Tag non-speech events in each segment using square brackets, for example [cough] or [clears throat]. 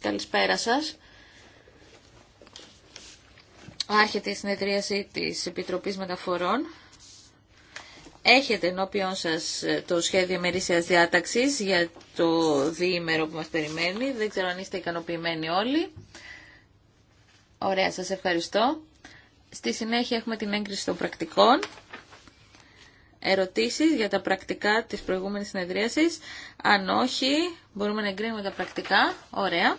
Καλησπέρα σας. Άρχεται η συνεδρίαση της Επιτροπής Μεταφορών. Έχετε ενώπιον σας ε, το σχέδιο μερίσιας διάταξης για το διήμερο που μας περιμένει. Δεν ξέρω αν είστε ικανοποιημένοι όλοι. Ωραία, σας ευχαριστώ. Στη συνέχεια έχουμε την έγκριση των πρακτικών ερωτήσεις για τα πρακτικά της προηγούμενης συνεδρίασης. Αν όχι, μπορούμε να εγκρίνουμε τα πρακτικά. Ωραία.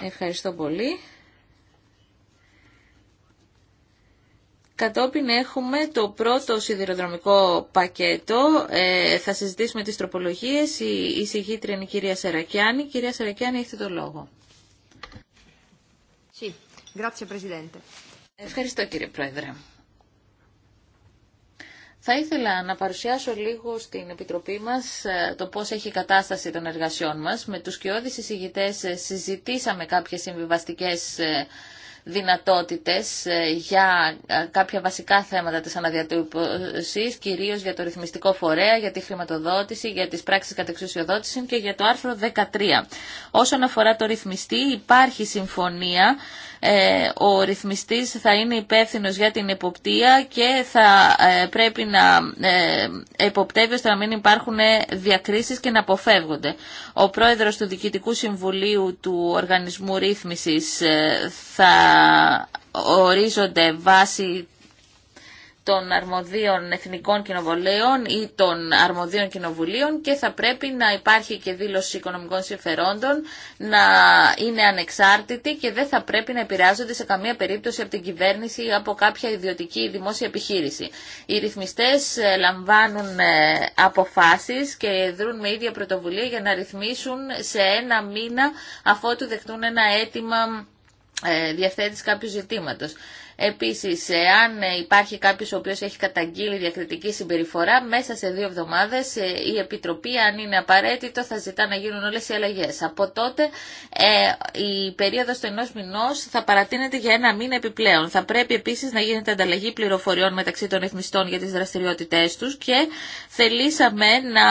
Ευχαριστώ πολύ. Κατόπιν έχουμε το πρώτο σιδηροδρομικό πακέτο. Ε, θα συζητήσουμε τις τροπολογίες. Η εισηγήτρια είναι η κυρία Σερακιάνη. Κυρία Σερακιάνη, έχετε το λόγο. Ευχαριστώ κύριε Πρόεδρε. Θα ήθελα να παρουσιάσω λίγο στην Επιτροπή μας ε, το πώς έχει η κατάσταση των εργασιών μας. Με τους κοιόδης εισηγητές ε, συζητήσαμε κάποιες συμβιβαστικές ε, δυνατότητες για κάποια βασικά θέματα της αναδιατύπωσης, κυρίως για το ρυθμιστικό φορέα, για τη χρηματοδότηση, για τις πράξεις κατεξουσιοδότηση και για το άρθρο 13. Όσον αφορά το ρυθμιστή υπάρχει συμφωνία ε, ο ρυθμιστής θα είναι υπεύθυνο για την εποπτεία και θα ε, πρέπει να ε, εποπτεύει ώστε να μην υπάρχουν διακρίσεις και να αποφεύγονται. Ο πρόεδρος του Διοικητικού Συμβουλίου του Οργανισμού Ρύθμισης θα ορίζονται βάσει των αρμοδίων εθνικών κοινοβολέων ή των αρμοδίων κοινοβουλίων και θα πρέπει να υπάρχει και δήλωση οικονομικών συμφερόντων, να είναι ανεξάρτητη και δεν θα πρέπει να επηρεάζονται σε καμία περίπτωση από την κυβέρνηση ή από κάποια ιδιωτική ή δημόσια επιχείρηση. Οι ρυθμιστές ε, λαμβάνουν ε, αποφάσεις και δρούν με ίδια πρωτοβουλία για να ρυθμίσουν σε ένα μήνα αφότου δεχτούν ένα αίτημα ε, διαθέτης κάποιου ζητήματος. Επίσης, αν υπάρχει κάποιος ο οποίος έχει καταγγείλει διακριτική συμπεριφορά, μέσα σε δύο εβδομάδες ε, η Επιτροπή, αν είναι απαραίτητο, θα ζητά να γίνουν όλες οι αλλαγές. Από τότε ε, η περίοδος του ενός μηνός θα παρατείνεται για ένα μήνα επιπλέον. Θα πρέπει επίσης να γίνεται ανταλλαγή πληροφοριών μεταξύ των εθνιστών για τις δραστηριότητές τους και θελήσαμε να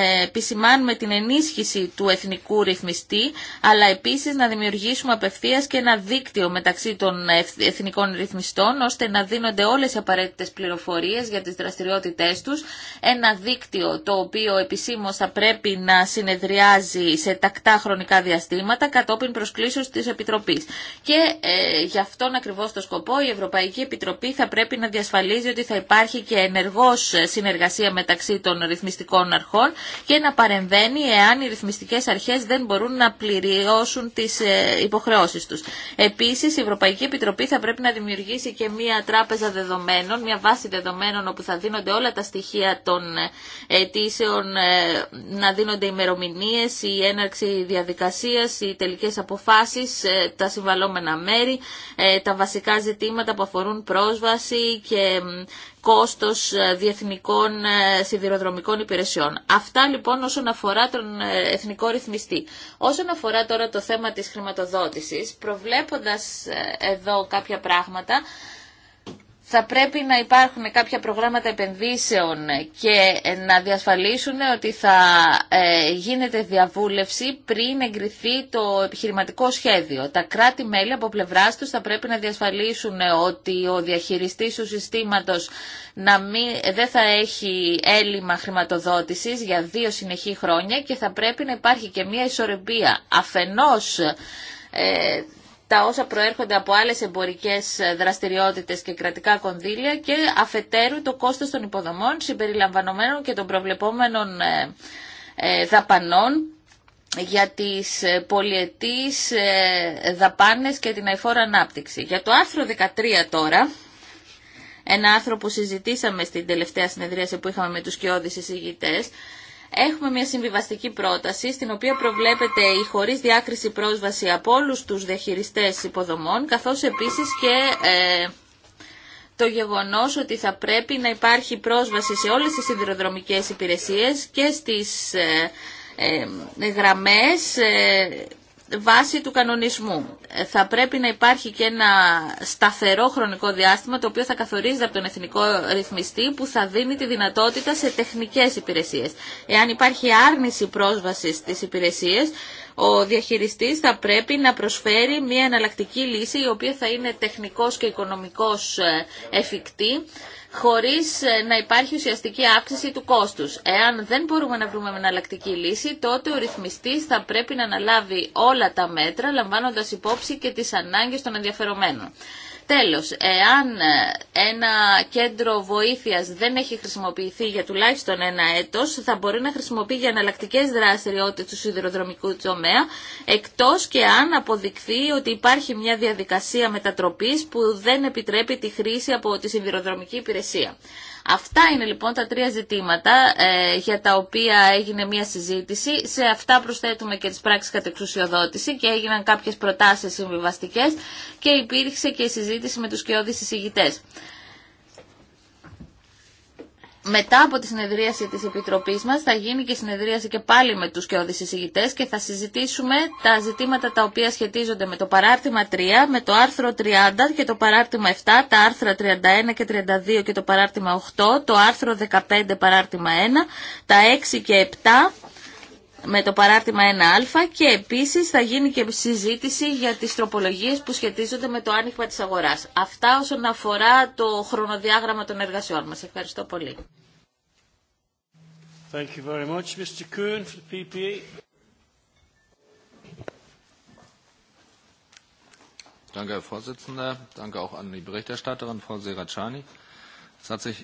ε, επισημάνουμε την ενίσχυση του εθνικού ρυθμιστή, αλλά επίσης να δημιουργήσουμε απευθείας και ένα δίκτυο μεταξύ των εθνικών ρυθμιστών ώστε να δίνονται όλες οι απαραίτητες πληροφορίες για τις δραστηριότητές τους, ένα δίκτυο το οποίο επισήμως θα πρέπει να συνεδριάζει σε τακτά χρονικά διαστήματα κατόπιν προσκλήσεως της Επιτροπής. Και ε, γι' αυτόν ακριβώς το σκοπό η Ευρωπαϊκή Επιτροπή θα πρέπει να διασφαλίζει ότι θα υπάρχει και ενεργός συνεργασία μεταξύ των ρυθμιστικών αρχών και να παρεμβαίνει εάν οι ρυθμιστικές αρχές δεν μπορούν να πληριώσουν τις ε, υποχρεώσεις τους. Επίσης η Ευρωπαϊκή Επιτροπή θα πρέπει να δημιουργήσει δημιουργήσει και μία τράπεζα δεδομένων, μία βάση δεδομένων όπου θα δίνονται όλα τα στοιχεία των αιτήσεων, ε, να δίνονται ημερομηνίε, η έναρξη διαδικασίας, οι τελικές αποφάσεις, ε, τα συμβαλόμενα μέρη, ε, τα βασικά ζητήματα που αφορούν πρόσβαση και κόστος ε, διεθνικών ε, σιδηροδρομικών υπηρεσιών. Αυτά λοιπόν όσον αφορά τον ε, εθνικό ρυθμιστή. Όσον αφορά τώρα το θέμα της χρηματοδότησης, προβλέποντας εδώ κάποια πράγματα, θα πρέπει να υπάρχουν κάποια προγράμματα επενδύσεων και να διασφαλίσουν ότι θα ε, γίνεται διαβούλευση πριν εγκριθεί το επιχειρηματικό σχέδιο. Τα κράτη-μέλη από πλευρά του θα πρέπει να διασφαλίσουν ότι ο διαχειριστή του συστήματο δεν θα έχει έλλειμμα χρηματοδότηση για δύο συνεχή χρόνια και θα πρέπει να υπάρχει και μια ισορροπία αφενός ε, τα όσα προέρχονται από άλλες εμπορικές δραστηριότητες και κρατικά κονδύλια και αφετέρου το κόστος των υποδομών συμπεριλαμβανομένων και των προβλεπόμενων ε, ε, δαπανών για τις ε, πολιετής δαπάνες και την αηφόρα ανάπτυξη. Για το άρθρο 13 τώρα, ένα άρθρο που συζητήσαμε στην τελευταία συνεδρίαση που είχαμε με τους κοιόδης εισηγητές, Έχουμε μια συμβιβαστική πρόταση στην οποία προβλέπεται η χωρίς διάκριση πρόσβαση από όλους τους διαχειριστές υποδομών καθώς επίσης και ε, το γεγονός ότι θα πρέπει να υπάρχει πρόσβαση σε όλες τις σιδηροδρομικές υπηρεσίες και στις ε, ε γραμμές ε, βάση του κανονισμού. Ε, θα πρέπει να υπάρχει και ένα σταθερό χρονικό διάστημα το οποίο θα καθορίζεται από τον εθνικό ρυθμιστή που θα δίνει τη δυνατότητα σε τεχνικές υπηρεσίες. Εάν υπάρχει άρνηση πρόσβασης στις υπηρεσίες ο διαχειριστής θα πρέπει να προσφέρει μια εναλλακτική λύση η οποία θα είναι τεχνικός και οικονομικός ε, εφικτή χωρίς ε, να υπάρχει ουσιαστική αύξηση του κόστους. Εάν δεν μπορούμε να βρούμε εναλλακτική λύση, τότε ο ρυθμιστής θα πρέπει να αναλάβει όλα τα μέτρα, λαμβάνοντας υπόψη και τις ανάγκες των ενδιαφερομένων. Τέλος, εάν ε, ένα κέντρο βοήθειας δεν έχει χρησιμοποιηθεί για τουλάχιστον ένα έτος, θα μπορεί να χρησιμοποιεί για εναλλακτικές δραστηριότητες του σιδηροδρομικού τομέα, εκτός και αν αποδεικθεί ότι υπάρχει μια διαδικασία μετατροπής που δεν επιτρέπει τη χρήση από τη σιδηροδρομική υπηρεσία. Αυτά είναι λοιπόν τα τρία ζητήματα ε, για τα οποία έγινε μια συζήτηση. Σε αυτά προσθέτουμε και τις πράξεις κατεξουσιοδότηση και έγιναν κάποιες προτάσεις συμβιβαστικές και υπήρξε και η συζήτηση με τους κοιόδης εισηγητές μετά από τη συνεδρίαση της Επιτροπής μας θα γίνει και συνεδρίαση και πάλι με τους κοιόδης εισηγητές και θα συζητήσουμε τα ζητήματα τα οποία σχετίζονται με το παράρτημα 3, με το άρθρο 30 και το παράρτημα 7, τα άρθρα 31 και 32 και το παράρτημα 8, το άρθρο 15 παράρτημα 1, τα 6 και 7 με το παράρτημα 1α και επίσης θα γίνει και συζήτηση για τις τροπολογίες που σχετίζονται με το άνοιγμα της αγοράς. Αυτά όσον αφορά το χρονοδιάγραμμα των εργασιών μας. Ευχαριστώ πολύ. Thank you very much, Mr. Kuhn, for the PPE. Danke, Herr Vorsitzender. Danke auch an die Berichterstatterin, Frau Seracani. Es hat sich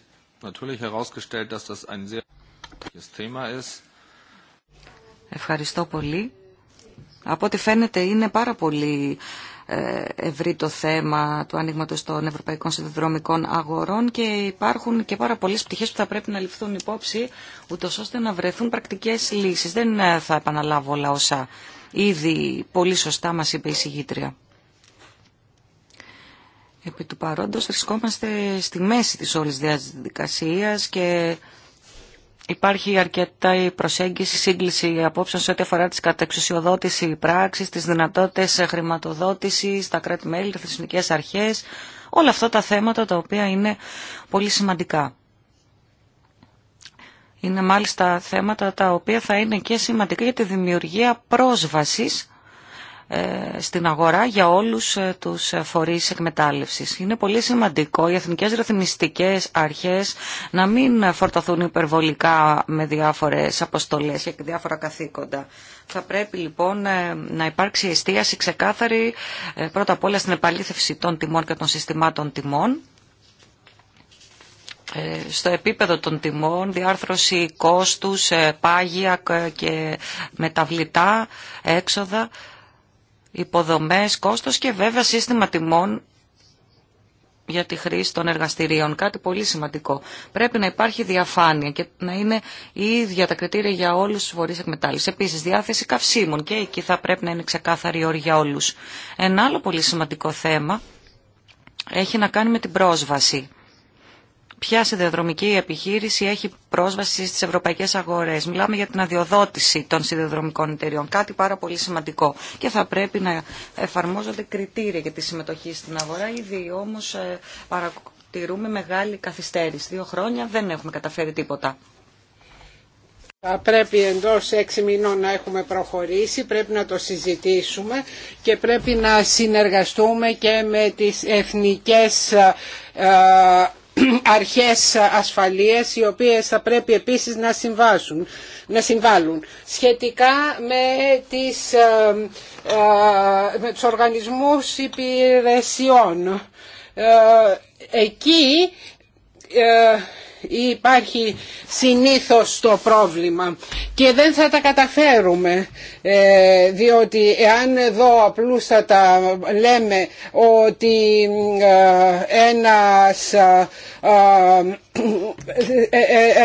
natürlich herausgestellt, dass das ein sehr wichtiges Thema ist Ευχαριστώ πολύ. Από ό,τι φαίνεται είναι πάρα πολύ ε, ευρύ το θέμα του άνοιγματος των ευρωπαϊκών συνδρομικών αγορών και υπάρχουν και πάρα πολλές πτυχές που θα πρέπει να ληφθούν υπόψη ούτως ώστε να βρεθούν πρακτικές λύσεις. Δεν ε, θα επαναλάβω όλα όσα ήδη πολύ σωστά μας είπε η συγγήτρια. Επί του παρόντος βρισκόμαστε στη μέση της όλης διαδικασίας και Υπάρχει αρκετά η προσέγγιση, σύγκληση απόψεων σε ό,τι αφορά τη κατεξουσιοδότηση πράξη, τι δυνατότητε χρηματοδότηση, τα κράτη-μέλη, τι εθνικέ αρχέ. Όλα αυτά τα θέματα τα οποία είναι πολύ σημαντικά. Είναι μάλιστα θέματα τα οποία θα είναι και σημαντικά για τη δημιουργία πρόσβασης ε, στην αγορά για όλους ε, τους ε, φορείς εκμετάλλευσης. Είναι πολύ σημαντικό οι εθνικές ρυθμιστικές αρχές να μην φορταθούν υπερβολικά με διάφορες αποστολές και διάφορα καθήκοντα. Θα πρέπει λοιπόν να υπάρξει εστίαση ξεκάθαρη πρώτα απ' όλα στην επαλήθευση των τιμών και των συστημάτων τιμών στο επίπεδο των τιμών, διάρθρωση κόστους, πάγια και μεταβλητά έξοδα υποδομές, κόστος και βέβαια σύστημα τιμών για τη χρήση των εργαστηρίων. Κάτι πολύ σημαντικό. Πρέπει να υπάρχει διαφάνεια και να είναι η ίδια τα κριτήρια για όλους τους φορείς εκμετάλλευσης. Επίσης, διάθεση καυσίμων και εκεί θα πρέπει να είναι ξεκάθαρη όρη για όλους. Ένα άλλο πολύ σημαντικό θέμα έχει να κάνει με την πρόσβαση. Ποια σιδηροδρομική επιχείρηση έχει πρόσβαση στις ευρωπαϊκές αγορές. Μιλάμε για την αδειοδότηση των σιδηροδρομικών εταιριών. Κάτι πάρα πολύ σημαντικό. Και θα πρέπει να εφαρμόζονται κριτήρια για τη συμμετοχή στην αγορά. Ήδη όμως ε, παρατηρούμε μεγάλη καθυστέρηση. Δύο χρόνια δεν έχουμε καταφέρει τίποτα. Θα πρέπει εντός έξι μηνών να έχουμε προχωρήσει, πρέπει να το συζητήσουμε και πρέπει να συνεργαστούμε και με τις εθνικές ε, ε, αρχές ασφαλείας οι οποίες θα πρέπει επίσης να, συμβάσουν, να συμβάλλουν σχετικά με, τις, ε, ε, με τους οργανισμούς υπηρεσιών. Ε, εκεί υπάρχει συνήθως το πρόβλημα και δεν θα τα καταφέρουμε ε, διότι εάν εδώ απλούστατα λέμε ότι ε, ένας ε,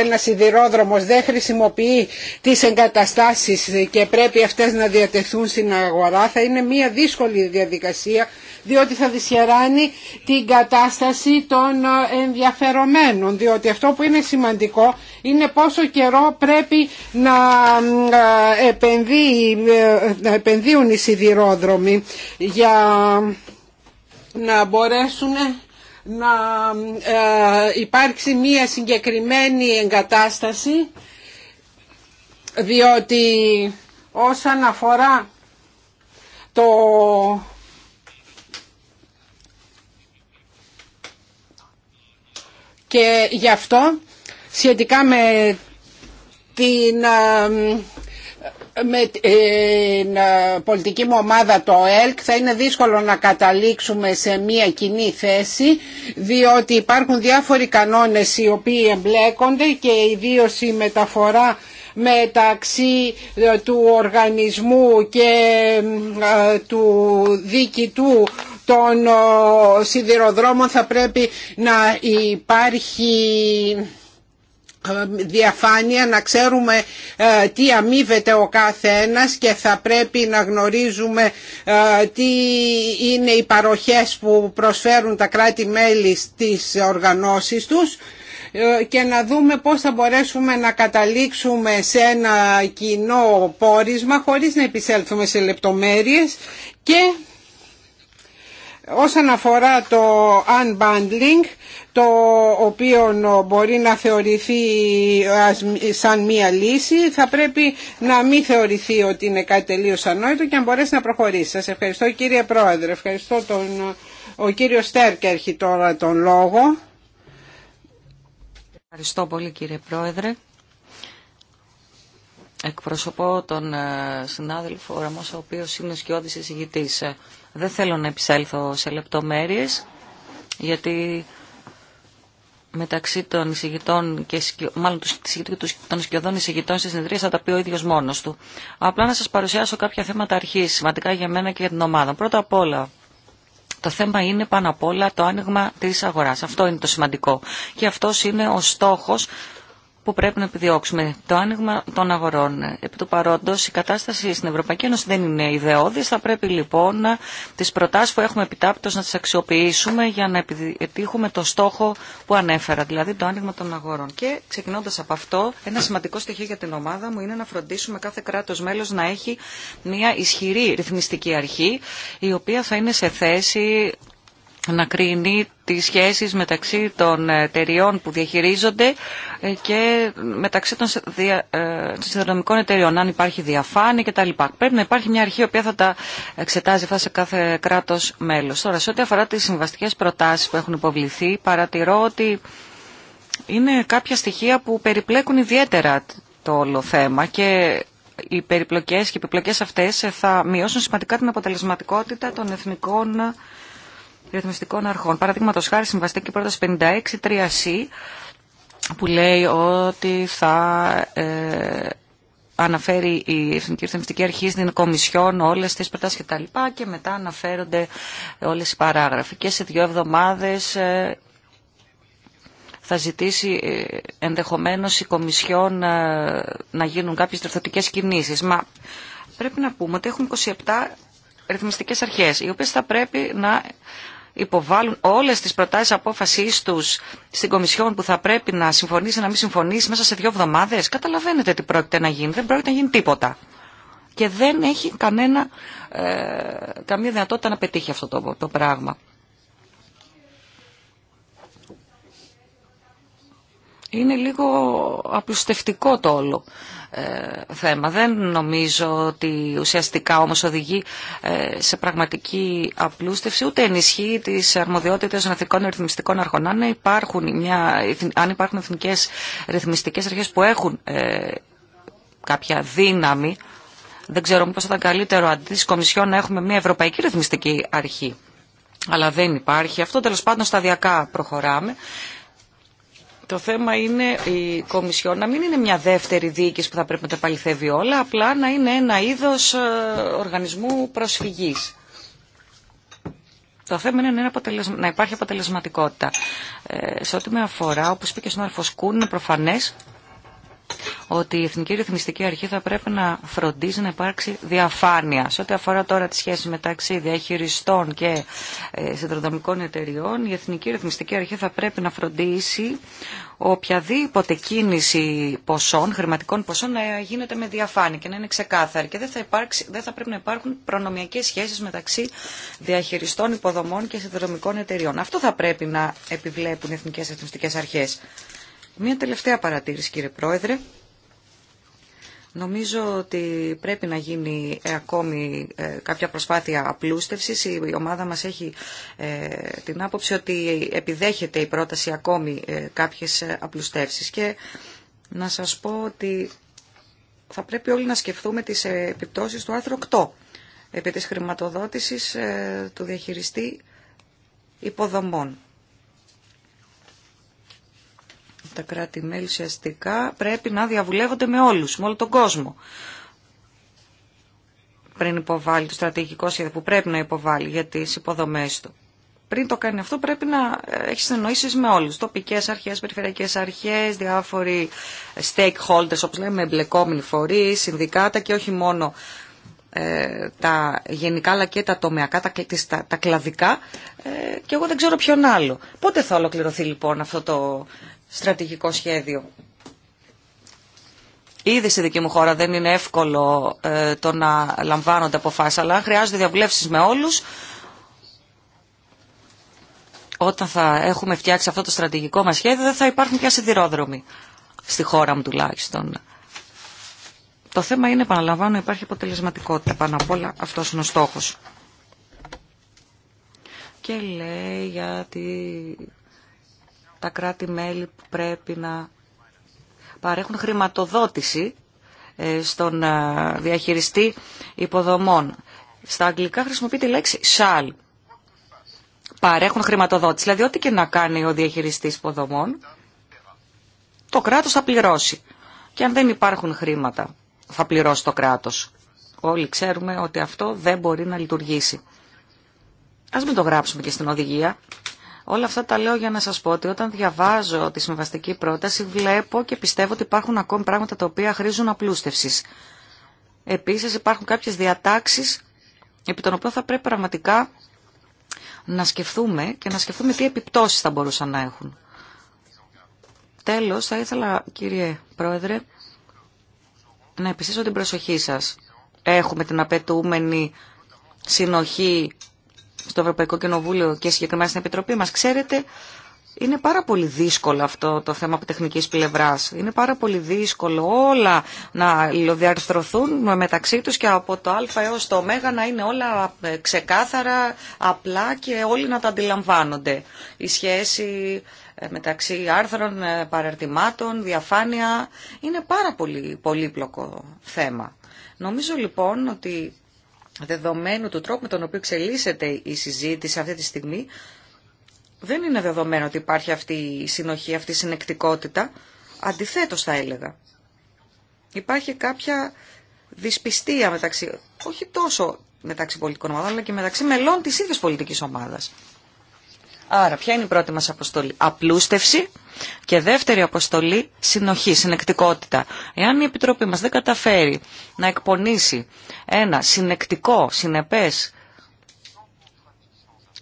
ένα σιδηρόδρομος δεν χρησιμοποιεί τις εγκαταστάσεις και πρέπει αυτές να διατεθούν στην αγορά θα είναι μια δύσκολη διαδικασία διότι θα δυσχεράνει την κατάσταση των ενδιαφερομένων διότι αυτό που είναι σημαντικό είναι πόσο καιρό πρέπει να, ε, επενδύουν οι σιδηρόδρομοι για να μπορέσουν να ε, υπάρξει μία συγκεκριμένη εγκατάσταση διότι όσον αφορά το Και γι' αυτό σχετικά με την με την πολιτική μου ομάδα το ΕΛΚ θα είναι δύσκολο να καταλήξουμε σε μια κοινή θέση διότι υπάρχουν διάφοροι κανόνες οι οποίοι εμπλέκονται και ιδίω η μεταφορά μεταξύ ε, του οργανισμού και του διοικητού των σιδηροδρόμων θα πρέπει να υπάρχει ε, διαφάνεια, να ξέρουμε ε, τι αμείβεται ο κάθε ένας και θα πρέπει να γνωρίζουμε ε, τι είναι οι παροχές που προσφέρουν τα κράτη-μέλη στις οργανώσεις τους και να δούμε πώς θα μπορέσουμε να καταλήξουμε σε ένα κοινό πόρισμα χωρίς να επισέλθουμε σε λεπτομέρειες και όσον αφορά το unbundling το οποίο μπορεί να θεωρηθεί σαν μία λύση θα πρέπει να μην θεωρηθεί ότι είναι κάτι τελείως ανόητο και αν μπορέσει να προχωρήσει. Σας ευχαριστώ κύριε Πρόεδρε, ευχαριστώ τον ο Στέρκερχη Στέρκ τώρα τον λόγο. Ευχαριστώ πολύ κύριε Πρόεδρε. Εκπροσωπώ τον ε, συνάδελφο Ραμός, ο οποίος είναι σκιώδης εισηγητής δεν θέλω να επισέλθω σε λεπτομέρειες, γιατί μεταξύ των εισηγητών και μάλλον των σκιωδών εισηγητών στις συνεδρίες θα τα πει ο ίδιος μόνος του. Απλά να σας παρουσιάσω κάποια θέματα αρχής, σημαντικά για μένα και για την ομάδα. Πρώτα απ' όλα, το θέμα είναι πάνω απ' όλα το άνοιγμα της αγοράς. Αυτό είναι το σημαντικό. Και αυτός είναι ο στόχος που πρέπει να επιδιώξουμε. Το άνοιγμα των αγορών. Επί του παρόντο, η κατάσταση στην Ευρωπαϊκή Ένωση δεν είναι ιδεώδη. Θα πρέπει λοιπόν τι προτάσει που έχουμε επιτάπητο να τι αξιοποιήσουμε για να επιτύχουμε το στόχο που ανέφερα, δηλαδή το άνοιγμα των αγορών. Και ξεκινώντα από αυτό, ένα σημαντικό στοιχείο για την ομάδα μου είναι να φροντίσουμε κάθε κράτο μέλο να έχει μια ισχυρή ρυθμιστική αρχή, η οποία θα είναι σε θέση να κρίνει τις σχέσεις μεταξύ των εταιριών που διαχειρίζονται και μεταξύ των ε, συνδρομικών εταιριών, αν υπάρχει διαφάνεια κτλ. Πρέπει να υπάρχει μια αρχή η θα τα εξετάζει αυτά σε κάθε κράτος μέλος. Τώρα, σε ό,τι αφορά τις συμβαστικές προτάσεις που έχουν υποβληθεί, παρατηρώ ότι είναι κάποια στοιχεία που περιπλέκουν ιδιαίτερα το όλο θέμα και οι περιπλοκές και οι επιπλοκές αυτές θα μειώσουν σημαντικά την αποτελεσματικότητα των εθνικών ρυθμιστικών αρχών. Παραδείγματο χάρη συμβαστική πρόταση 56-3C που λέει ότι θα ε, αναφέρει η Εθνική Ρυθμιστική Αρχή στην Κομισιόν όλε τι προτάσει κτλ. Και, και μετά αναφέρονται όλε οι παράγραφοι. Και σε δύο εβδομάδε ε, θα ζητήσει ε, ενδεχομένως η Κομισιόν να γίνουν κάποιες τερθωτικές κινήσεις. Μα πρέπει να πούμε ότι έχουμε 27 ρυθμιστικές αρχές, οι οποίες θα πρέπει να υποβάλουν όλες τις προτάσεις απόφασής τους στην Κομισιόν που θα πρέπει να συμφωνήσει να μην συμφωνήσει μέσα σε δύο εβδομάδες. Καταλαβαίνετε τι πρόκειται να γίνει. Δεν πρόκειται να γίνει τίποτα. Και δεν έχει κανένα, ε, καμία δυνατότητα να πετύχει αυτό το, το πράγμα. Είναι λίγο απλουστευτικό το όλο. Ε, θέμα. Δεν νομίζω ότι ουσιαστικά όμως οδηγεί ε, σε πραγματική απλούστευση, ούτε ενισχύει τις αρμοδιότητες των εθνικών ρυθμιστικών αρχών. Αν υπάρχουν, μια, αν υπάρχουν εθνικές ρυθμιστικές αρχές που έχουν ε, κάποια δύναμη, δεν ξέρω μήπως θα ήταν καλύτερο αντί της Κομισιόν να έχουμε μια ευρωπαϊκή ρυθμιστική αρχή. Αλλά δεν υπάρχει. Αυτό τέλος πάντων σταδιακά προχωράμε το θέμα είναι η Κομισιόν να μην είναι μια δεύτερη διοίκηση που θα πρέπει να τα παληθεύει όλα, απλά να είναι ένα είδος ε, οργανισμού προσφυγής. Το θέμα είναι να, υπάρχει αποτελεσματικότητα. Ε, σε ό,τι με αφορά, όπως είπε και ο συνάδελφος Κούν, είναι προφανές ότι η Εθνική Ρυθμιστική Αρχή θα πρέπει να φροντίζει να υπάρξει διαφάνεια. Σε ό,τι αφορά τώρα τη σχέση μεταξύ διαχειριστών και ε, συνδρομικών εταιριών, η Εθνική Ρυθμιστική Αρχή θα πρέπει να φροντίσει οποιαδήποτε κίνηση ποσών, χρηματικών ποσών να γίνεται με διαφάνεια και να είναι ξεκάθαρη και δεν θα, υπάρξει, δεν θα πρέπει να υπάρχουν προνομιακέ σχέσει μεταξύ διαχειριστών υποδομών και συνδρομικών εταιριών. Αυτό θα πρέπει να επιβλέπουν οι εθνικέ Ρυθμιστικέ αρχέ. Μία τελευταία παρατήρηση κύριε Πρόεδρε. Νομίζω ότι πρέπει να γίνει ε, ακόμη ε, κάποια προσπάθεια απλούστευσης. Η ομάδα μας έχει ε, την άποψη ότι επιδέχεται η πρόταση ακόμη κάποιες απλουστεύσεις. Και να σας πω ότι θα πρέπει όλοι να σκεφτούμε τις επιπτώσεις του άρθρου 8 επί της χρηματοδότησης του διαχειριστή υποδομών. Τα κράτη-μέλη ουσιαστικά πρέπει να διαβουλεύονται με όλους, με όλο τον κόσμο πριν υποβάλει το στρατηγικό σχέδιο που πρέπει να υποβάλει για τις υποδομές του. Πριν το κάνει αυτό πρέπει να ε, έχει συνεννοήσεις με όλους, τοπικές αρχές, περιφερειακές αρχές, διάφοροι stakeholders, όπως λέμε, εμπλεκόμενοι φορείς, συνδικάτα και όχι μόνο ε, τα γενικά αλλά και τα τομεακά, τα, τα, κλαδικά ε, και εγώ δεν ξέρω ποιον άλλο. Πότε θα ολοκληρωθεί λοιπόν αυτό το στρατηγικό σχέδιο. Ήδη στη δική μου χώρα δεν είναι εύκολο ε, το να λαμβάνονται αποφάσεις, αλλά χρειάζονται διαβουλεύσεις με όλους. Όταν θα έχουμε φτιάξει αυτό το στρατηγικό μας σχέδιο, δεν θα υπάρχουν πια σιδηρόδρομοι, στη χώρα μου τουλάχιστον. Το θέμα είναι, επαναλαμβάνω, υπάρχει αποτελεσματικότητα πάνω απ' όλα. Αυτός είναι ο στόχος. Και λέει για τα κράτη-μέλη που πρέπει να παρέχουν χρηματοδότηση ε, στον ε, διαχειριστή υποδομών. Στα αγγλικά χρησιμοποιείται η λέξη shall. Παρέχουν χρηματοδότηση. Δηλαδή, ό,τι και να κάνει ο διαχειριστής υποδομών, το κράτος θα πληρώσει. Και αν δεν υπάρχουν χρήματα, θα πληρώσει το κράτος. Όλοι ξέρουμε ότι αυτό δεν μπορεί να λειτουργήσει. Ας μην το γράψουμε και στην οδηγία. Όλα αυτά τα λέω για να σας πω ότι όταν διαβάζω τη συμβαστική πρόταση βλέπω και πιστεύω ότι υπάρχουν ακόμη πράγματα τα οποία χρήζουν απλούστευσης. Επίσης υπάρχουν κάποιες διατάξεις επί των οποίων θα πρέπει πραγματικά να σκεφτούμε και να σκεφτούμε τι επιπτώσεις θα μπορούσαν να έχουν. Τέλος, θα ήθελα κύριε Πρόεδρε να επιστήσω την προσοχή σας. Έχουμε την απαιτούμενη συνοχή στο Ευρωπαϊκό Κοινοβούλιο και συγκεκριμένα στην Επιτροπή μας, ξέρετε, είναι πάρα πολύ δύσκολο αυτό το θέμα από τεχνικής πλευράς. Είναι πάρα πολύ δύσκολο όλα να διαρθρωθούν μεταξύ τους και από το α έως το ω να είναι όλα ε, ξεκάθαρα, απλά και όλοι να τα αντιλαμβάνονται. Η σχέση ε, μεταξύ άρθρων, ε, παραρτημάτων, διαφάνεια είναι πάρα πολύ πολύπλοκο θέμα. Νομίζω λοιπόν ότι δεδομένου του τρόπου με τον οποίο εξελίσσεται η συζήτηση αυτή τη στιγμή, δεν είναι δεδομένο ότι υπάρχει αυτή η συνοχή, αυτή η συνεκτικότητα. Αντιθέτως θα έλεγα. Υπάρχει κάποια δυσπιστία μεταξύ, όχι τόσο μεταξύ πολιτικών ομάδων, αλλά και μεταξύ μελών της ίδιας πολιτικής ομάδας. Άρα, ποια είναι η πρώτη μας αποστολή. Απλούστευση και δεύτερη αποστολή, συνοχή, συνεκτικότητα. Εάν η Επιτροπή μας δεν καταφέρει να εκπονήσει ένα συνεκτικό, συνεπές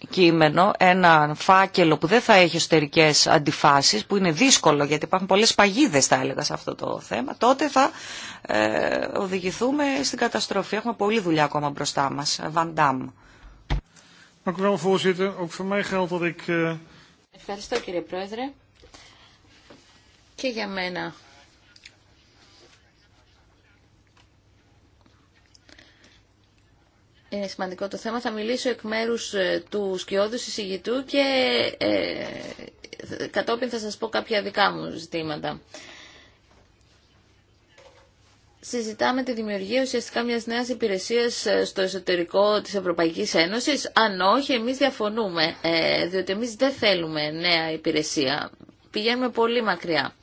κείμενο, ένα φάκελο που δεν θα έχει εσωτερικέ αντιφάσεις, που είναι δύσκολο γιατί υπάρχουν πολλές παγίδες θα έλεγα σε αυτό το θέμα, τότε θα ε, οδηγηθούμε στην καταστροφή. Έχουμε πολλή δουλειά ακόμα μπροστά μας. Βαντάμ. Eh, Ευχαριστώ κύριε Πρόεδρε και για μένα Είναι σημαντικό το θέμα. Θα μιλήσω εκ μέρους ε, του σκιώδους εισηγητού και ε, κατόπιν θα σας πω κάποια δικά μου ζητήματα. Συζητάμε τη δημιουργία ουσιαστικά μιας νέας υπηρεσίας ε, στο εσωτερικό της Ευρωπαϊκής Ένωσης. Αν όχι, εμείς διαφωνούμε, ε, διότι εμείς δεν θέλουμε νέα υπηρεσία πηγαίνουμε πολύ μακριά.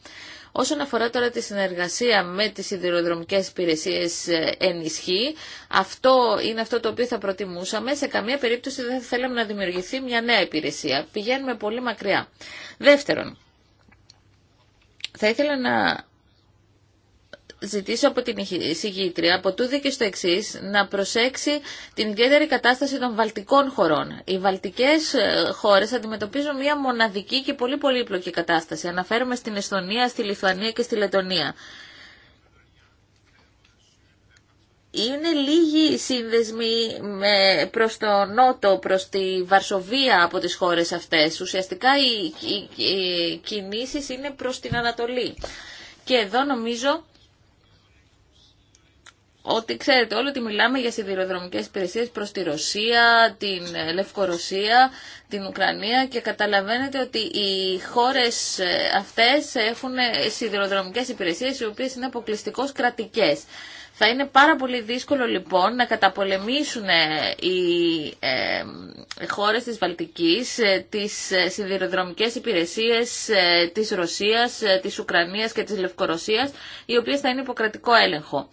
Όσον αφορά τώρα τη συνεργασία με τις σιδηροδρομικές υπηρεσίες ε, ενισχύ, αυτό είναι αυτό το οποίο θα προτιμούσαμε. Σε καμία περίπτωση δεν θα θέλαμε να δημιουργηθεί μια νέα υπηρεσία. Πηγαίνουμε πολύ μακριά. Δεύτερον, θα ήθελα να ζητήσω από την εισηγήτρια από τούδε και στο εξή να προσέξει την ιδιαίτερη κατάσταση των βαλτικών χωρών. Οι βαλτικέ ε, χώρες αντιμετωπίζουν μια μοναδική και πολύ πολύπλοκη κατάσταση. Αναφέρομαι στην Εσθονία, στη Λιθουανία και στη Λετωνία. Είναι λίγοι οι σύνδεσμοι με, προς το νότο, προς τη Βαρσοβία από τις χώρες αυτές. Ουσιαστικά οι, οι, οι κινήσεις είναι προς την Ανατολή. Και εδώ νομίζω ότι ξέρετε όλο ότι μιλάμε για σιδηροδρομικές υπηρεσίες προς τη Ρωσία, την Λευκορωσία, την Ουκρανία και καταλαβαίνετε ότι οι χώρες ε, αυτές έχουν ε, σιδηροδρομικές υπηρεσίες οι οποίες είναι αποκλειστικώς κρατικές. Θα είναι πάρα πολύ δύσκολο λοιπόν να καταπολεμήσουν ε, οι χώρες της Βαλτικής τις σιδηροδρομικές υπηρεσίες της Ρωσίας, της Ουκρανίας και της Λευκορωσίας οι οποίες θα είναι υποκρατικό έλεγχο.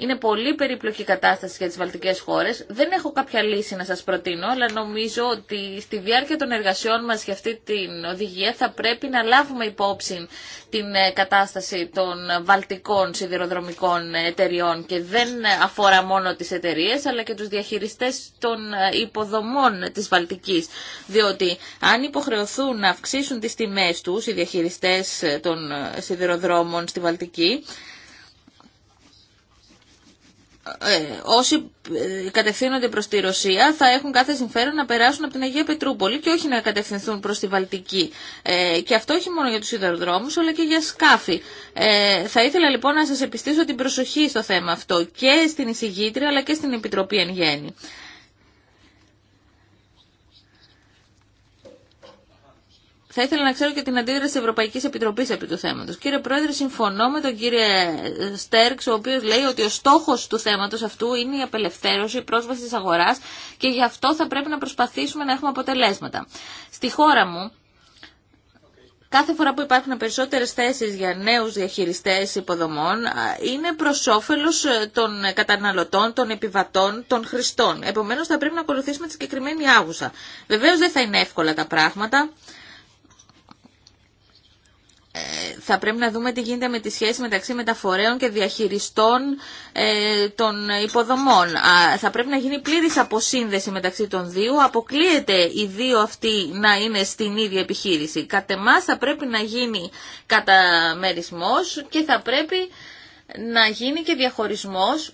Είναι πολύ περίπλοκη κατάσταση για τι βαλτικέ χώρε. Δεν έχω κάποια λύση να σα προτείνω, αλλά νομίζω ότι στη διάρκεια των εργασιών μα για αυτή την οδηγία θα πρέπει να λάβουμε υπόψη την ε, κατάσταση των βαλτικών σιδηροδρομικών εταιριών και δεν αφορά μόνο τι εταιρείε, αλλά και τους διαχειριστέ των ε, υποδομών της Βαλτική. Διότι αν υποχρεωθούν να αυξήσουν τις τιμές τους οι διαχειριστέ ε, των σιδηροδρόμων στη Βαλτική, ε, όσοι ε, κατευθύνονται προς τη Ρωσία θα έχουν κάθε συμφέρον να περάσουν από την Αγία Πετρούπολη και όχι να κατευθυνθούν προς τη Βαλτική. Ε, και αυτό όχι μόνο για τους σιδηροδρόμους αλλά και για σκάφη. Ε, θα ήθελα λοιπόν να σας επιστήσω την προσοχή στο θέμα αυτό και στην εισηγήτρια αλλά και στην Επιτροπή εν γέννη. θα ήθελα να ξέρω και την αντίδραση τη Ευρωπαϊκή Επιτροπή επί του θέματο. Κύριε Πρόεδρε, συμφωνώ με τον κύριο Στέρξ, ο οποίο λέει ότι ο στόχο του θέματο αυτού είναι η απελευθέρωση, η πρόσβαση τη αγορά και γι' αυτό θα πρέπει να προσπαθήσουμε να έχουμε αποτελέσματα. Στη χώρα μου, κάθε φορά που υπάρχουν περισσότερες θέσεις για νέους διαχειριστές υποδομών είναι προς όφελος ε, των καταναλωτών, των επιβατών, των χρηστών. Επομένως θα πρέπει να ακολουθήσουμε τη συγκεκριμένη άγουσα. Βεβαίως δεν θα είναι εύκολα τα πράγματα. Ε, θα πρέπει να δούμε τι γίνεται με τη σχέση μεταξύ μεταφορέων και διαχειριστών ε, των υποδομών. Α, θα πρέπει να γίνει πλήρης αποσύνδεση μεταξύ των δύο. Αποκλείεται οι δύο αυτοί να είναι στην ίδια επιχείρηση. Κατ' εμάς θα πρέπει να γίνει καταμερισμός και θα πρέπει να γίνει και διαχωρισμός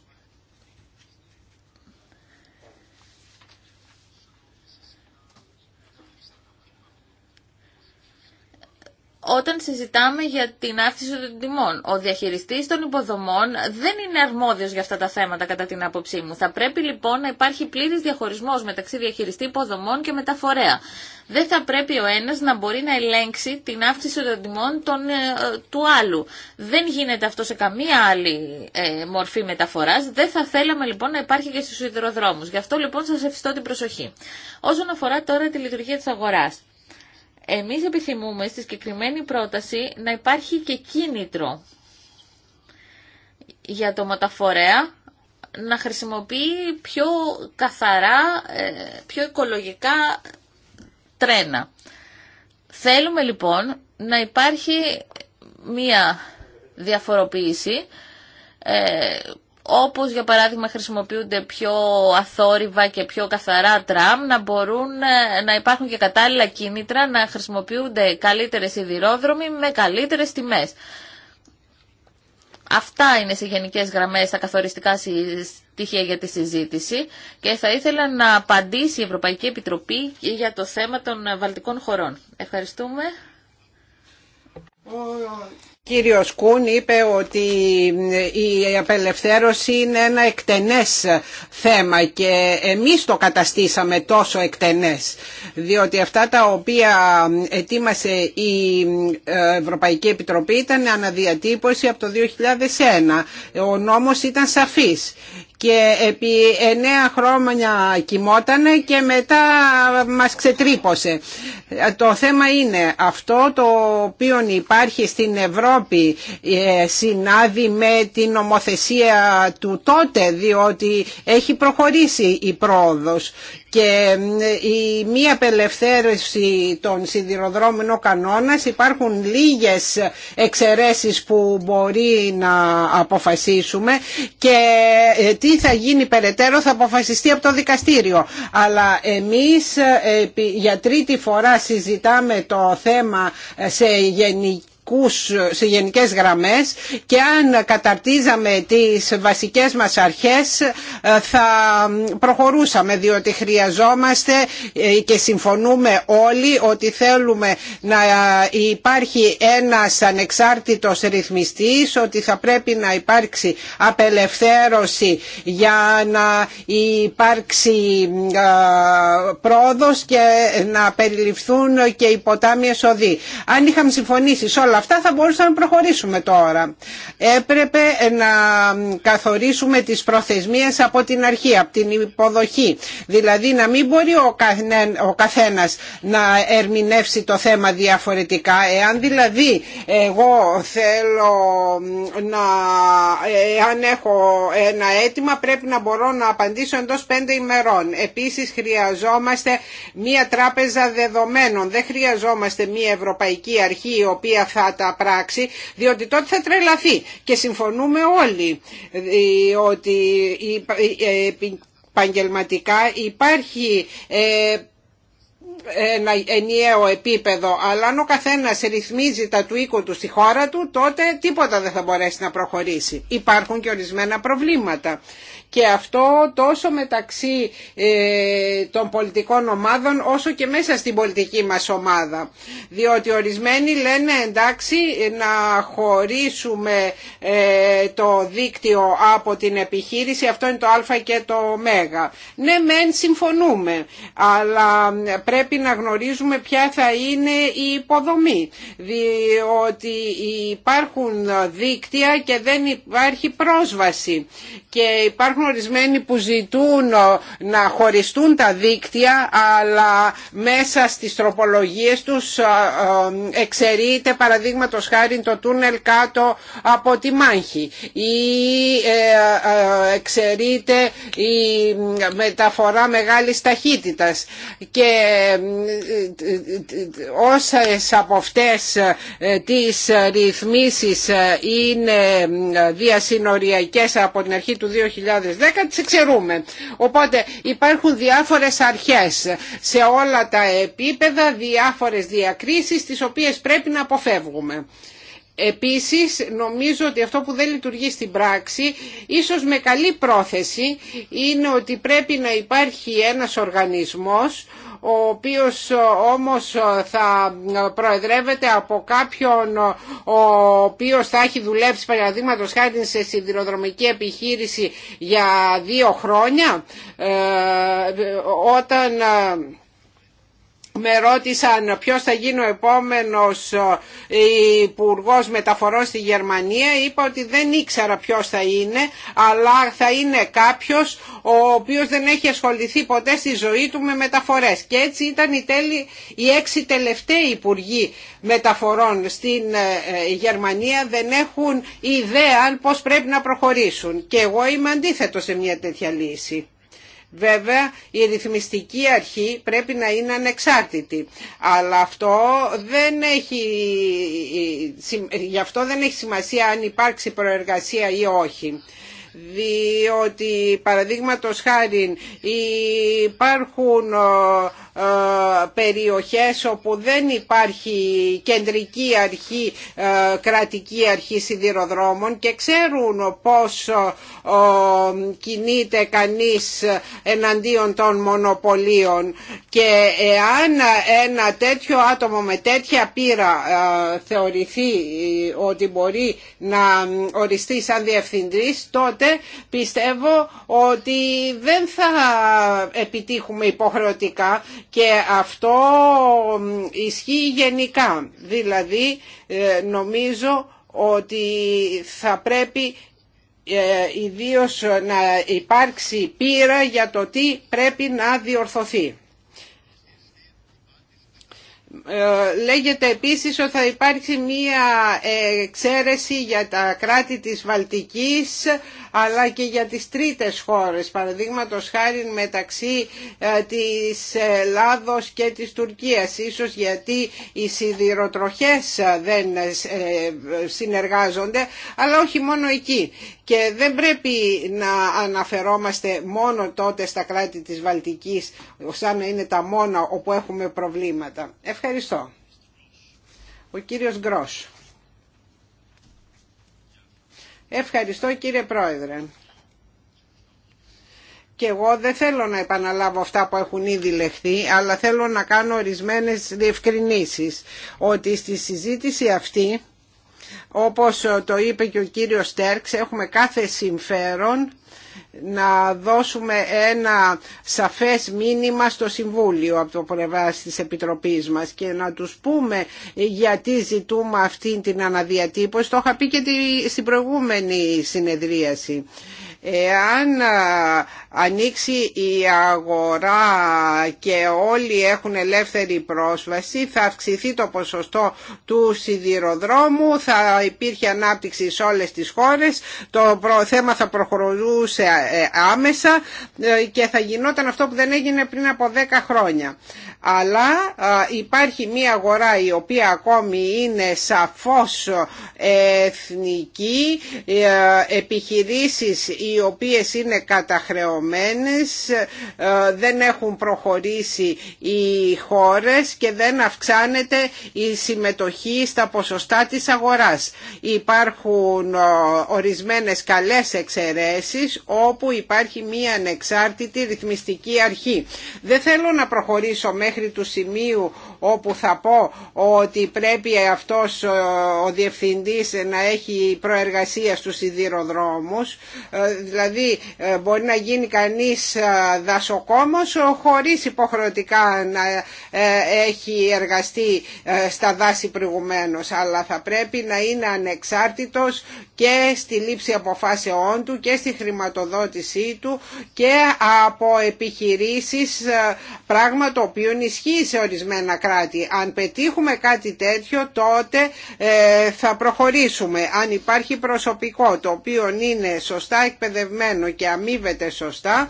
όταν συζητάμε για την αύξηση των τιμών. Ο διαχειριστή των υποδομών δεν είναι αρμόδιο για αυτά τα θέματα κατά την άποψή μου. Θα πρέπει λοιπόν να υπάρχει πλήρη διαχωρισμό μεταξύ διαχειριστή υποδομών και μεταφορέα. Δεν θα πρέπει ο ένα να μπορεί να ελέγξει την αύξηση των τιμών των, ε, του άλλου. Δεν γίνεται αυτό σε καμία άλλη ε, μορφή μεταφορά. Δεν θα θέλαμε λοιπόν να υπάρχει και στου υδροδρόμου. Γι' αυτό λοιπόν σα ευχαριστώ την προσοχή. Όσον αφορά τώρα τη λειτουργία τη αγορά. Εμείς επιθυμούμε στη συγκεκριμένη πρόταση να υπάρχει και κίνητρο για το μεταφορέα να χρησιμοποιεί πιο καθαρά, ε, πιο οικολογικά τρένα. Θέλουμε λοιπόν να υπάρχει μία διαφοροποίηση ε, όπως για παράδειγμα χρησιμοποιούνται πιο αθόρυβα και πιο καθαρά τραμ, να μπορούν ε, να υπάρχουν και κατάλληλα κίνητρα να χρησιμοποιούνται καλύτερες σιδηρόδρομοι με καλύτερες τιμές. Αυτά είναι σε γενικές γραμμές τα καθοριστικά στοιχεία για τη συζήτηση και θα ήθελα να απαντήσει η Ευρωπαϊκή Επιτροπή για το θέμα των βαλτικών χωρών. Ευχαριστούμε κύριος Κούν είπε ότι η απελευθέρωση είναι ένα εκτενές θέμα και εμείς το καταστήσαμε τόσο εκτενές διότι αυτά τα οποία ετοίμασε η Ευρωπαϊκή Επιτροπή ήταν αναδιατύπωση από το 2001 ο νόμος ήταν σαφής και επί εννέα χρόνια κοιμότανε και μετά μας ξετρύπωσε. Το θέμα είναι αυτό το οποίο υπάρχει στην Ευρώπη ε, συνάδει με την νομοθεσία του τότε διότι έχει προχωρήσει η πρόοδος και η μη απελευθέρωση των σιδηροδρόμων ο κανόνας. Υπάρχουν λίγες εξαιρέσεις που μπορεί να αποφασίσουμε και ε, τι θα γίνει περαιτέρω θα αποφασιστεί από το δικαστήριο. Αλλά εμείς ε, για τρίτη φορά συζητάμε το θέμα ε, σε γενική σε γενικές γραμμές και αν καταρτίζαμε τις βασικές μας αρχές ε, θα προχωρούσαμε διότι χρειαζόμαστε ε, και συμφωνούμε όλοι ότι θέλουμε να υπάρχει ένας ανεξάρτητος ρυθμιστής ότι θα πρέπει να υπάρξει απελευθέρωση για να υπάρξει ε, πρόοδος και να περιληφθούν και οι ποτάμιες οδοί. Αν είχαμε συμφωνήσει σε όλα αυτά θα μπορούσαμε να προχωρήσουμε τώρα. Έπρεπε να καθορίσουμε τις προθεσμίες από την αρχή, από την υποδοχή. Δηλαδή να μην μπορεί ο καθένας να ερμηνεύσει το θέμα διαφορετικά. Εάν δηλαδή εγώ θέλω να... Εάν έχω ένα αίτημα πρέπει να μπορώ να απαντήσω εντός πέντε ημερών. Επίσης χρειαζόμαστε μία τράπεζα δεδομένων. Δεν χρειαζόμαστε μία ευρωπαϊκή αρχή η οποία θα τα πράξη, διότι τότε θα τρελαθεί και συμφωνούμε όλοι ε, ότι ε, επαγγελματικά υπάρχει ε, ένα ενιαίο επίπεδο αλλά αν ο καθένας ρυθμίζει τα του οίκου του στη χώρα του τότε τίποτα δεν θα μπορέσει να προχωρήσει. Υπάρχουν και ορισμένα προβλήματα και αυτό τόσο μεταξύ ε, των πολιτικών ομάδων όσο και μέσα στην πολιτική μας ομάδα. Διότι ορισμένοι λένε εντάξει να χωρίσουμε ε, το δίκτυο από την επιχείρηση, αυτό είναι το α και το ω. Ναι μεν συμφωνούμε, αλλά πρέπει να γνωρίζουμε ποια θα είναι η υποδομή. Διότι υπάρχουν δίκτυα και δεν υπάρχει πρόσβαση και υπάρχουν ορισμένοι που ζητούν ε, να χωριστούν τα δίκτυα αλλά μέσα στις τροπολογίες τους ε, ε, εξαιρείται παραδείγματο χάρη το τούνελ κάτω από τη μάχη ή εξαιρείται η μεταφορά μεγάλης ταχύτητας και όσες από αυτές τις ρυθμίσεις είναι διασυνοριακές από την αρχή του 2000 δεν τις Οπότε υπάρχουν διάφορες αρχές σε όλα τα επίπεδα, διάφορες διακρίσεις τις οποίες πρέπει να αποφεύγουμε. Επίσης νομίζω ότι αυτό που δεν λειτουργεί στην πράξη ίσως με καλή πρόθεση είναι ότι πρέπει να υπάρχει ένας οργανισμός ο οποίος όμως θα προεδρεύεται από κάποιον ο οποίος θα έχει δουλέψει παραδείγματος χάρη σε σιδηροδρομική επιχείρηση για δύο χρόνια ε, όταν με ρώτησαν ποιος θα γίνει ο επόμενος ε, υπουργό μεταφορών στη Γερμανία είπα ότι δεν ήξερα ποιος θα είναι αλλά θα είναι κάποιος ο οποίος δεν έχει ασχοληθεί ποτέ στη ζωή του με μεταφορές και έτσι ήταν η τέλη, οι έξι τελευταίοι υπουργοί μεταφορών στην ε, ε, Γερμανία δεν έχουν ιδέα πώς πρέπει να προχωρήσουν και εγώ είμαι αντίθετο σε μια τέτοια λύση. Βέβαια η ρυθμιστική αρχή πρέπει να είναι ανεξάρτητη, αλλά αυτό δεν έχει, γι' αυτό δεν έχει σημασία αν υπάρξει προεργασία ή όχι διότι παραδείγματος χάρη υπάρχουν ε, περιοχές όπου δεν υπάρχει κεντρική αρχή, ε, κρατική αρχή σιδηροδρόμων και ξέρουν πώς ε, κινείται κανείς εναντίον των μονοπωλίων και εάν ένα τέτοιο άτομο με τέτοια πείρα θεωρηθεί ότι μπορεί να οριστεί σαν διευθυντής τότε πιστεύω ότι δεν θα επιτύχουμε υποχρεωτικά και αυτό ισχύει γενικά. Δηλαδή ε, νομίζω ότι θα πρέπει ε, ιδίως να υπάρξει πείρα για το τι πρέπει να διορθωθεί. Ε, λέγεται επίσης ότι θα υπάρξει μία εξαίρεση για τα κράτη της Βαλτικής αλλά και για τις τρίτες χώρες, παραδείγματο χάρη μεταξύ ε, της Ελλάδος και της Τουρκίας, ίσως γιατί οι σιδηροτροχές ε, δεν ε, συνεργάζονται, αλλά όχι μόνο εκεί. Και δεν πρέπει να αναφερόμαστε μόνο τότε στα κράτη της Βαλτικής, σαν να είναι τα μόνα όπου έχουμε προβλήματα. Ευχαριστώ. Ο κύριος Γκρός. Ευχαριστώ κύριε Πρόεδρε. Και εγώ δεν θέλω να επαναλάβω αυτά που έχουν ήδη λεχθεί, αλλά θέλω να κάνω ορισμένες διευκρινήσεις. Ότι στη συζήτηση αυτή, όπως το είπε και ο κύριος Στέρξ, έχουμε κάθε συμφέρον να δώσουμε ένα σαφές μήνυμα στο Συμβούλιο από το πλευρά της Επιτροπής μας και να τους πούμε γιατί ζητούμε αυτή την αναδιατύπωση. Το είχα πει και στην προηγούμενη συνεδρίαση. Εάν ανοίξει η αγορά και όλοι έχουν ελεύθερη πρόσβαση θα αυξηθεί το ποσοστό του σιδηροδρόμου, θα υπήρχε ανάπτυξη σε όλες τις χώρες, το θέμα θα προχωρούσε ε, άμεσα ε, και θα γινόταν αυτό που δεν έγινε πριν από 10 χρόνια. Αλλά υπάρχει μία αγορά η οποία ακόμη είναι σαφώς ε, εθνική, επιχειρήσεις οι οι οποίες είναι καταχρεωμένες, ε, δεν έχουν προχωρήσει οι χώρες και δεν αυξάνεται η συμμετοχή στα ποσοστά της αγοράς. Υπάρχουν ε, ορισμένες καλές εξαιρέσεις όπου υπάρχει μία ανεξάρτητη ρυθμιστική αρχή. Δεν θέλω να προχωρήσω μέχρι του σημείου όπου θα πω ότι πρέπει αυτός ε, ο διευθυντής να έχει προεργασία στους σιδηροδρόμους δηλαδή ε, μπορεί να γίνει κανείς ε, δασοκόμος χωρίς υποχρεωτικά να ε, έχει εργαστεί στα δάση προηγουμένως αλλά θα πρέπει να είναι ανεξάρτητος και στη λήψη αποφάσεών του και στη χρηματοδότησή του και από επιχειρήσεις πράγμα το οποίο ισχύει σε ορισμένα κράτη. Αν πετύχουμε κάτι τέτοιο τότε θα προχωρήσουμε. Αν υπάρχει προσωπικό το οποίο είναι σωστά εκπαιδευμένο εκπαιδευμένο και αμείβεται σωστά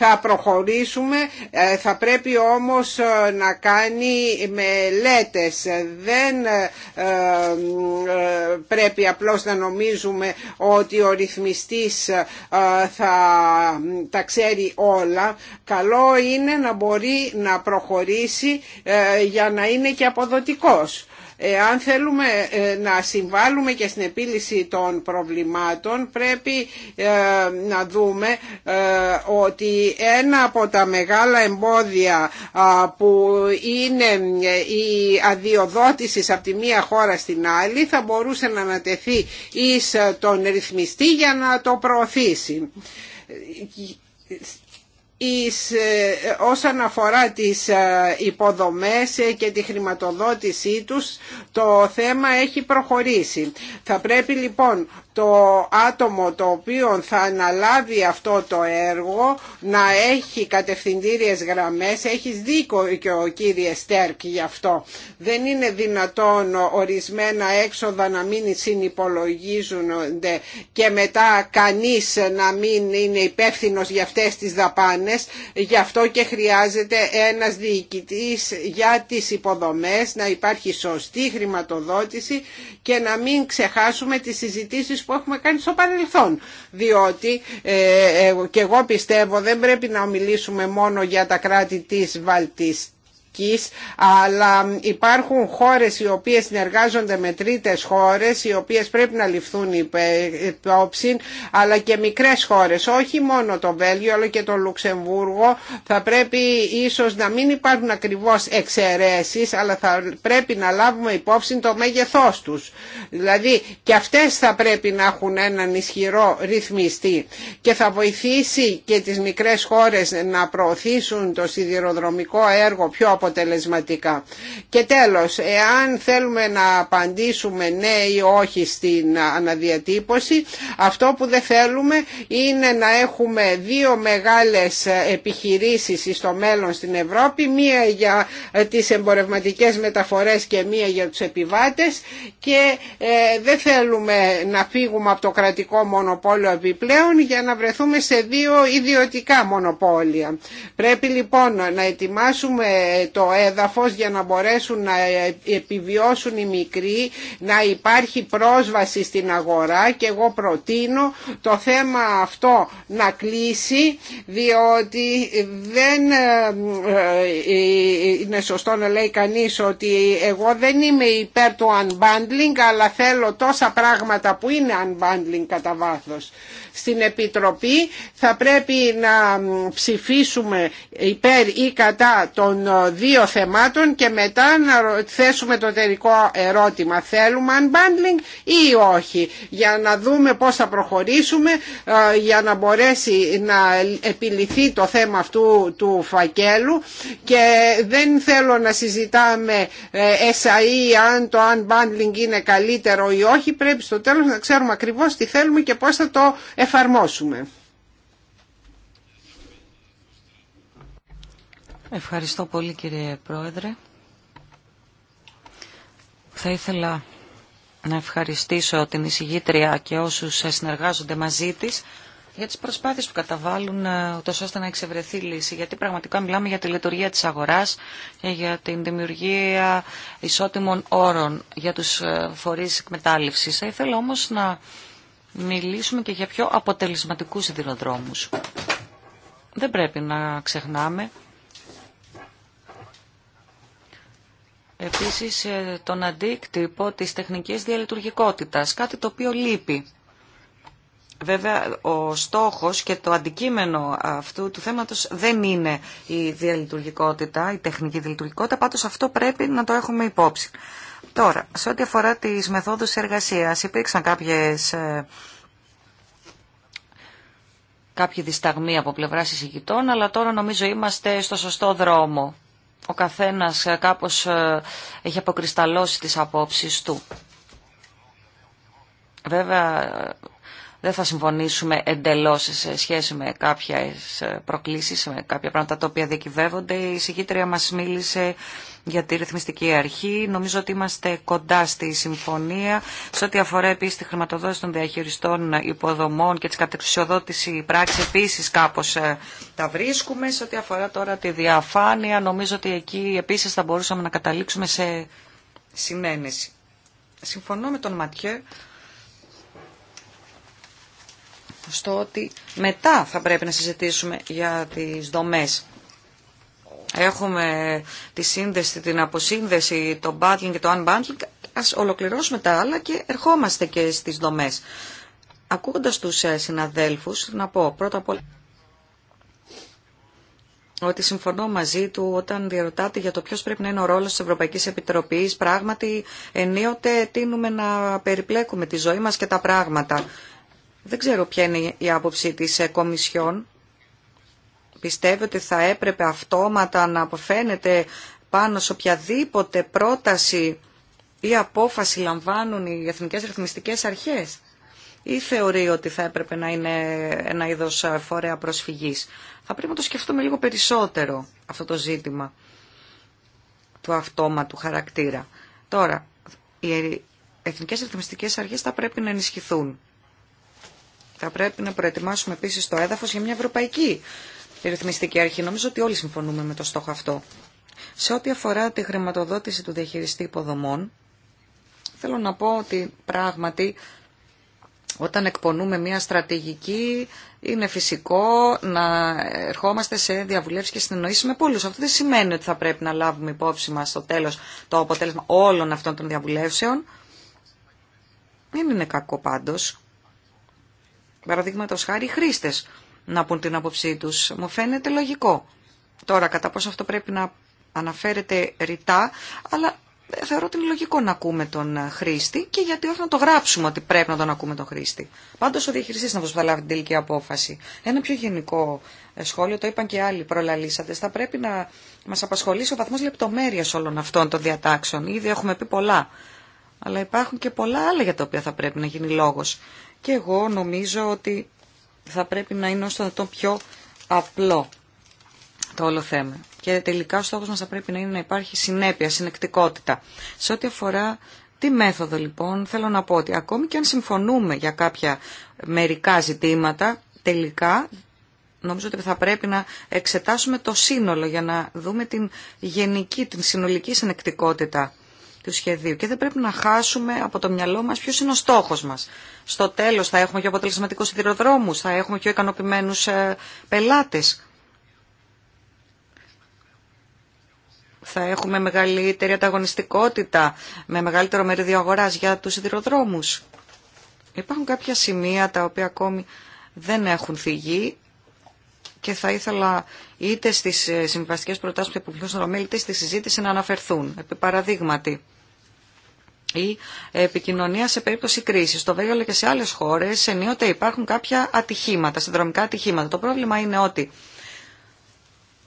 θα προχωρήσουμε, ε, θα πρέπει όμως ε, να κάνει μελέτες. Δεν ε, πρέπει απλώς να νομίζουμε ότι ο ρυθμιστής θα τα ξέρει όλα. Καλό είναι να μπορεί να προχωρήσει για να είναι και αποδοτικός. Ε, αν θέλουμε ε, να συμβάλλουμε και στην επίλυση των προβλημάτων πρέπει ε, να δούμε ότι ένα από τα μεγάλα εμπόδια που είναι η αδειοδότηση από τη μία χώρα στην άλλη θα μπορούσε να ανατεθεί εις τον ρυθμιστή για να το προωθήσει Εις, ε, όσον αφορά τις ε, υποδομές ε, και τη χρηματοδότησή τους το θέμα έχει προχωρήσει. Θα πρέπει λοιπόν το άτομο το οποίο θα αναλάβει αυτό το έργο να έχει κατευθυντήριες γραμμές. έχει δίκο και ο κύριε Στέρκ γι' αυτό. Δεν είναι δυνατόν ορισμένα έξοδα να μην συνυπολογίζονται και μετά κανείς να μην είναι υπεύθυνο για αυτές τις δαπάνες. Γι' αυτό και χρειάζεται ένας διοικητής για τις υποδομές, να υπάρχει σωστή χρηματοδότηση και να μην ξεχάσουμε τις συζητήσεις που έχουμε κάνει στο παρελθόν. Διότι ε, ε, και εγώ πιστεύω δεν πρέπει να μιλήσουμε μόνο για τα κράτη της Βαλτιστής αλλά υπάρχουν χώρες οι οποίες συνεργάζονται με τρίτες χώρες οι οποίες πρέπει να ληφθούν υπόψη αλλά και μικρές χώρες όχι μόνο το Βέλγιο αλλά και το Λουξεμβούργο θα πρέπει ίσως να μην υπάρχουν ακριβώς εξαιρέσεις αλλά θα πρέπει να λάβουμε υπόψη το μέγεθός τους δηλαδή και αυτές θα πρέπει να έχουν έναν ισχυρό ρυθμιστή και θα βοηθήσει και τις μικρές χώρες να προωθήσουν το σιδηροδρομικό έργο πιο και τέλος, εάν θέλουμε να απαντήσουμε ναι ή όχι στην αναδιατύπωση, αυτό που δεν θέλουμε είναι να έχουμε δύο μεγάλες επιχειρήσεις στο μέλλον στην Ευρώπη, μία για τις εμπορευματικές μεταφορές και μία για τους επιβάτες και ε, δεν θέλουμε να φύγουμε από το κρατικό μονοπόλιο επιπλέον για να βρεθούμε σε δύο ιδιωτικά μονοπόλια. Πρέπει λοιπόν να ετοιμάσουμε το έδαφος για να μπορέσουν να επιβιώσουν οι μικροί, να υπάρχει πρόσβαση στην αγορά και εγώ προτείνω το θέμα αυτό να κλείσει διότι δεν ε, ε, είναι σωστό να λέει κανείς ότι εγώ δεν είμαι υπέρ του unbundling αλλά θέλω τόσα πράγματα που είναι unbundling κατά βάθος στην Επιτροπή θα πρέπει να ψηφίσουμε υπέρ ή κατά των δύο θεμάτων και μετά να θέσουμε το τελικό ερώτημα θέλουμε unbundling ή όχι για να δούμε πώς θα προχωρήσουμε ε, για να μπορέσει να επιληθεί το θέμα αυτού του φακέλου και δεν θέλω να συζητάμε ε, SAE αν το unbundling είναι καλύτερο ή όχι πρέπει στο τέλος να ξέρουμε ακριβώς τι θέλουμε και πώς θα το εφαρμόσουμε εφαρμόσουμε. Ευχαριστώ πολύ κύριε Πρόεδρε. Θα ήθελα να ευχαριστήσω την εισηγήτρια και όσους συνεργάζονται μαζί της για τις προσπάθειες που καταβάλουν ε, ούτως ώστε να εξευρεθεί λύση. Γιατί πραγματικά μιλάμε για τη λειτουργία της αγοράς και για την δημιουργία ισότιμων όρων για τους ε, φορείς εκμετάλλευσης. Θα ήθελα όμως να μιλήσουμε και για πιο αποτελεσματικούς σιδηροδρόμους. Δεν πρέπει να ξεχνάμε επίσης ε, τον αντίκτυπο της τεχνικής διαλειτουργικότητας, κάτι το οποίο λείπει. Βέβαια, ο στόχος και το αντικείμενο αυτού του θέματος δεν είναι η διαλειτουργικότητα, η τεχνική διαλειτουργικότητα, πάντως αυτό πρέπει να το έχουμε υπόψη. Τώρα, σε ό,τι αφορά τις μεθόδους εργασίας, υπήρξαν κάποιες, ε, κάποιοι δισταγμοί από πλευράς εισηγητών, αλλά τώρα νομίζω είμαστε στο σωστό δρόμο. Ο καθένας ε, κάπως ε, έχει αποκρισταλώσει τις απόψεις του. Βέβαια, δεν θα συμφωνήσουμε εντελώς σε σχέση με κάποιες προκλήσεις, με κάποια πράγματα τα οποία διακυβεύονται. Η εισηγήτρια μας μίλησε για τη ρυθμιστική αρχή. Νομίζω ότι είμαστε κοντά στη συμφωνία. Σε ό,τι αφορά επίση τη χρηματοδότηση των διαχειριστών υποδομών και τη κατεξουσιοδότηση πράξη, επίση κάπω ε, τα βρίσκουμε. Σε ό,τι αφορά τώρα τη διαφάνεια, νομίζω ότι εκεί επίση θα μπορούσαμε να καταλήξουμε σε συνένεση. Συμφωνώ με τον Ματιέ στο ότι μετά θα πρέπει να συζητήσουμε για τις δομές Έχουμε τη σύνδεση, την αποσύνδεση, το bundling και το unbundling. Ας ολοκληρώσουμε τα άλλα και ερχόμαστε και στις δομές. Ακούγοντας τους ε, συναδέλφους, να πω πρώτα απ' όλα ότι συμφωνώ μαζί του όταν διαρωτάται για το ποιος πρέπει να είναι ο ρόλος της Ευρωπαϊκής Επιτροπής. Πράγματι, ενίοτε τίνουμε να περιπλέκουμε τη ζωή μας και τα πράγματα. Δεν ξέρω ποια είναι η άποψη της ε, Κομισιόν. Πιστεύετε ότι θα έπρεπε αυτόματα να αποφαίνεται πάνω σε οποιαδήποτε πρόταση ή απόφαση λαμβάνουν οι εθνικές ρυθμιστικές αρχές ή θεωρεί ότι θα έπρεπε να είναι ένα είδος ε, φορέα προσφυγής. Θα πρέπει να το σκεφτούμε λίγο περισσότερο αυτό το ζήτημα του αυτόματου χαρακτήρα. Τώρα, οι εθνικές ρυθμιστικές αρχές θα πρέπει να ενισχυθούν. Θα πρέπει να προετοιμάσουμε επίσης το έδαφος για μια ευρωπαϊκή η ρυθμιστική αρχή. Νομίζω ότι όλοι συμφωνούμε με το στόχο αυτό. Σε ό,τι αφορά τη χρηματοδότηση του διαχειριστή υποδομών, θέλω να πω ότι πράγματι όταν εκπονούμε μια στρατηγική είναι φυσικό να ερχόμαστε σε διαβουλεύσεις και συνεννοήσεις με πολλούς. Αυτό δεν σημαίνει ότι θα πρέπει να λάβουμε υπόψη μας στο τέλος το αποτέλεσμα όλων αυτών των διαβουλεύσεων. Δεν είναι κακό πάντως. Παραδείγματο χάρη οι χρήστες να πούν την άποψή του. Μου φαίνεται λογικό. Τώρα, κατά πόσο αυτό πρέπει να αναφέρεται ρητά, αλλά θεωρώ ότι είναι λογικό να ακούμε τον χρήστη και γιατί όχι να το γράψουμε ότι πρέπει να τον ακούμε τον χρήστη. Πάντω ο διαχειριστής να θα λάβει την τελική απόφαση. Ένα πιο γενικό σχόλιο, το είπαν και άλλοι προλαλήσατε. θα πρέπει να μα απασχολήσει ο βαθμό λεπτομέρεια όλων αυτών των διατάξεων. Ήδη έχουμε πει πολλά, αλλά υπάρχουν και πολλά άλλα για τα οποία θα πρέπει να γίνει λόγο. Και εγώ νομίζω ότι θα πρέπει να είναι όσο το πιο απλό το όλο θέμα. Και τελικά ο στόχος μας θα πρέπει να είναι να υπάρχει συνέπεια, συνεκτικότητα. Σε ό,τι αφορά τη μέθοδο λοιπόν, θέλω να πω ότι ακόμη και αν συμφωνούμε για κάποια μερικά ζητήματα, τελικά νομίζω ότι θα πρέπει να εξετάσουμε το σύνολο για να δούμε την γενική, την συνολική συνεκτικότητα του σχεδίου και δεν πρέπει να χάσουμε από το μυαλό μας ποιο είναι ο στόχος μας. Στο τέλος θα έχουμε και αποτελεσματικού σιδηροδρόμου, θα έχουμε και ε, πελάτες. Θα έχουμε μεγαλύτερη ανταγωνιστικότητα με μεγαλύτερο μερίδιο αγοράς για τους σιδηροδρόμους. Υπάρχουν κάποια σημεία τα οποία ακόμη δεν έχουν θυγεί και θα ήθελα είτε στις ε, συμβαστικές προτάσεις που επιπλέον στον Ρωμέλη, είτε στη συζήτηση να αναφερθούν, επί παραδείγματι η επικοινωνία σε περίπτωση κρίσης. Στο Βέλγιο αλλά και σε άλλες χώρες ενίοτε υπάρχουν κάποια ατυχήματα, συνδρομικά ατυχήματα. Το πρόβλημα είναι ότι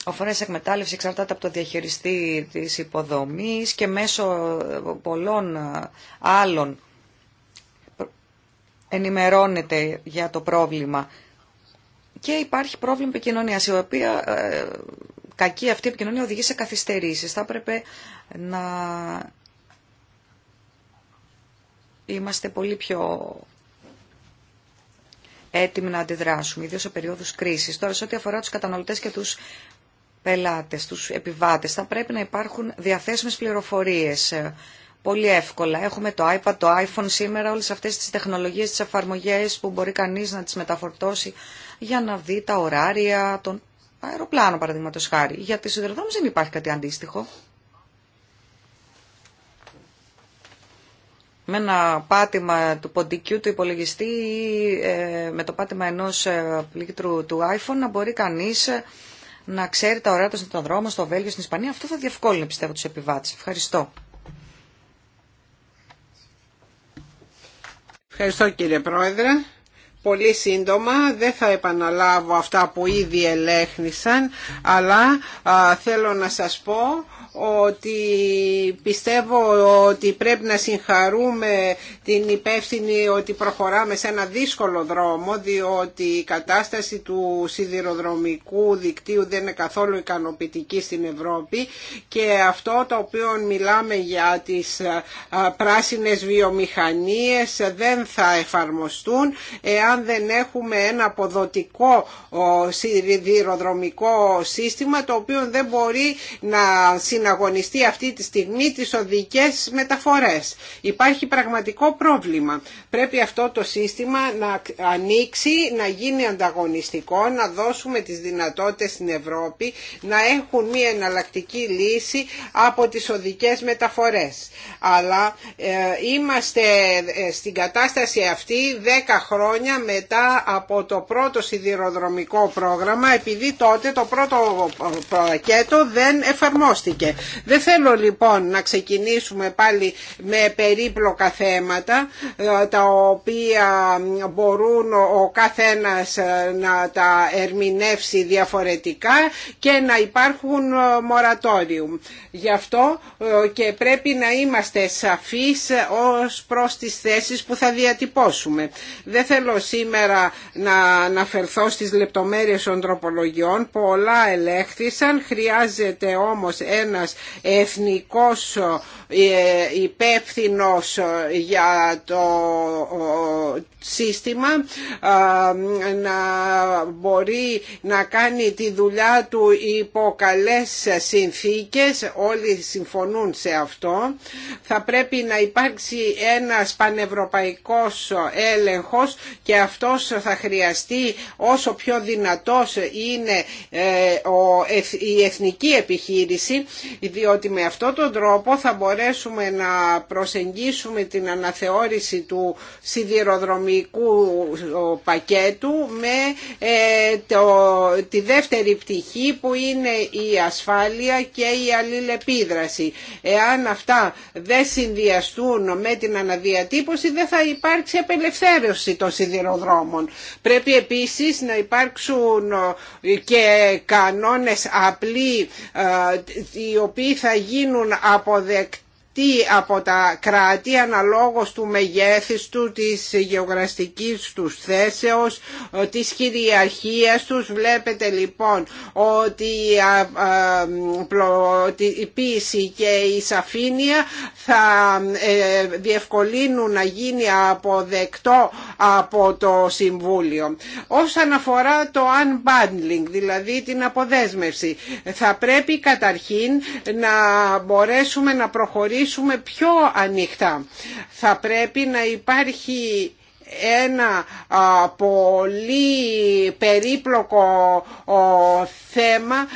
ο φορέα εκμετάλλευση εξαρτάται από το διαχειριστή της υποδομής και μέσω πολλών άλλων ενημερώνεται για το πρόβλημα. Και υπάρχει πρόβλημα επικοινωνία, η οποία ε, κακή αυτή η επικοινωνία οδηγεί σε καθυστερήσεις. Θα έπρεπε να είμαστε πολύ πιο έτοιμοι να αντιδράσουμε, ιδίως σε περίοδους κρίσης. Τώρα, σε ό,τι αφορά τους καταναλωτές και τους πελάτες, τους επιβάτες, θα πρέπει να υπάρχουν διαθέσιμες πληροφορίες ε, πολύ εύκολα. Έχουμε το iPad, το iPhone σήμερα, όλες αυτές τις τεχνολογίες, τις εφαρμογές που μπορεί κανείς να τις μεταφορτώσει για να δει τα ωράρια των αεροπλάνων, παραδείγματος χάρη. Για τις σιδηροδρόμους δεν υπάρχει κάτι αντίστοιχο. με ένα πάτημα του ποντικού του υπολογιστή ή ε, με το πάτημα ενός ε, πλήκτρου του iPhone να μπορεί κανείς ε, να ξέρει τα ωραία του στον δρόμο, στο Βέλγιο, στην Ισπανία. Αυτό θα διευκόλυνε πιστεύω τους επιβάτες. Ευχαριστώ. Ευχαριστώ κύριε Πρόεδρε. Πολύ σύντομα, δεν θα επαναλάβω αυτά που ήδη ελέγχνησαν, αλλά θέλω να σας πω ότι πιστεύω ότι πρέπει να συγχαρούμε την υπεύθυνη ότι προχωράμε σε ένα δύσκολο δρόμο διότι η κατάσταση του σιδηροδρομικού δικτύου δεν είναι καθόλου ικανοποιητική στην Ευρώπη και αυτό το οποίο μιλάμε για τις πράσινες βιομηχανίες δεν θα εφαρμοστούν εάν δεν έχουμε ένα αποδοτικό σιδηροδρομικό σύστημα το οποίο δεν μπορεί να συνεχίσει αγωνιστεί αυτή τη στιγμή τις οδικές μεταφορές. Υπάρχει πραγματικό πρόβλημα. Πρέπει αυτό το σύστημα να ανοίξει, να γίνει ανταγωνιστικό, να δώσουμε τις δυνατότητες στην Ευρώπη να έχουν μια εναλλακτική λύση από τις οδικές μεταφορές. Αλλά ε, είμαστε ε, στην κατάσταση αυτή 10 χρόνια μετά από το πρώτο σιδηροδρομικό πρόγραμμα επειδή τότε το πρώτο ε, πακέτο δεν εφαρμόστηκε. Δεν θέλω λοιπόν να ξεκινήσουμε πάλι με περίπλοκα θέματα ε, τα οποία μπορούν ο καθένας ε, να τα ερμηνεύσει διαφορετικά και να υπάρχουν ε, μορατόριου. Γι' αυτό και πρέπει να είμαστε σαφείς ως προς τις θέσεις που θα διατυπώσουμε. Δεν θέλω σήμερα να αναφερθώ στις λεπτομέρειες των τροπολογιών. Πολλά ελέγχθησαν, χρειάζεται όμως ένα ένας εθνικός ε, υπεύθυνο για το σύστημα ε, να μπορεί να κάνει τη δουλειά του υπό καλές συνθήκες, όλοι συμφωνούν σε αυτό. Θα πρέπει να υπάρξει ένας πανευρωπαϊκός έλεγχος και αυτός θα χρειαστεί όσο πιο δυνατός είναι ε, η εθνική επιχείρηση διότι με αυτόν τον τρόπο θα μπορέσουμε να προσεγγίσουμε την αναθεώρηση του σιδηροδρομικού πακέτου με ε, το, τη δεύτερη πτυχή που είναι η ασφάλεια και η αλληλεπίδραση. Εάν αυτά δεν συνδυαστούν με την αναδιατύπωση δεν θα υπάρξει απελευθέρωση των σιδηροδρόμων. Πρέπει επίσης να υπάρξουν ε, και κανόνες απλή ε, οι οποίοι θα γίνουν αποδεκτοί τι από τα κράτη αναλόγως του μεγέθης του, της γεωγραφικής τους θέσεως, ε, της κυριαρχίας τους. Βλέπετε λοιπόν ότι η πίση και η σαφήνεια θα ε, διευκολύνουν να γίνει αποδεκτό από το Συμβούλιο. Όσον αφορά το unbundling, δηλαδή την αποδέσμευση, θα πρέπει καταρχήν να μπορέσουμε να προχωρήσουμε μιλήσουμε πιο ανοιχτά. Θα πρέπει να υπάρχει ένα πολύ περίπλοκο θέμα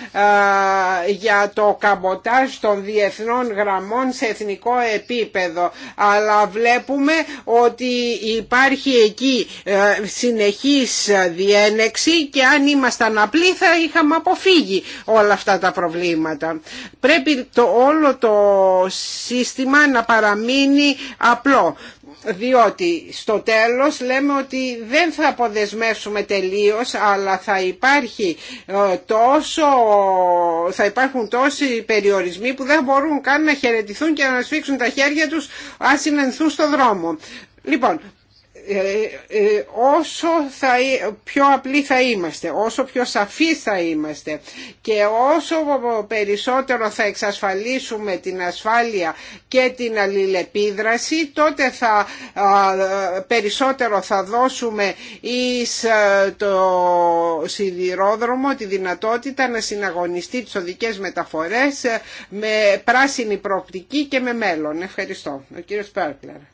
για το καμποτάζ των διεθνών γραμμών σε εθνικό επίπεδο αλλά βλέπουμε ότι υπάρχει εκεί ε, συνεχής διένεξη και αν ήμασταν απλοί θα είχαμε αποφύγει όλα αυτά τα προβλήματα. Πρέπει το όλο το σύστημα να παραμείνει απλό διότι στο τέλος λέμε ότι δεν θα αποδεσμεύσουμε τελείως αλλά θα, υπάρχει ε, τόσο, θα υπάρχουν τόσοι περιορισμοί που δεν μπορούν καν να χαιρετηθούν και να σφίξουν τα χέρια τους ας συνενθούν στο δρόμο. Λοιπόν, ε, ε, όσο θα, πιο απλοί θα είμαστε, όσο πιο σαφείς θα είμαστε και όσο περισσότερο θα εξασφαλίσουμε την ασφάλεια και την αλληλεπίδραση τότε θα περισσότερο θα δώσουμε εις ε, το σιδηρόδρομο τη δυνατότητα να συναγωνιστεί τις οδικές μεταφορές με πράσινη προοπτική και με μέλλον. Ευχαριστώ. Ο κύριος Πέρκλερ.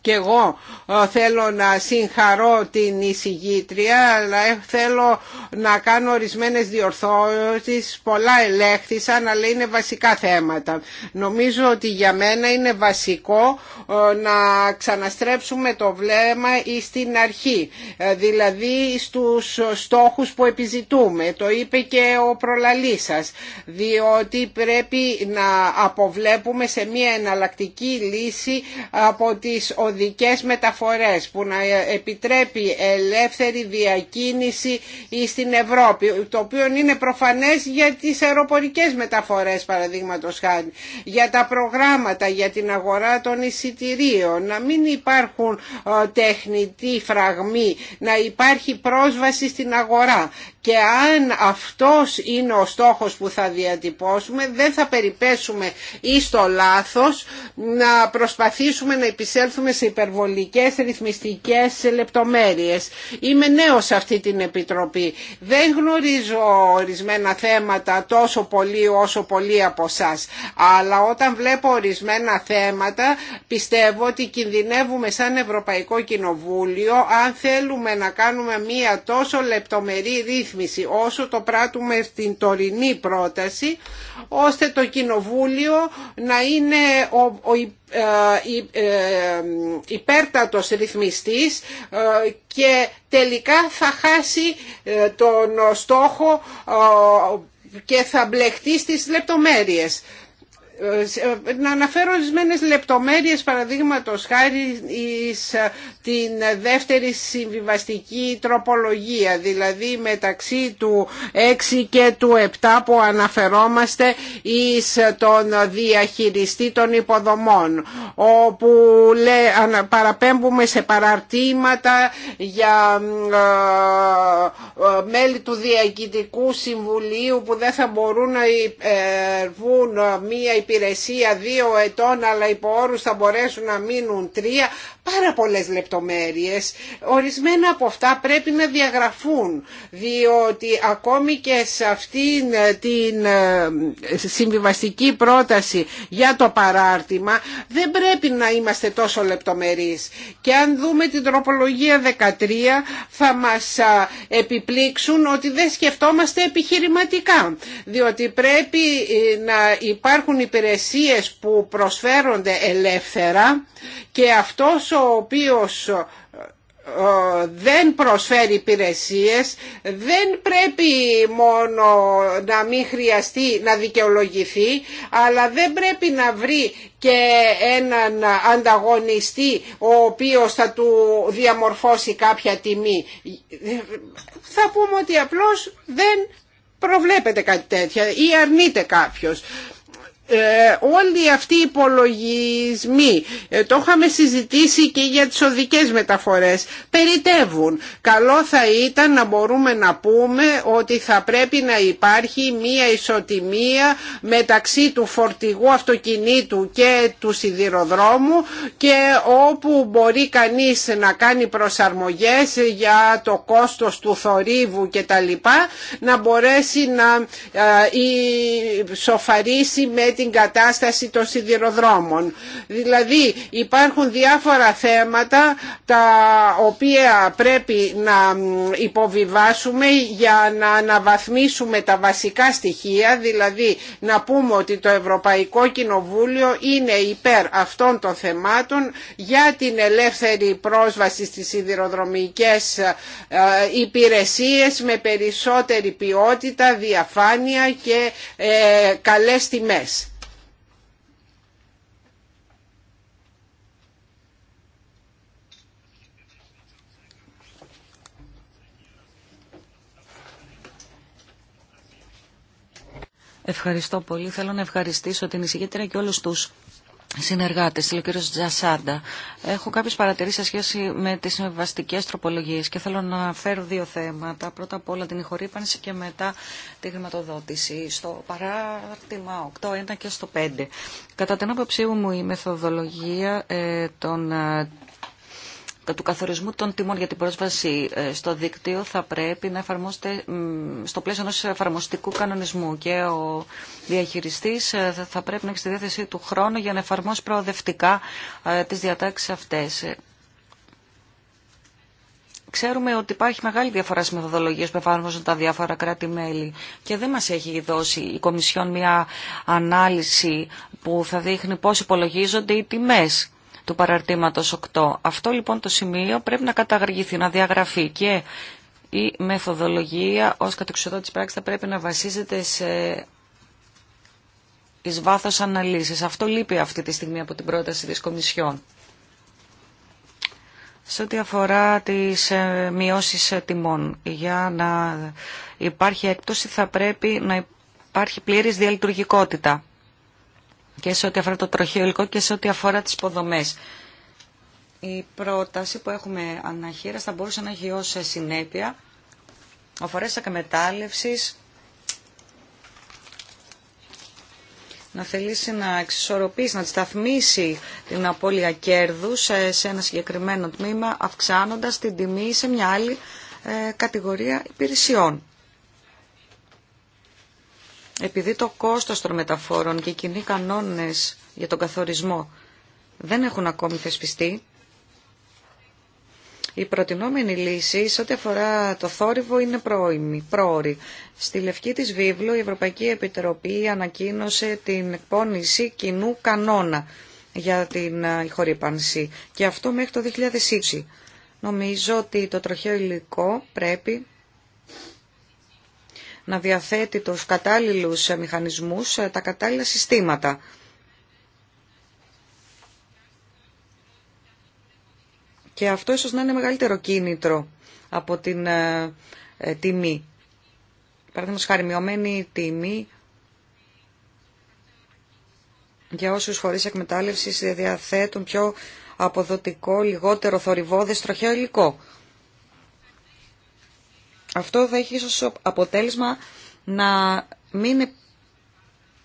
και εγώ ε, θέλω να συγχαρώ την εισηγήτρια αλλά ε, θέλω να κάνω ορισμένες διορθώσεις πολλά ελέγχθησαν αλλά είναι βασικά θέματα νομίζω ότι για μένα είναι βασικό ε, να ξαναστρέψουμε το βλέμμα στην αρχή δηλαδή στους στόχους που επιζητούμε το είπε και ο προλαλής σας διότι πρέπει να αποβλέπουμε σε μια εναλλακτική λύση από τις οδικές μεταφορές που να επιτρέπει ελεύθερη διακίνηση στην Ευρώπη το οποίο είναι προφανές για τις αεροπορικές μεταφορές παραδείγματος χάρη για τα προγράμματα για την αγορά των εισιτηρίων να μην υπάρχουν ε, τεχνητοί φραγμοί να υπάρχει πρόσβαση στην αγορά και αν αυτός είναι ο στόχος που θα διατυπώσουμε δεν θα περιπέσουμε ή στο λάθος να προσπαθήσουμε να επισέλθουμε σε υπερβολικές ρυθμιστικές λεπτομέρειες. Είμαι νέος σε αυτή την Επιτροπή. Δεν γνωρίζω ορισμένα θέματα τόσο πολύ όσο πολύ από εσά. Αλλά όταν βλέπω ορισμένα θέματα πιστεύω ότι κινδυνεύουμε σαν Ευρωπαϊκό Κοινοβούλιο αν θέλουμε να κάνουμε μία τόσο λεπτομερή ρύθμιση όσο το πράττουμε στην τωρινή πρόταση ώστε το Κοινοβούλιο να είναι ο, ο ε, ε, υπέρτατος ρυθμιστής ε, και τελικά θα χάσει τον στόχο και θα μπλεχτεί στις λεπτομέρειες. Να αναφέρω ορισμένε λεπτομέρειες παραδείγματο χάρη εις ε, την δεύτερη συμβιβαστική τροπολογία δηλαδή μεταξύ του 6 και του 7 που αναφερόμαστε ει ε, τον διαχειριστή των υποδομών όπου παραπέμπουμε σε παραρτήματα για ε, μέλη του διακητικού Συμβουλίου που δεν θα μπορούν να υπερβούν μία υπηρεσία δύο ετών αλλά υπό όρους θα μπορέσουν να μείνουν τρία πάρα πολλές λεπτομέρειες ορισμένα από αυτά πρέπει να διαγραφούν διότι ακόμη και σε αυτήν την ε, συμβιβαστική πρόταση για το παράρτημα δεν πρέπει να είμαστε τόσο λεπτομερείς και αν δούμε την τροπολογία 13 θα μας επιπλήξουν ότι δεν σκεφτόμαστε επιχειρηματικά διότι πρέπει ε, να υπάρχουν υπηρεσίες που προσφέρονται ελεύθερα και αυτός ο οποίος ε, ε, δεν προσφέρει υπηρεσίες δεν πρέπει μόνο να μην χρειαστεί να δικαιολογηθεί αλλά δεν πρέπει να βρει και έναν ανταγωνιστή ο οποίος θα του διαμορφώσει κάποια τιμή θα πούμε ότι απλώς δεν προβλέπεται κάτι τέτοια ή αρνείται κάποιος ε, όλοι αυτοί οι υπολογισμοί, ε, το είχαμε συζητήσει και για τις οδικές μεταφορές, περιτεύουν. Καλό θα ήταν να μπορούμε να πούμε ότι θα πρέπει να υπάρχει μία ισοτιμία μεταξύ του φορτηγού αυτοκινήτου και του σιδηροδρόμου και όπου μπορεί κανείς να κάνει προσαρμογές για το κόστος του θορύβου και τα λοιπά, να μπορέσει να ε, σοφαρίσει με την κατάσταση των σιδηροδρόμων. Δηλαδή υπάρχουν διάφορα θέματα τα οποία πρέπει να υποβιβάσουμε για να αναβαθμίσουμε τα βασικά στοιχεία, δηλαδή να πούμε ότι το Ευρωπαϊκό Κοινοβούλιο είναι υπέρ αυτών των θεμάτων για την ελεύθερη πρόσβαση στις σιδηροδρομικές ε, υπηρεσίες με περισσότερη ποιότητα, διαφάνεια και ε, καλές τιμές. Ευχαριστώ πολύ. Θέλω να ευχαριστήσω την εισηγήτρια και όλους τους συνεργάτες, ο κύριο Τζασάντα. Έχω κάποιες παρατηρήσεις σε σχέση με τις συμβαστικέ τροπολογίες και θέλω να φέρω δύο θέματα. Πρώτα απ' όλα την ηχορύπανση και μετά τη χρηματοδότηση. Στο παράρτημα 8.1 και στο 5. Κατά την άποψή μου, η μεθοδολογία ε, των ε, του καθορισμού των τιμών για την πρόσβαση ε, στο δίκτυο θα πρέπει να εφαρμόσετε στο πλαίσιο ενός εφαρμοστικού κανονισμού και ο διαχειριστής ε, θα πρέπει να έχει στη διάθεσή του χρόνο για να εφαρμόσει προοδευτικά ε, τις διατάξεις αυτές. Ξέρουμε ότι υπάρχει μεγάλη διαφορά στις μεθοδολογίε που εφαρμόζουν τα διάφορα κράτη-μέλη και δεν μα έχει δώσει η Κομισιόν μια ανάλυση που θα δείχνει πώ υπολογίζονται οι τιμέ του παραρτήματος 8. Αυτό λοιπόν το σημείο πρέπει να καταργηθεί, να διαγραφεί και η μεθοδολογία ως της πράξης θα πρέπει να βασίζεται σε εις βάθος αναλύσεις. Αυτό λείπει αυτή τη στιγμή από την πρόταση της Κομισιόν. Σε ό,τι αφορά τις ε, μειώσεις ε, τιμών, για να υπάρχει έκπτωση θα πρέπει να υπάρχει πλήρης διαλειτουργικότητα και σε ό,τι αφορά το τροχείο υλικό και σε ό,τι αφορά τις υποδομές. Η πρόταση που έχουμε αναχείρας θα μπορούσε να έχει ως συνέπεια αφορές ακαμετάλλευσης, να θελήσει να εξισορροπήσει, να σταθμίσει την απώλεια κέρδου σε ένα συγκεκριμένο τμήμα, αυξάνοντας την τιμή σε μια άλλη ε, κατηγορία υπηρεσιών επειδή το κόστος των μεταφόρων και οι κοινοί κανόνες για τον καθορισμό δεν έχουν ακόμη θεσπιστεί, η προτινόμενη λύση σε ό,τι αφορά το θόρυβο είναι πρόημη, πρόορη. Στη Λευκή της Βίβλου η Ευρωπαϊκή Επιτροπή ανακοίνωσε την εκπόνηση κοινού κανόνα για την χορύπανση και αυτό μέχρι το 2020. Νομίζω ότι το τροχαίο υλικό πρέπει να διαθέτει τους κατάλληλους μηχανισμούς, ε, τα κατάλληλα συστήματα. Και αυτό ίσως να είναι μεγαλύτερο κίνητρο από την ε, ε, τιμή. Παραδείγματος χάρη μειωμένη τιμή για όσους φορείς εκμετάλλευσης διαθέτουν πιο αποδοτικό, λιγότερο θορυβόδες, τροχαίο υλικό αυτό θα έχει ίσως αποτέλεσμα να μην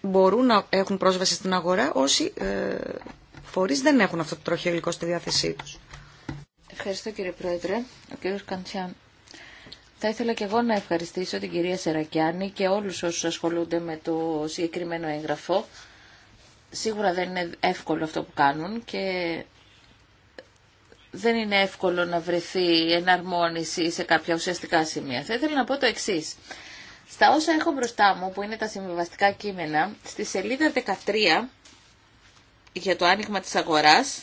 μπορούν να έχουν πρόσβαση στην αγορά όσοι ε, φορείς δεν έχουν αυτό το τροχαίο υλικό στη διάθεσή τους. Ευχαριστώ κύριε Πρόεδρε. Ο κύριος Καντσιάν. Θα ήθελα και εγώ να ευχαριστήσω την κυρία Σερακιάνη και όλους όσους ασχολούνται με το συγκεκριμένο έγγραφο. Σίγουρα δεν είναι εύκολο αυτό που κάνουν και δεν είναι εύκολο να βρεθεί εναρμόνιση σε κάποια ουσιαστικά σημεία. Θα ήθελα να πω το εξή. Στα όσα έχω μπροστά μου, που είναι τα συμβιβαστικά κείμενα, στη σελίδα 13 για το άνοιγμα της αγοράς,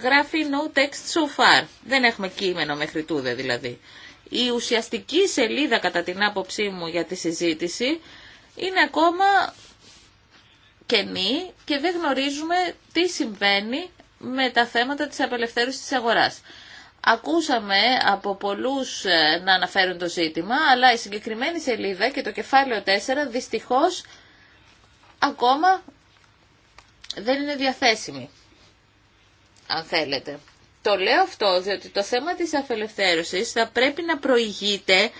γράφει no text so far. Δεν έχουμε κείμενο μέχρι τούδε δηλαδή. Η ουσιαστική σελίδα κατά την άποψή μου για τη συζήτηση είναι ακόμα κενή και δεν γνωρίζουμε τι συμβαίνει με τα θέματα της απελευθέρωσης της αγοράς. Ακούσαμε από πολλούς ε, να αναφέρουν το ζήτημα, αλλά η συγκεκριμένη σελίδα και το κεφάλαιο 4 δυστυχώς ακόμα δεν είναι διαθέσιμη, αν θέλετε. Το λέω αυτό διότι το θέμα της απελευθέρωσης θα πρέπει να προηγείται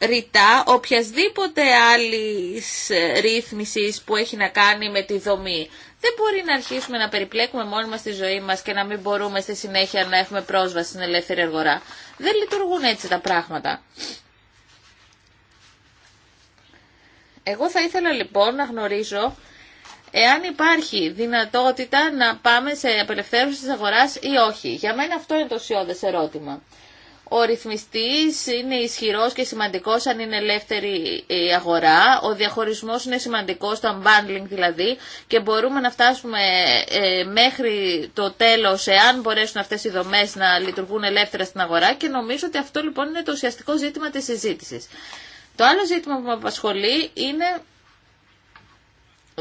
ρητά οποιασδήποτε άλλη ε, ρύθμισης που έχει να κάνει με τη δομή δεν μπορεί να αρχίσουμε να περιπλέκουμε μόνοι μας τη ζωή μας και να μην μπορούμε στη συνέχεια να έχουμε πρόσβαση στην ελεύθερη αγορά. Δεν λειτουργούν έτσι τα πράγματα. Εγώ θα ήθελα λοιπόν να γνωρίζω εάν υπάρχει δυνατότητα να πάμε σε απελευθέρωση της αγοράς ή όχι. Για μένα αυτό είναι το σιώδες ερώτημα. Ο ρυθμιστής είναι ισχυρός και σημαντικός αν είναι ελεύθερη η αγορά. Ο διαχωρισμός είναι σημαντικός, το unbundling δηλαδή, και μπορούμε να φτάσουμε ε, μέχρι το τέλος εάν μπορέσουν αυτές οι δομές να λειτουργούν ελεύθερα στην αγορά και νομίζω ότι αυτό λοιπόν είναι το ουσιαστικό ζήτημα της συζήτησης. Το άλλο ζήτημα που με απασχολεί είναι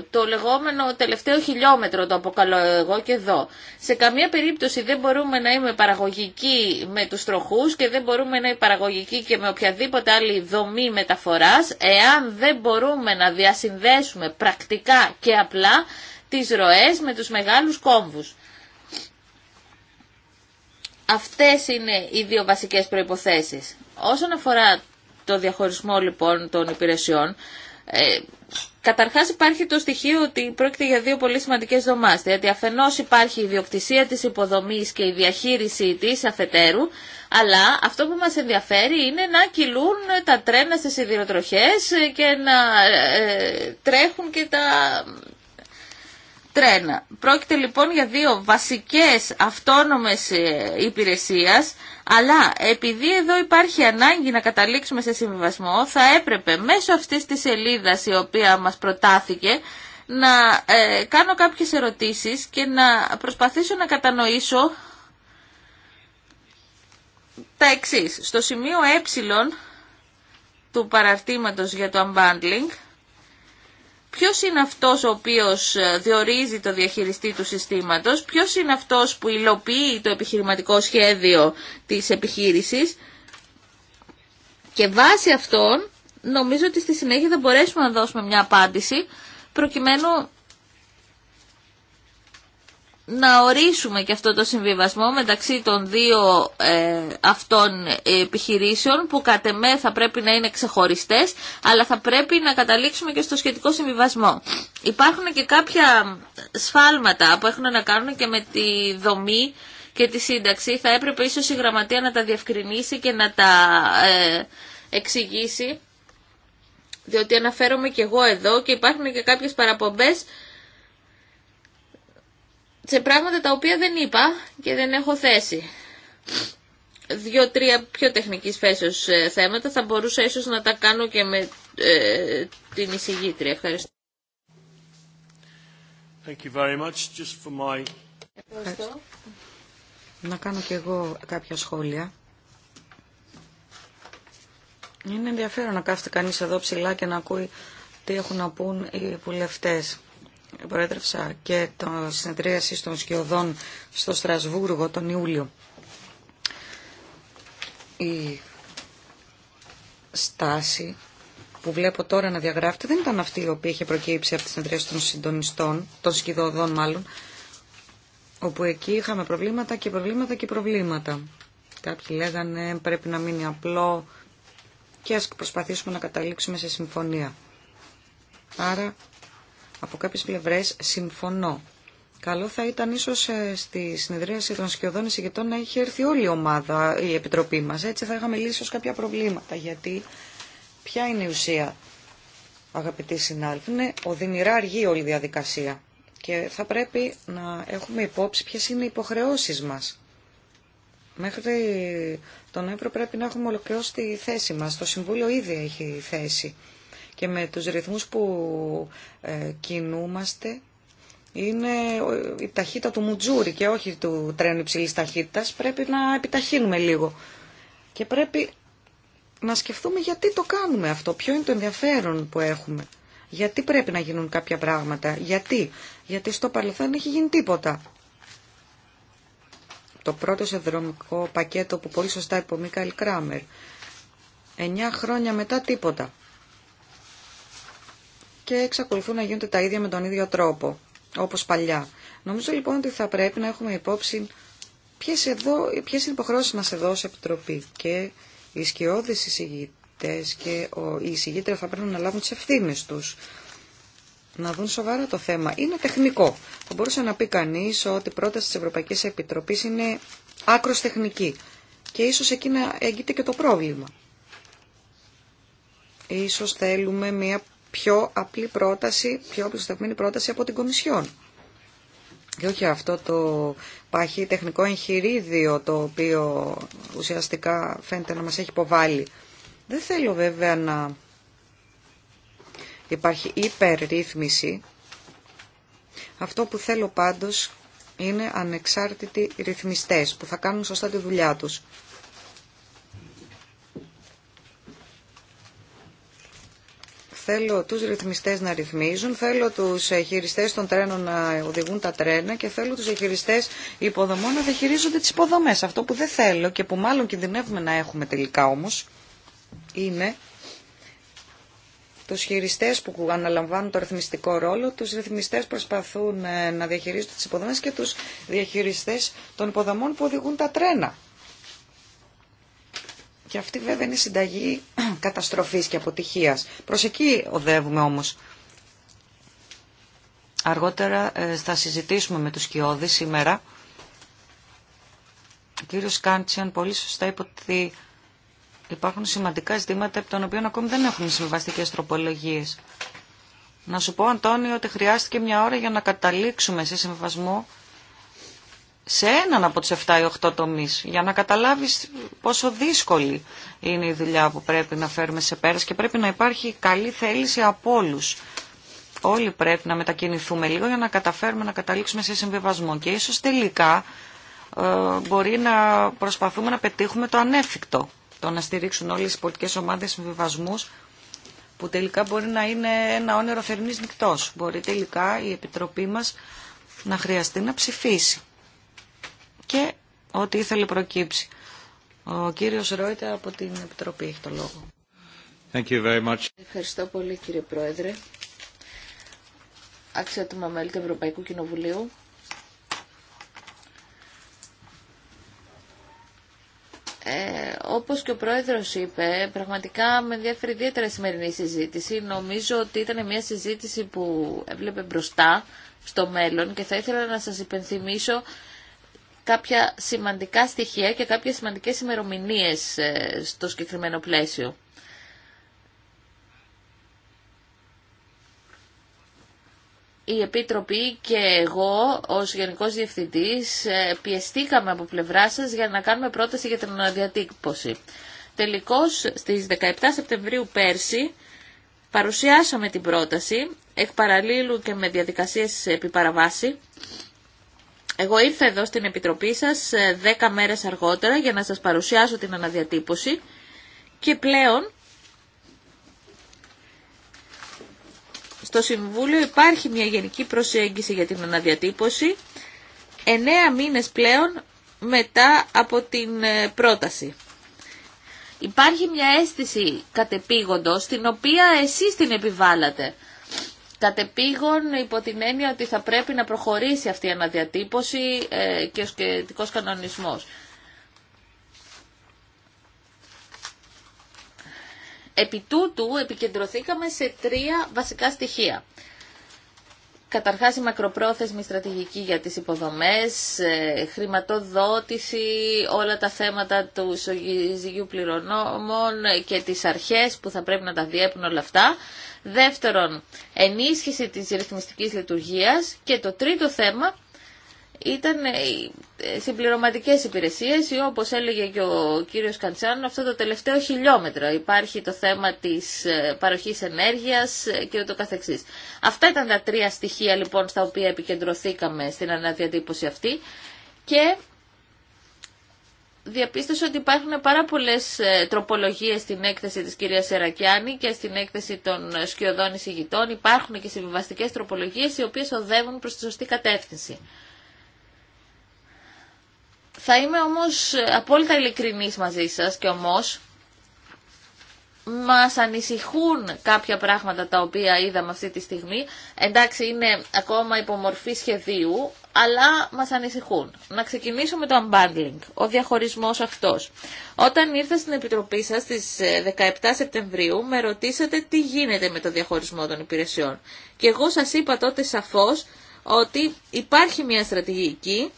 το λεγόμενο τελευταίο χιλιόμετρο το αποκαλώ εγώ και εδώ. Σε καμία περίπτωση δεν μπορούμε να είμαι παραγωγική με τους τροχούς και δεν μπορούμε να είμαι παραγωγική και με οποιαδήποτε άλλη δομή μεταφοράς εάν δεν μπορούμε να διασυνδέσουμε πρακτικά και απλά τις ροές με τους μεγάλους κόμβους. Αυτές είναι οι δύο βασικές προϋποθέσεις. Όσον αφορά το διαχωρισμό λοιπόν των υπηρεσιών, ε, Καταρχάς υπάρχει το στοιχείο ότι πρόκειται για δύο πολύ σημαντικέ δομάς, γιατί υπάρχει η διοκτησία της υποδομής και η διαχείριση της αφετέρου, αλλά αυτό που μας ενδιαφέρει είναι να κυλούν τα τρένα στις σιδηροτροχέ και να ε, τρέχουν και τα τρένα. Πρόκειται λοιπόν για δύο βασικές αυτόνομες ε, υπηρεσίες, αλλά επειδή εδώ υπάρχει ανάγκη να καταλήξουμε σε συμβιβασμό, θα έπρεπε μέσω αυτής της σελίδα η οποία μας προτάθηκε να ε, κάνω κάποιες ερωτήσεις και να προσπαθήσω να κατανοήσω τα εξής. Στο σημείο ε του παραρτήματος για το unbundling, ποιος είναι αυτός ο οποίος ε, διορίζει το διαχειριστή του συστήματος, ποιος είναι αυτός που υλοποιεί το επιχειρηματικό σχέδιο της επιχείρησης και βάσει αυτών νομίζω ότι στη συνέχεια θα μπορέσουμε να δώσουμε μια απάντηση προκειμένου να ορίσουμε και αυτό το συμβιβασμό μεταξύ των δύο ε, αυτών επιχειρήσεων που κατ' εμέ θα πρέπει να είναι ξεχωριστές αλλά θα πρέπει να καταλήξουμε και στο σχετικό συμβιβασμό. Υπάρχουν και κάποια σφάλματα που έχουν να κάνουν και με τη δομή και τη σύνταξη. Θα έπρεπε ίσως η Γραμματεία να τα διευκρινίσει και να τα ε, εξηγήσει διότι αναφέρομαι και εγώ εδώ και υπάρχουν και κάποιες παραπομπές σε πράγματα τα οποία δεν είπα και δεν έχω θέση. Δύο-τρία πιο τεχνικής φέσεως ε, θέματα θα μπορούσα ίσως να τα κάνω και με ε, την εισηγήτρια. Ευχαριστώ. Ευχαριστώ. Να κάνω και εγώ κάποια σχόλια. Είναι ενδιαφέρον να κάθεται κανείς εδώ ψηλά και να ακούει τι έχουν να πούν οι βουλευτέ. Πρόεδρευσα και το συνεδρίαση των σκιωδών στο Στρασβούργο τον Ιούλιο. Η στάση που βλέπω τώρα να διαγράφεται δεν ήταν αυτή η οποία είχε προκύψει από τη συνεδρίαση των συντονιστών, των σκιωδών μάλλον, όπου εκεί είχαμε προβλήματα και προβλήματα και προβλήματα. Κάποιοι λέγανε πρέπει να μείνει απλό και ας προσπαθήσουμε να καταλήξουμε σε συμφωνία. Άρα από κάποιες πλευρές συμφωνώ. Καλό θα ήταν ίσως ε, στη συνεδρίαση των σκιωδών εισηγητών να είχε έρθει όλη η ομάδα, η Επιτροπή μας. Έτσι θα είχαμε λύσει κάποια προβλήματα. Γιατί ποια είναι η ουσία, αγαπητοί συνάδελφοι, είναι οδυνηρά αργή όλη η διαδικασία. Και θα πρέπει να έχουμε υπόψη ποιε είναι οι υποχρεώσεις μας. Μέχρι τον Νοέμβριο πρέπει να έχουμε ολοκληρώσει τη θέση μας. Το Συμβούλιο ήδη έχει θέση και με τους ρυθμούς που ε, κινούμαστε είναι η ταχύτητα του μουτζούρι και όχι του τρένου υψηλής ταχύτητας. Πρέπει να επιταχύνουμε λίγο. Και πρέπει να σκεφτούμε γιατί το κάνουμε αυτό, ποιο είναι το ενδιαφέρον που έχουμε. Γιατί πρέπει να γίνουν κάποια πράγματα. Γιατί. Γιατί στο παρελθόν έχει γίνει τίποτα. Το πρώτο συνδρομικό πακέτο που πολύ σωστά είπε ο Μίκαλ Κράμερ. Εννιά χρόνια μετά τίποτα και εξακολουθούν να γίνονται τα ίδια με τον ίδιο τρόπο, όπως παλιά. Νομίζω λοιπόν ότι θα πρέπει να έχουμε υπόψη ποιες, εδώ, ποιες είναι οι υποχρεώσεις μας εδώ σε Επιτροπή και οι σκιώδεις εισηγητές και ο, οι εισηγήτρες θα πρέπει να λάβουν τις ευθύνε τους. Να δουν σοβαρά το θέμα. Είναι τεχνικό. Θα μπορούσε να πει κανείς ότι η πρόταση της Ευρωπαϊκής Επιτροπής είναι άκρο τεχνική και ίσως εκεί να έγκυται και το πρόβλημα. Ίσως θέλουμε μια πιο απλή πρόταση, πιο προσταγμένη πρόταση από την Κομισιόν. Και όχι αυτό το παχύ τεχνικό εγχειρίδιο το οποίο ουσιαστικά φαίνεται να μας έχει υποβάλει. Δεν θέλω βέβαια να υπάρχει υπερρύθμιση. Αυτό που θέλω πάντως είναι ανεξάρτητοι ρυθμιστές που θα κάνουν σωστά τη δουλειά τους. Θέλω τους ρυθμιστές να ρυθμίζουν, θέλω τους χειριστές των τρένων να οδηγούν τα τρένα και θέλω τους χειριστές υποδομών να διαχειρίζονται τις υποδομές. Αυτό που δεν θέλω και που μάλλον κινδυνεύουμε να έχουμε τελικά όμως είναι τους χειριστές που αναλαμβάνουν το ρυθμιστικό ρόλο, τους ρυθμιστές προσπαθούν ε, να διαχειρίζονται τις υποδομές και τους διαχειριστές των υποδομών που οδηγούν τα τρένα. Και αυτή βέβαια είναι συνταγή [clears throat] καταστροφής και αποτυχίας. Προς εκεί οδεύουμε όμως. Αργότερα ε, θα συζητήσουμε με τους Κιώδη σήμερα. Ο κύριος Κάντσιαν πολύ σωστά είπε ότι υπάρχουν σημαντικά ζητήματα από των οποίων ακόμη δεν έχουν συμβαστικές τροπολογίες. Να σου πω, Αντώνη, ότι χρειάστηκε μια ώρα για να καταλήξουμε σε συμβασμό σε έναν από τους 7 ή 8 τομείς για να καταλάβεις πόσο δύσκολη είναι η δουλειά που πρέπει να φέρουμε σε πέρας και πρέπει να υπάρχει καλή θέληση από όλου. Όλοι πρέπει να μετακινηθούμε λίγο για να καταφέρουμε να καταλήξουμε σε συμβιβασμό και ίσως τελικά ε, μπορεί να προσπαθούμε να πετύχουμε το ανέφικτο. Το να στηρίξουν όλες οι πολιτικές ομάδες συμβιβασμούς που τελικά μπορεί να είναι ένα όνειρο θερμής νυχτός. Μπορεί τελικά η Επιτροπή μας να χρειαστεί να ψηφίσει ό,τι ήθελε προκύψει. Ο κύριος Ρόιτα από την Επιτροπή έχει το λόγο. Thank you very much. Ευχαριστώ πολύ κύριε Πρόεδρε. Αξιότιμα μέλη του Ευρωπαϊκού Κοινοβουλίου. Ε, όπως και ο Πρόεδρος είπε, πραγματικά με ενδιαφέρει ιδιαίτερα η σημερινή συζήτηση. Νομίζω ότι ήταν μια συζήτηση που έβλεπε μπροστά στο μέλλον και θα ήθελα να σας υπενθυμίσω κάποια σημαντικά στοιχεία και κάποιες σημαντικές ημερομηνίε ε, στο συγκεκριμένο πλαίσιο. η Επίτροπη και εγώ ως Γενικός Διευθυντής ε, πιεστήκαμε από πλευρά σας για να κάνουμε πρόταση για την αναδιατύπωση. Τελικώς στις 17 Σεπτεμβρίου πέρσι παρουσιάσαμε την πρόταση εκ παραλίλου και με διαδικασίες επιπαραβάση. Εγώ ήρθα εδώ στην Επιτροπή σας 10 ε, μέρες αργότερα για να σας παρουσιάσω την αναδιατύπωση και πλέον στο Συμβούλιο υπάρχει μια γενική προσέγγιση για την αναδιατύπωση εννέα μήνες πλέον μετά από την ε, πρόταση. Υπάρχει μια αίσθηση κατεπήγοντος την οποία εσείς την επιβάλλατε κατεπήγον υπό την έννοια ότι θα πρέπει να προχωρήσει αυτή η αναδιατύπωση ε, και ο σχετικός κανονισμός. Επί τούτου επικεντρωθήκαμε σε τρία βασικά στοιχεία. Καταρχάς η μακροπρόθεσμη στρατηγική για τις υποδομές, ε, χρηματοδότηση, όλα τα θέματα του ζυγίου πληρονόμων και τις αρχές που θα πρέπει να τα διέπουν όλα αυτά. Δεύτερον, ενίσχυση της ρυθμιστικής λειτουργίας. Και το τρίτο θέμα ήταν οι ε, ε, συμπληρωματικές υπηρεσίες ή όπως έλεγε και ο κύριος Καντσάνο αυτό το τελευταίο χιλιόμετρο. Υπάρχει το θέμα της ε, παροχής ενέργειας και ούτω καθεξής. Αυτά ήταν τα τρία στοιχεία λοιπόν στα οποία επικεντρωθήκαμε στην αναδιατύπωση αυτή και διαπίστωσα ότι υπάρχουν πάρα πολλές τροπολογίες στην έκθεση της κυρίας Σερακιάνη και στην έκθεση των σκιωδών εισηγητών. Υπάρχουν και συμβιβαστικές τροπολογίες οι οποίες οδεύουν προς τη σωστή κατεύθυνση. Θα είμαι όμως απόλυτα ειλικρινής μαζί σας και όμως μας ανησυχούν κάποια πράγματα τα οποία είδαμε αυτή τη στιγμή. Εντάξει, είναι ακόμα υπομορφή σχεδίου, αλλά μας ανησυχούν. Να ξεκινήσω με το unbundling, ο διαχωρισμός αυτός. Όταν ήρθα στην Επιτροπή σας στις 17 ε, Σεπτεμβρίου, με ρωτήσατε τι γίνεται με το διαχωρισμό των υπηρεσιών. Και εγώ σας είπα τότε σαφώς ότι υπάρχει μια στρατηγική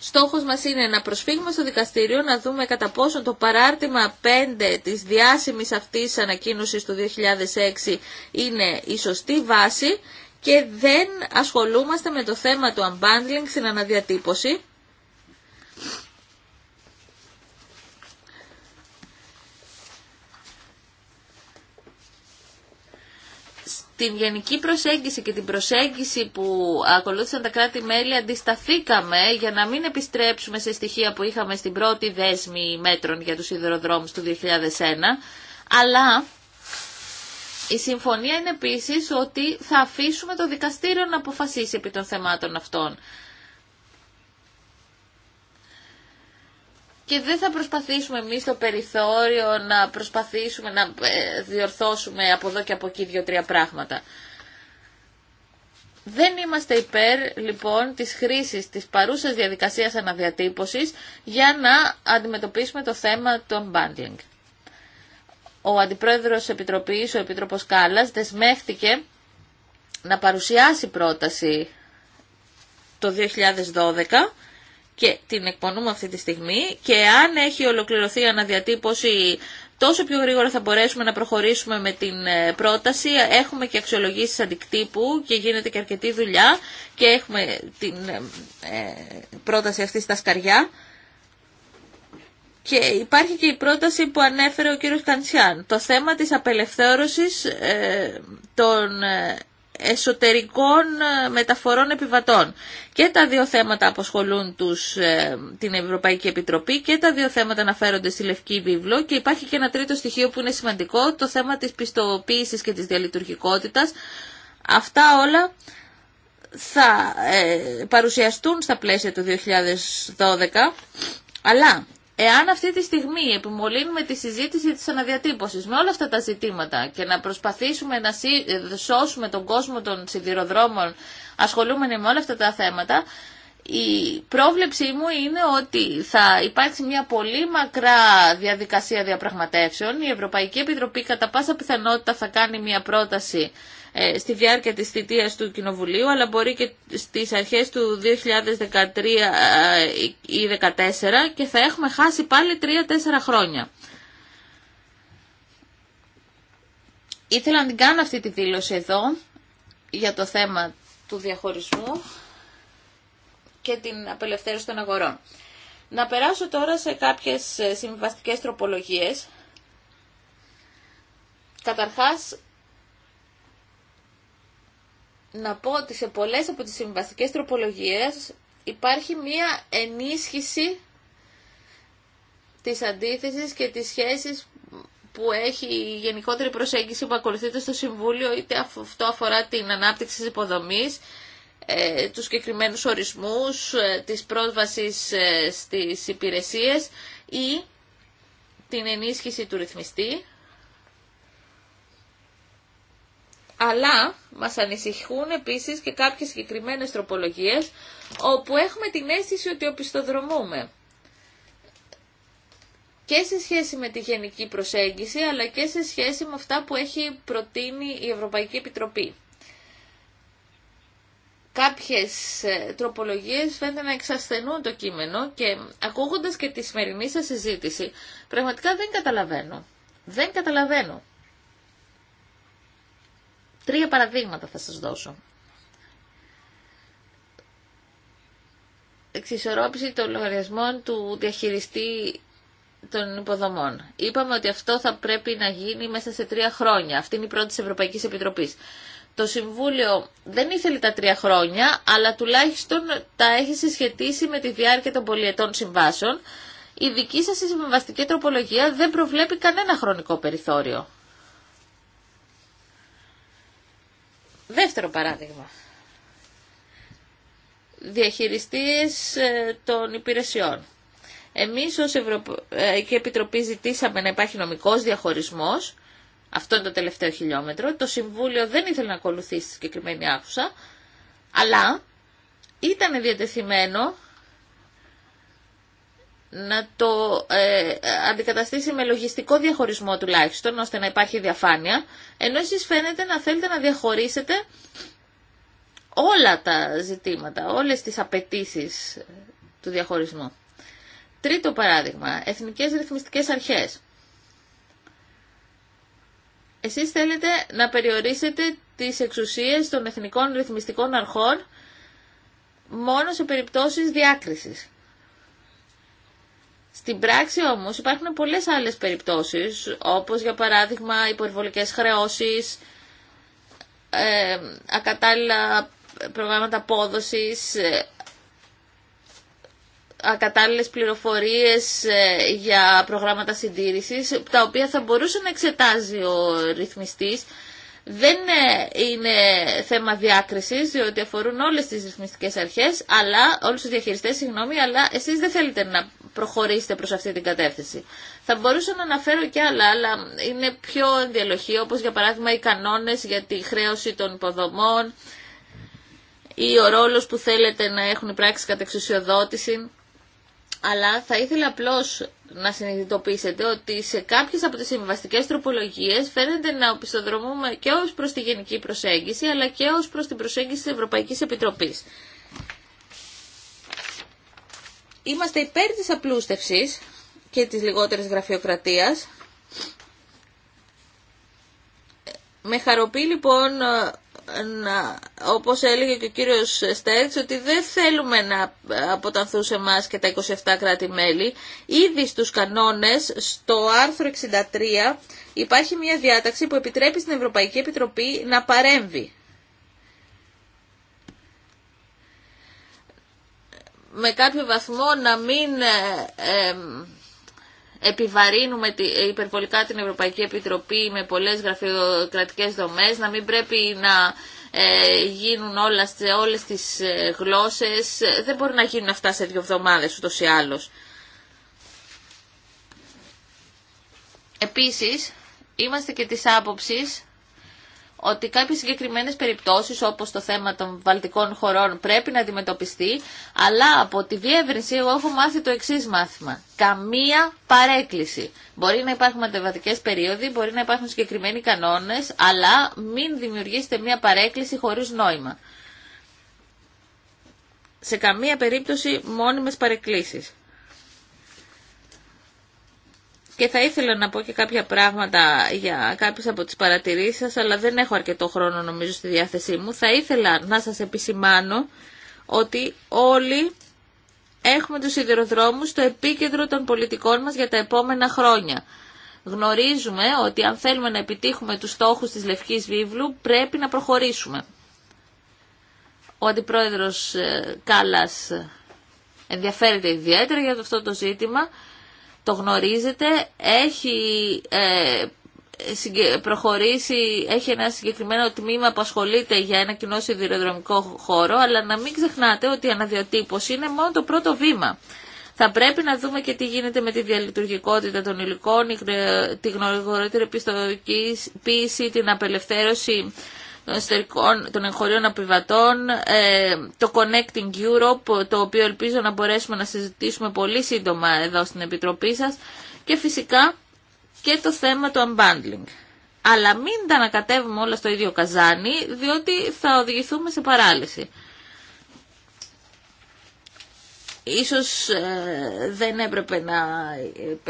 Στόχος μας είναι να προσφύγουμε στο δικαστήριο, να δούμε κατά πόσο το παράρτημα 5 της διάσημης αυτής ανακοίνωσης του 2006 είναι η σωστή βάση και δεν ασχολούμαστε με το θέμα του unbundling στην αναδιατύπωση την γενική προσέγγιση και την προσέγγιση που ακολούθησαν τα κράτη-μέλη αντισταθήκαμε για να μην επιστρέψουμε σε στοιχεία που είχαμε στην πρώτη δέσμη μέτρων για τους σιδηροδρόμους του 2001, αλλά η συμφωνία είναι επίσης ότι θα αφήσουμε το δικαστήριο να αποφασίσει επί των θεμάτων αυτών. και δεν θα προσπαθήσουμε εμείς στο περιθώριο να προσπαθήσουμε να ε, διορθώσουμε από εδώ και από εκεί δύο-τρία πράγματα. Δεν είμαστε υπέρ λοιπόν της χρήσης της παρούσας διαδικασίας αναδιατύπωσης για να αντιμετωπίσουμε το θέμα των bundling. Ο Αντιπρόεδρος Επιτροπής, ο Επίτροπος Κάλλας, δεσμεύτηκε να παρουσιάσει πρόταση το 2012 και την εκπονούμε αυτή τη στιγμή και αν έχει ολοκληρωθεί η αναδιατύπωση τόσο πιο γρήγορα θα μπορέσουμε να προχωρήσουμε με την ε, πρόταση. Έχουμε και αξιολογήσεις αντικτύπου και γίνεται και αρκετή δουλειά και έχουμε την ε, ε, πρόταση αυτή στα σκαριά. Και υπάρχει και η πρόταση που ανέφερε ο κύριος Καντσιάν. Το θέμα της απελευθέρωσης των εσωτερικών ε, μεταφορών επιβατών. Και τα δύο θέματα αποσχολούν τους, ε, την Ευρωπαϊκή Επιτροπή και τα δύο θέματα αναφέρονται στη Λευκή Βίβλο και υπάρχει και ένα τρίτο στοιχείο που είναι σημαντικό, το θέμα της πιστοποίησης και της διαλειτουργικότητας. Αυτά όλα θα ε, παρουσιαστούν στα πλαίσια του 2012, αλλά Εάν αυτή τη στιγμή επιμολύνουμε τη συζήτηση της αναδιατύπωσης με όλα αυτά τα ζητήματα και να προσπαθήσουμε να ε, σώσουμε τον κόσμο των σιδηροδρόμων ασχολούμενοι με όλα αυτά τα θέματα, η πρόβλεψή μου είναι ότι θα υπάρξει μια πολύ μακρά διαδικασία διαπραγματεύσεων. Η Ευρωπαϊκή Επιτροπή κατά πάσα πιθανότητα θα κάνει μια πρόταση ε, στη διάρκεια της θητείας του Κοινοβουλίου, αλλά μπορεί και στις αρχές του 2013 ε, ή 2014 και θα έχουμε χάσει πάλι 3-4 χρόνια. Ήθελα να την κάνω αυτή τη δήλωση εδώ για το θέμα του διαχωρισμού και την απελευθέρωση των αγορών. Να περάσω τώρα σε κάποιες ε, συμβαστικές τροπολογίες. Καταρχάς, να πω ότι σε πολλές από τις συμβαστικές τροπολογίες υπάρχει μία ενίσχυση της αντίθεσης και της σχέσης που έχει η γενικότερη προσέγγιση που ακολουθείται στο Συμβούλιο, είτε αυτό αφορά την ανάπτυξη της υποδομής, ε, τους συγκεκριμένους ορισμούς, ε, της πρόσβασης ε, στις υπηρεσίες ή την ενίσχυση του ρυθμιστή. αλλά μας ανησυχούν επίσης και κάποιες συγκεκριμένες τροπολογίες όπου έχουμε την αίσθηση ότι οπισθοδρομούμε και σε σχέση με τη γενική προσέγγιση αλλά και σε σχέση με αυτά που έχει προτείνει η Ευρωπαϊκή Επιτροπή. Κάποιες ε, τροπολογίες φαίνεται να εξασθενούν το κείμενο και ακούγοντας και τη σημερινή σας συζήτηση πραγματικά δεν καταλαβαίνω. Δεν καταλαβαίνω. Τρία παραδείγματα θα σας δώσω. Εξισορρόπηση των λογαριασμών του διαχειριστή των υποδομών. Είπαμε ότι αυτό θα πρέπει να γίνει μέσα σε τρία χρόνια. Αυτή είναι η πρώτη της Ευρωπαϊκής Επιτροπής. Το Συμβούλιο δεν ήθελε τα τρία χρόνια, αλλά τουλάχιστον τα έχει συσχετίσει με τη διάρκεια των πολιετών συμβάσεων. Η δική σας συμβαστική τροπολογία δεν προβλέπει κανένα χρονικό περιθώριο. Δεύτερο παράδειγμα. Διαχειριστής ε, των υπηρεσιών. Εμείς ως Ευρωπαϊκή ε, Επιτροπή ζητήσαμε να υπάρχει νομικός διαχωρισμός. Αυτό είναι το τελευταίο χιλιόμετρο. Το Συμβούλιο δεν ήθελε να ακολουθήσει τη συγκεκριμένη άκουσα, αλλά ήταν διατεθειμένο να το ε, αντικαταστήσει με λογιστικό διαχωρισμό τουλάχιστον, ώστε να υπάρχει διαφάνεια, ενώ εσείς φαίνεται να θέλετε να διαχωρίσετε όλα τα ζητήματα, όλες τις απαιτήσει ε, του διαχωρισμού. Τρίτο παράδειγμα, εθνικές ρυθμιστικές αρχές. Εσείς θέλετε να περιορίσετε τις εξουσίες των εθνικών ρυθμιστικών αρχών μόνο σε περιπτώσεις διάκρισης. Στην πράξη όμως υπάρχουν πολλές άλλες περιπτώσεις, όπως για παράδειγμα υπορβολικές χρεώσεις, ε, ακατάλληλα προγράμματα απόδοσης, ε, ακατάλληλες πληροφορίες ε, για προγράμματα συντήρησης, τα οποία θα μπορούσε να εξετάζει ο ρυθμιστής. Δεν ε, είναι θέμα διάκρισης, διότι αφορούν όλες τις ρυθμιστικές αρχές, αλλά, όλους τους διαχειριστές, συγγνώμη, αλλά εσείς δεν θέλετε να προχωρήσετε προς αυτή την κατεύθυνση. Θα μπορούσα να αναφέρω και άλλα, αλλά είναι πιο ενδιαλοχή, όπως για παράδειγμα οι κανόνες για τη χρέωση των υποδομών ή ο ρόλος που θέλετε να έχουν πράξει κατά εξουσιοδότηση. Αλλά θα ήθελα απλώς να συνειδητοποιήσετε ότι σε κάποιες από τις συμβαστικές τροπολογίες φαίνεται να οπισθοδρομούμε και ως προς τη γενική προσέγγιση αλλά και ως προς την προσέγγιση της Ευρωπαϊκής Επιτροπής. Είμαστε υπέρ της απλούστευσης και της λιγότερης γραφειοκρατίας. Με χαροποιεί λοιπόν, να, όπως έλεγε και ο κύριος Στέρτς, ότι δεν θέλουμε να αποτανθούν σε εμάς και τα 27 κράτη-μέλη. Ήδη στους κανόνες, στο άρθρο 63, υπάρχει μια διάταξη που επιτρέπει στην Ευρωπαϊκή Επιτροπή να παρέμβει. με κάποιο βαθμό να μην ε, επιβαρύνουμε ε, υπερβολικά την Ευρωπαϊκή Επιτροπή με πολλές γραφειοκρατικές δομές, να μην πρέπει να ε, γίνουν όλα σε όλες τις γλώσσες. Δεν μπορεί να γίνουν αυτά σε δύο εβδομάδες ούτως ή άλλως. Επίσης, είμαστε και της άποψης ότι κάποιες συγκεκριμένες περιπτώσεις όπως το θέμα των βαλτικών χωρών πρέπει να αντιμετωπιστεί, αλλά από τη διεύρυνση εγώ έχω μάθει το εξής μάθημα. Καμία παρέκκληση. Μπορεί να υπάρχουν μεταβατικές περίοδοι, μπορεί να υπάρχουν συγκεκριμένοι κανόνες, αλλά μην δημιουργήσετε μια παρέκκληση χωρίς νόημα. Σε καμία περίπτωση μόνιμες παρεκκλήσεις και θα ήθελα να πω και κάποια πράγματα για κάποιε από τις παρατηρήσεις σα, αλλά δεν έχω αρκετό χρόνο νομίζω στη διάθεσή μου. Θα ήθελα να σας επισημάνω ότι όλοι έχουμε τους σιδηροδρόμους στο επίκεντρο των πολιτικών μας για τα επόμενα χρόνια. Γνωρίζουμε ότι αν θέλουμε να επιτύχουμε τους στόχους της Λευκής Βίβλου πρέπει να προχωρήσουμε. Ο Αντιπρόεδρος ε, Κάλλας ε, ενδιαφέρεται ιδιαίτερα για αυτό το ζήτημα το γνωρίζετε, έχει προχωρήσει, έχει ένα συγκεκριμένο τμήμα που ασχολείται για ένα κοινό σιδηροδρομικό χώρο, αλλά να μην ξεχνάτε ότι η αναδιοτύπωση είναι μόνο το πρώτο βήμα. Θα πρέπει να δούμε και τι γίνεται με τη διαλειτουργικότητα των υλικών, τη γνωριγορότερη επιστοποίηση, την απελευθέρωση των, εσωτερικών, των εγχωρίων επιβατών, ε, το Connecting Europe, το οποίο ελπίζω να μπορέσουμε να συζητήσουμε πολύ σύντομα εδώ στην Επιτροπή σας και φυσικά και το θέμα του unbundling. Αλλά μην τα ανακατεύουμε όλα στο ίδιο καζάνι, διότι θα οδηγηθούμε σε παράλυση. Ίσως ε, δεν έπρεπε να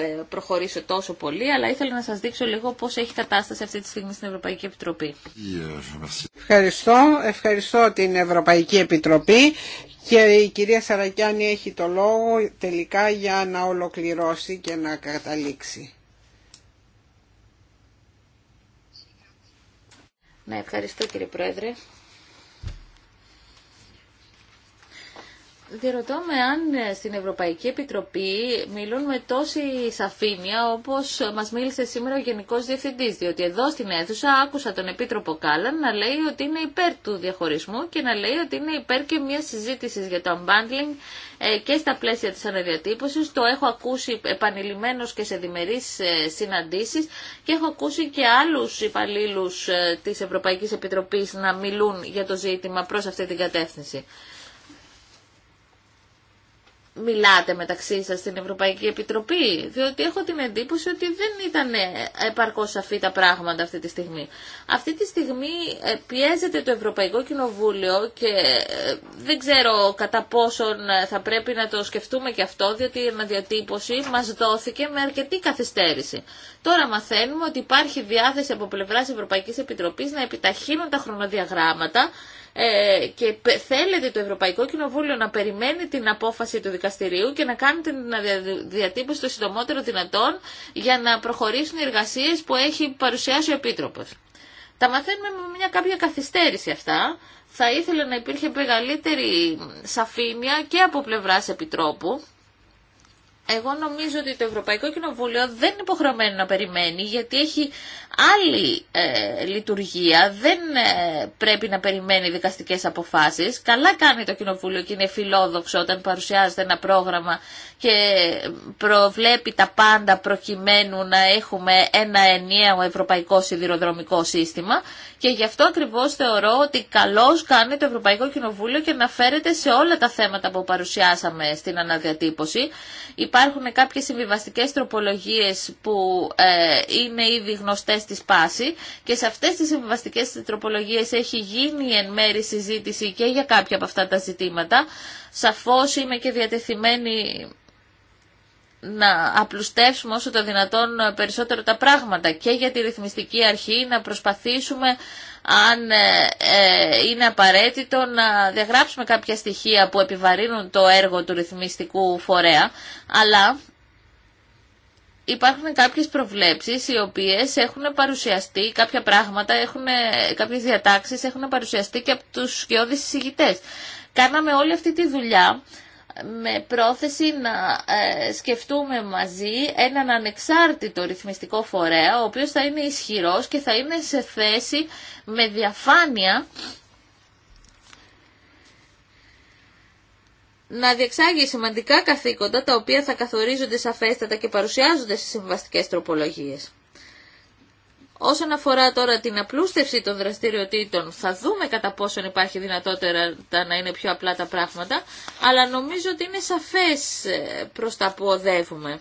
ε, προχωρήσω τόσο πολύ, αλλά ήθελα να σας δείξω λίγο πώς έχει κατάσταση αυτή τη στιγμή στην Ευρωπαϊκή Επιτροπή. Ευχαριστώ. Ευχαριστώ την Ευρωπαϊκή Επιτροπή και η κυρία Σαρακιάνη έχει το λόγο τελικά για να ολοκληρώσει και να καταλήξει. Ναι, ευχαριστώ κύριε Πρόεδρε. Διερωτώ με αν ε, στην Ευρωπαϊκή Επιτροπή μιλούν με τόση σαφήνεια όπως μας μίλησε σήμερα ο Γενικός Διευθυντής, διότι εδώ στην αίθουσα άκουσα τον Επίτροπο Κάλλαν να λέει ότι είναι υπέρ του διαχωρισμού και να λέει ότι είναι υπέρ και μια συζήτηση για το unbundling ε, και στα πλαίσια της αναδιατύπωσης. Το έχω ακούσει επανειλημμένως και σε διμερείς ε, συναντήσεις και έχω ακούσει και άλλους υπαλλήλους της Ευρωπαϊκής Επιτροπής να μιλούν για το ζήτημα προς αυτή την κατεύθυνση μιλάτε μεταξύ σας στην Ευρωπαϊκή Επιτροπή, διότι έχω την εντύπωση ότι δεν ήταν επαρκώς σαφή τα πράγματα αυτή τη στιγμή. Αυτή τη στιγμή ε, πιέζεται το Ευρωπαϊκό Κοινοβούλιο και ε, δεν ξέρω κατά πόσον ε, θα πρέπει να το σκεφτούμε και αυτό, διότι η αναδιατύπωση μας δόθηκε με αρκετή καθυστέρηση. Τώρα μαθαίνουμε ότι υπάρχει διάθεση από πλευράς Ευρωπαϊκής Επιτροπής να επιταχύνουν τα χρονοδιαγράμματα ε, και θέλετε το Ευρωπαϊκό Κοινοβούλιο να περιμένει την απόφαση του δικαστηρίου και να κάνει την διατύπωση το συντομότερο δυνατόν για να προχωρήσουν οι εργασίες που έχει παρουσιάσει ο Επίτροπος. Τα μαθαίνουμε με μια κάποια καθυστέρηση αυτά. Θα ήθελα να υπήρχε μεγαλύτερη σαφήνεια και από πλευράς Επιτρόπου εγώ νομίζω ότι το Ευρωπαϊκό Κοινοβούλιο δεν είναι υποχρεωμένο να περιμένει γιατί έχει άλλη ε, λειτουργία, δεν ε, πρέπει να περιμένει δικαστικές αποφάσεις. Καλά κάνει το Κοινοβούλιο και είναι φιλόδοξο όταν παρουσιάζεται ένα πρόγραμμα και προβλέπει τα πάντα προκειμένου να έχουμε ένα ενιαίο ευρωπαϊκό σιδηροδρομικό σύστημα και γι' αυτό ακριβώς θεωρώ ότι καλώ κάνει το Ευρωπαϊκό Κοινοβούλιο και αναφέρεται σε όλα τα θέματα που παρουσιάσαμε στην αναδιατύπωση. Υπάρχουν κάποιες συμβιβαστικέ τροπολογίες που ε, είναι ήδη γνωστέ στη σπάση και σε αυτές τις συμβιβαστικέ τροπολογίες έχει γίνει εν μέρη συζήτηση και για κάποια από αυτά τα ζητήματα. Σαφώς είμαι και διατεθειμένη να απλουστεύσουμε όσο το δυνατόν περισσότερο τα πράγματα και για τη ρυθμιστική αρχή να προσπαθήσουμε αν ε, ε, είναι απαραίτητο να διαγράψουμε κάποια στοιχεία που επιβαρύνουν το έργο του ρυθμιστικού φορέα αλλά υπάρχουν κάποιες προβλέψεις οι οποίες έχουν παρουσιαστεί, κάποια πράγματα, έχουν, κάποιες διατάξεις έχουν παρουσιαστεί και από τους σκιώδεις συζητητές. Κάναμε όλη αυτή τη δουλειά με πρόθεση να ε, σκεφτούμε μαζί έναν ανεξάρτητο ρυθμιστικό φορέα, ο οποίος θα είναι ισχυρός και θα είναι σε θέση με διαφάνεια να διεξάγει σημαντικά καθήκοντα τα οποία θα καθορίζονται σαφέστατα και παρουσιάζονται στις συμβαστικές τροπολογίες. Όσον αφορά τώρα την απλούστευση των δραστηριοτήτων, θα δούμε κατά πόσον υπάρχει δυνατότητα να είναι πιο απλά τα πράγματα, αλλά νομίζω ότι είναι σαφές ε, προς τα που οδεύουμε.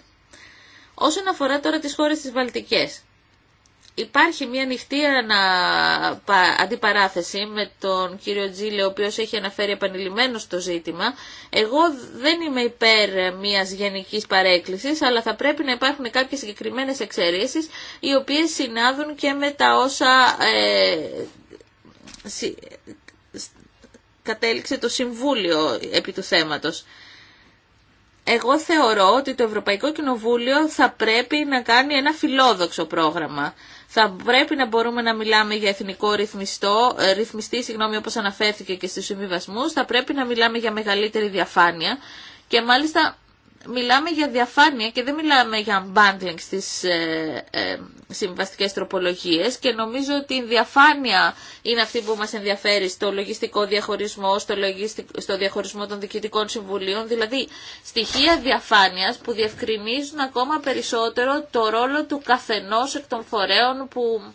Όσον αφορά τώρα τις χώρες της Βαλτικές, Υπάρχει μια ανοιχτή αντιπαράθεση με τον κύριο Τζίλε, ο οποίος έχει αναφέρει επανειλημμένος το ζήτημα. Εγώ δεν είμαι υπέρ μιας γενικής παρέκκλησης, αλλά θα πρέπει να υπάρχουν κάποιες συγκεκριμένες εξαιρέσεις, οι οποίες συνάδουν και με τα όσα ε, κατέληξε το Συμβούλιο επί του θέματος. Εγώ θεωρώ ότι το Ευρωπαϊκό Κοινοβούλιο θα πρέπει να κάνει ένα φιλόδοξο πρόγραμμα θα πρέπει να μπορούμε να μιλάμε για εθνικό ρυθμιστό, ε, ρυθμιστή, συγγνώμη, όπως αναφέρθηκε και στους συμβιβασμούς. Θα πρέπει να μιλάμε για μεγαλύτερη διαφάνεια και μάλιστα μιλάμε για διαφάνεια και δεν μιλάμε για bundling στις ε, ε, συμβαστικές τροπολογίες και νομίζω ότι η διαφάνεια είναι αυτή που μας ενδιαφέρει στο λογιστικό διαχωρισμό, στο, λογιστικ... στο διαχωρισμό των διοικητικών συμβουλίων, δηλαδή στοιχεία διαφάνειας που διευκρινίζουν ακόμα περισσότερο το ρόλο του καθενός εκ των φορέων που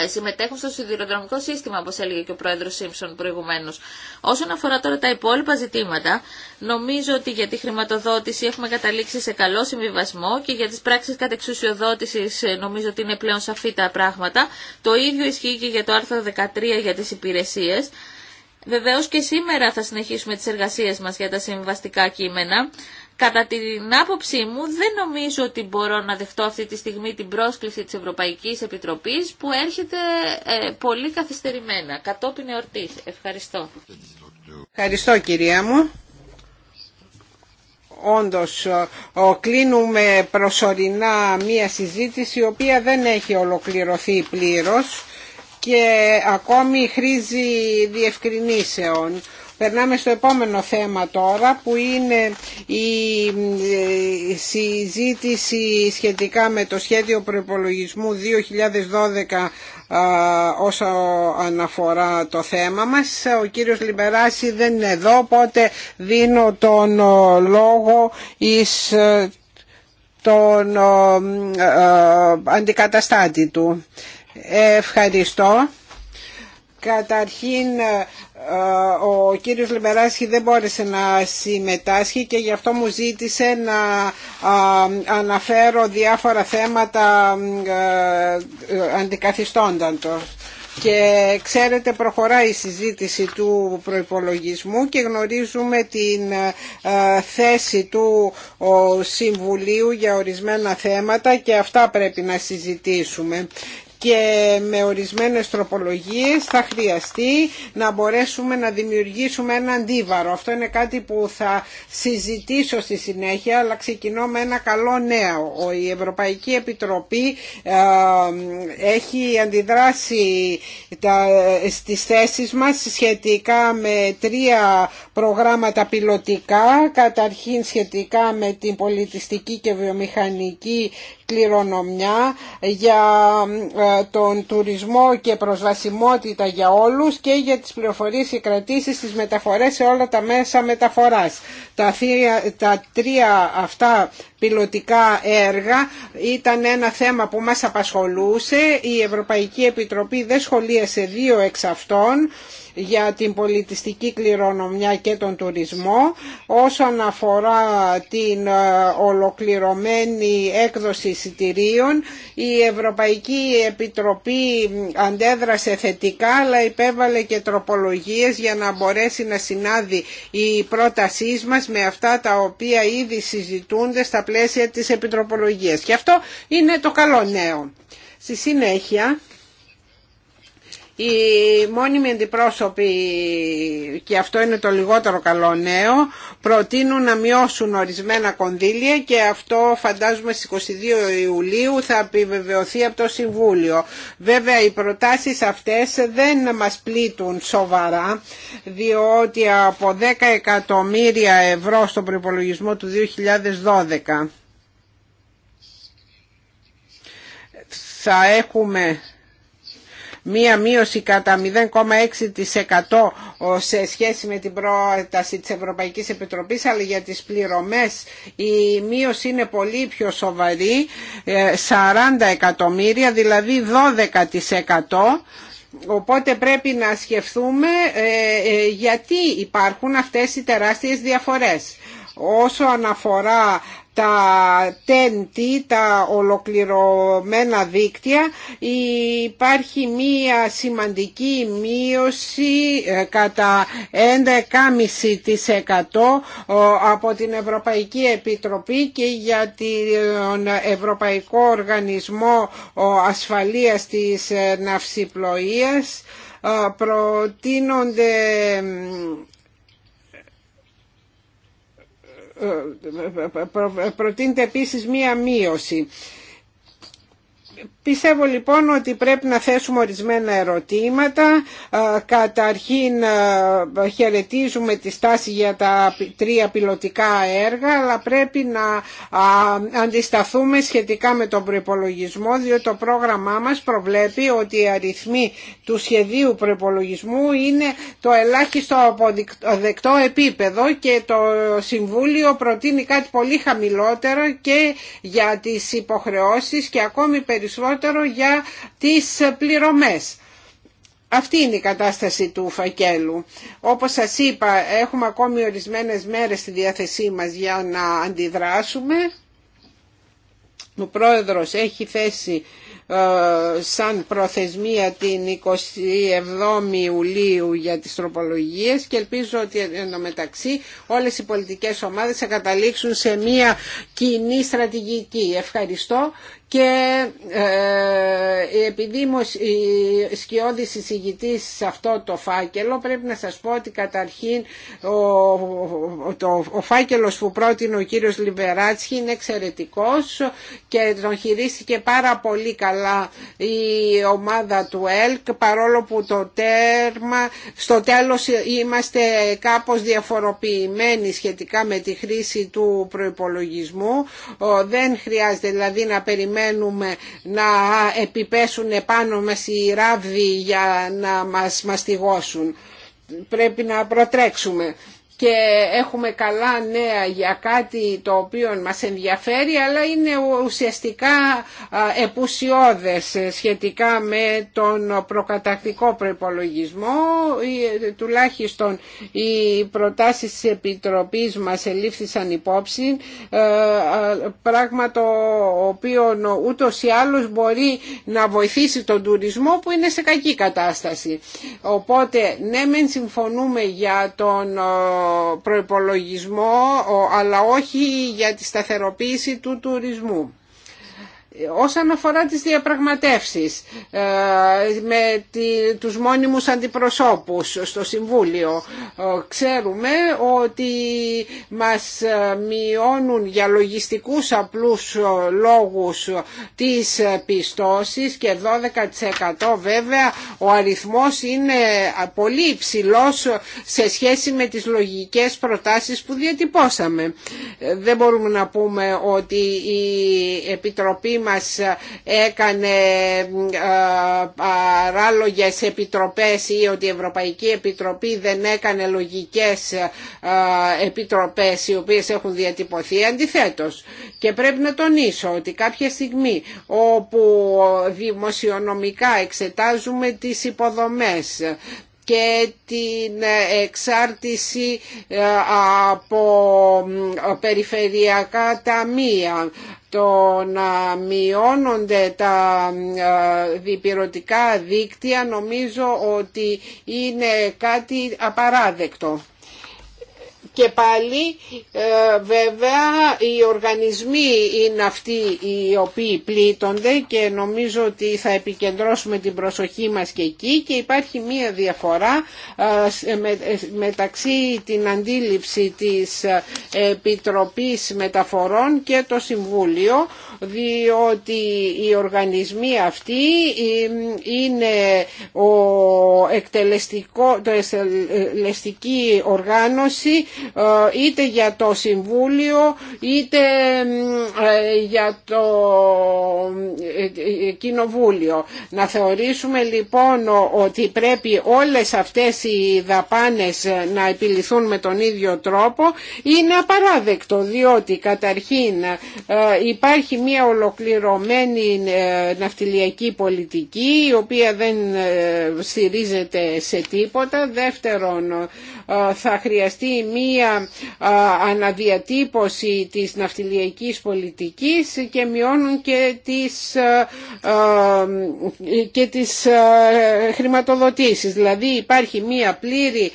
ε, συμμετέχουν στο σιδηροδρομικό σύστημα, όπως έλεγε και ο Πρόεδρος Σίμψον προηγουμένως. Όσον αφορά τώρα τα υπόλοιπα ζητήματα, νομίζω ότι για τη χρηματοδότηση έχουμε καταλήξει σε καλό συμβιβασμό και για τις πράξεις κατεξουσιοδότησης ε, νομίζω ότι είναι πλέον σαφή τα πράγματα. Το ίδιο ισχύει και για το άρθρο 13 για τις υπηρεσίες. Βεβαίως και σήμερα θα συνεχίσουμε τις εργασίες μας για τα συμβαστικά κείμενα. Κατά την άποψή μου δεν νομίζω ότι μπορώ να δεχτώ αυτή τη στιγμή την πρόσκληση της Ευρωπαϊκής Επιτροπής που έρχεται ε, πολύ καθυστερημένα, κατόπιν εορτής. Ευχαριστώ. Ευχαριστώ κυρία μου όντως ε, κλείνουμε προσωρινά μία συζήτηση η οποία δεν έχει ολοκληρωθεί πλήρως και ακόμη χρήζει διευκρινήσεων. Περνάμε στο επόμενο θέμα τώρα που είναι η ε, συζήτηση σχετικά με το σχέδιο προπολογισμού 2012 όσο αναφορά το θέμα μας. Ο κύριος Λιμπεράση δεν είναι εδώ, οπότε δίνω τον ε, λόγο εις ε, τον αντικαταστάτη του. Ευχαριστώ. Καταρχήν ο κύριος Λιμπεράσχη δεν μπόρεσε να συμμετάσχει και γι' αυτό μου ζήτησε να αναφέρω διάφορα θέματα ε, το Και ξέρετε προχωράει η συζήτηση του προϋπολογισμού και γνωρίζουμε την ε, θέση του Συμβουλίου για ορισμένα θέματα και αυτά πρέπει να συζητήσουμε και με ορισμένες τροπολογίες θα χρειαστεί να μπορέσουμε να δημιουργήσουμε ένα αντίβαρο. Αυτό είναι κάτι που θα συζητήσω στη συνέχεια, αλλά ξεκινώ με ένα καλό νέο. Η Ευρωπαϊκή Επιτροπή ε, έχει αντιδράσει στις θέσεις μας σχετικά με τρία προγράμματα πιλωτικά, καταρχήν σχετικά με την πολιτιστική και βιομηχανική κληρονομιά για ε, τον τουρισμό και προσβασιμότητα για όλους και για τις πληροφορίες και κρατήσεις στις μεταφορές σε όλα τα μέσα μεταφοράς. Τα, τα τρία αυτά πιλωτικά έργα ήταν ένα θέμα που μας απασχολούσε. Η Ευρωπαϊκή Επιτροπή δεν σχολίασε δύο εξ αυτών για την πολιτιστική κληρονομιά και τον τουρισμό. Όσον αφορά την ε, ολοκληρωμένη έκδοση εισιτηρίων, η Ευρωπαϊκή Επιτροπή αντέδρασε θετικά, αλλά υπέβαλε και τροπολογίες για να μπορέσει να συνάδει η πρότασή μας με αυτά τα οποία ήδη συζητούνται στα πλαίσια της επιτροπολογίας. Και αυτό είναι το καλό νέο. Στη συνέχεια οι μόνιμοι αντιπρόσωποι και αυτό είναι το λιγότερο καλό νέο προτείνουν να μειώσουν ορισμένα κονδύλια και αυτό φαντάζομαι στις 22 Ιουλίου θα επιβεβαιωθεί από το Συμβούλιο. Βέβαια οι προτάσεις αυτές δεν μας πλήττουν σοβαρά διότι από 10 εκατομμύρια ευρώ στον προπολογισμό του 2012 θα έχουμε μία μείωση κατά 0,6% σε σχέση με την πρόταση της Ευρωπαϊκής Επιτροπής αλλά για τις πληρωμές η μείωση είναι πολύ πιο σοβαρή 40 ε, εκατομμύρια δηλαδή 12% Οπότε πρέπει να σκεφτούμε ε, ε, γιατί υπάρχουν αυτές οι τεράστιες διαφορές. Όσο αναφορά τα TNT, τα ολοκληρωμένα δίκτυα υπάρχει μία σημαντική μείωση ε, κατά 11,5% από την Ευρωπαϊκή Επιτροπή και για τον Ευρωπαϊκό Οργανισμό Ασφαλείας της ε, Ναυσιπλοείας ε, προτείνονται ε, ε, ε, προτείνεται επίσης μία μείωση Πιστεύω λοιπόν ότι πρέπει να θέσουμε ορισμένα ερωτήματα. Καταρχήν χαιρετίζουμε τη στάση για τα τρία πιλωτικά έργα, αλλά πρέπει να αντισταθούμε σχετικά με τον προπολογισμό, διότι το πρόγραμμά μας προβλέπει ότι οι αριθμοί του σχεδίου προπολογισμού είναι το ελάχιστο αποδεκτό επίπεδο και το Συμβούλιο προτείνει κάτι πολύ χαμηλότερο και για τις υποχρεώσεις και ακόμη περισσότερο περισσότερο για τις πληρωμές. Αυτή είναι η κατάσταση του φακέλου. Όπως σας είπα, έχουμε ακόμη ορισμένες μέρες στη διάθεσή μας για να αντιδράσουμε. Ο πρόεδρος έχει θέσει ε, σαν προθεσμία την 27η Ιουλίου για τις τροπολογίες και ελπίζω ότι εν μεταξύ όλες οι πολιτικές ομάδες θα καταλήξουν σε μια κοινή στρατηγική. Ευχαριστώ και ε, επειδή η σκιώδης σε αυτό το φάκελο πρέπει να σας πω ότι καταρχήν ο, το, φάκελος που πρότεινε ο κύριος Λιβεράτσχη είναι εξαιρετικός και τον χειρίστηκε πάρα πολύ καλά η ομάδα του ΕΛΚ παρόλο που το τέρμα στο τέλος είμαστε κάπως διαφοροποιημένοι σχετικά με τη χρήση του προϋπολογισμού δεν χρειάζεται δηλαδή να περιμένουμε περιμένουμε να επιπέσουν επάνω μας οι ράβδοι για να μας μαστιγώσουν. Πρέπει να προτρέξουμε και έχουμε καλά νέα για κάτι το οποίο μας ενδιαφέρει αλλά είναι ουσιαστικά επουσιώδες σχετικά με τον προκατακτικό προϋπολογισμό τουλάχιστον οι προτάσεις της Επιτροπής μας ελήφθησαν υπόψη πράγμα το οποίο ούτως ή άλλως μπορεί να βοηθήσει τον τουρισμό που είναι σε κακή κατάσταση. Οπότε ναι μεν συμφωνούμε για τον προϋπολογισμό αλλά όχι για τη σταθεροποίηση του τουρισμού. Όσον αφορά τις διαπραγματεύσεις ε, με τους μόνιμους αντιπροσώπους στο Συμβούλιο, ε, ξέρουμε ότι μας μειώνουν για λογιστικούς απλούς λόγους τις πιστώσεις και 12% βέβαια ο αριθμός είναι πολύ υψηλός σε σχέση με τις λογικές προτάσεις που διατυπώσαμε. Ε, δεν μπορούμε να πούμε ότι η Επιτροπή μας έκανε ε, παράλογες επιτροπές ή ότι η Ευρωπαϊκή Επιτροπή δεν έκανε λογικές ε, επιτροπές οι οποίες έχουν διατυπωθεί αντιθέτως και πρέπει να τονίσω ότι κάποια στιγμή όπου δημοσιονομικά εξετάζουμε τις υποδομές και την εξάρτηση ε, από περιφερειακά ταμεία το να μειώνονται τα ε, διπυρωτικά δίκτυα νομίζω ότι είναι κάτι απαράδεκτο και πάλι ε, βέβαια οι οργανισμοί είναι αυτοί οι οποίοι πλήττονται και νομίζω ότι θα επικεντρώσουμε την προσοχή μας και εκεί και υπάρχει μία διαφορά ε, ε, μεταξύ την αντίληψη της Επιτροπής Μεταφορών και το Συμβούλιο διότι οι οργανισμοί αυτοί είναι ο εκτελεστικό, το εκτελεστική οργάνωση ε, είτε για το Συμβούλιο είτε ε, για το ε, Κοινοβούλιο. Να θεωρήσουμε λοιπόν ότι πρέπει όλες αυτές οι δαπάνες να επιληθούν με τον ίδιο τρόπο είναι απαράδεκτο διότι καταρχήν υπάρχει μια ολοκληρωμένη ε, ναυτιλιακή πολιτική η οποία δεν ε, στηρίζεται σε τίποτα. Δεύτερον, ε, θα χρειαστεί μία αναδιατύπωση της ναυτιλιακής πολιτικής και μειώνουν και τις, και τις χρηματοδοτήσεις. Δηλαδή υπάρχει μία πλήρη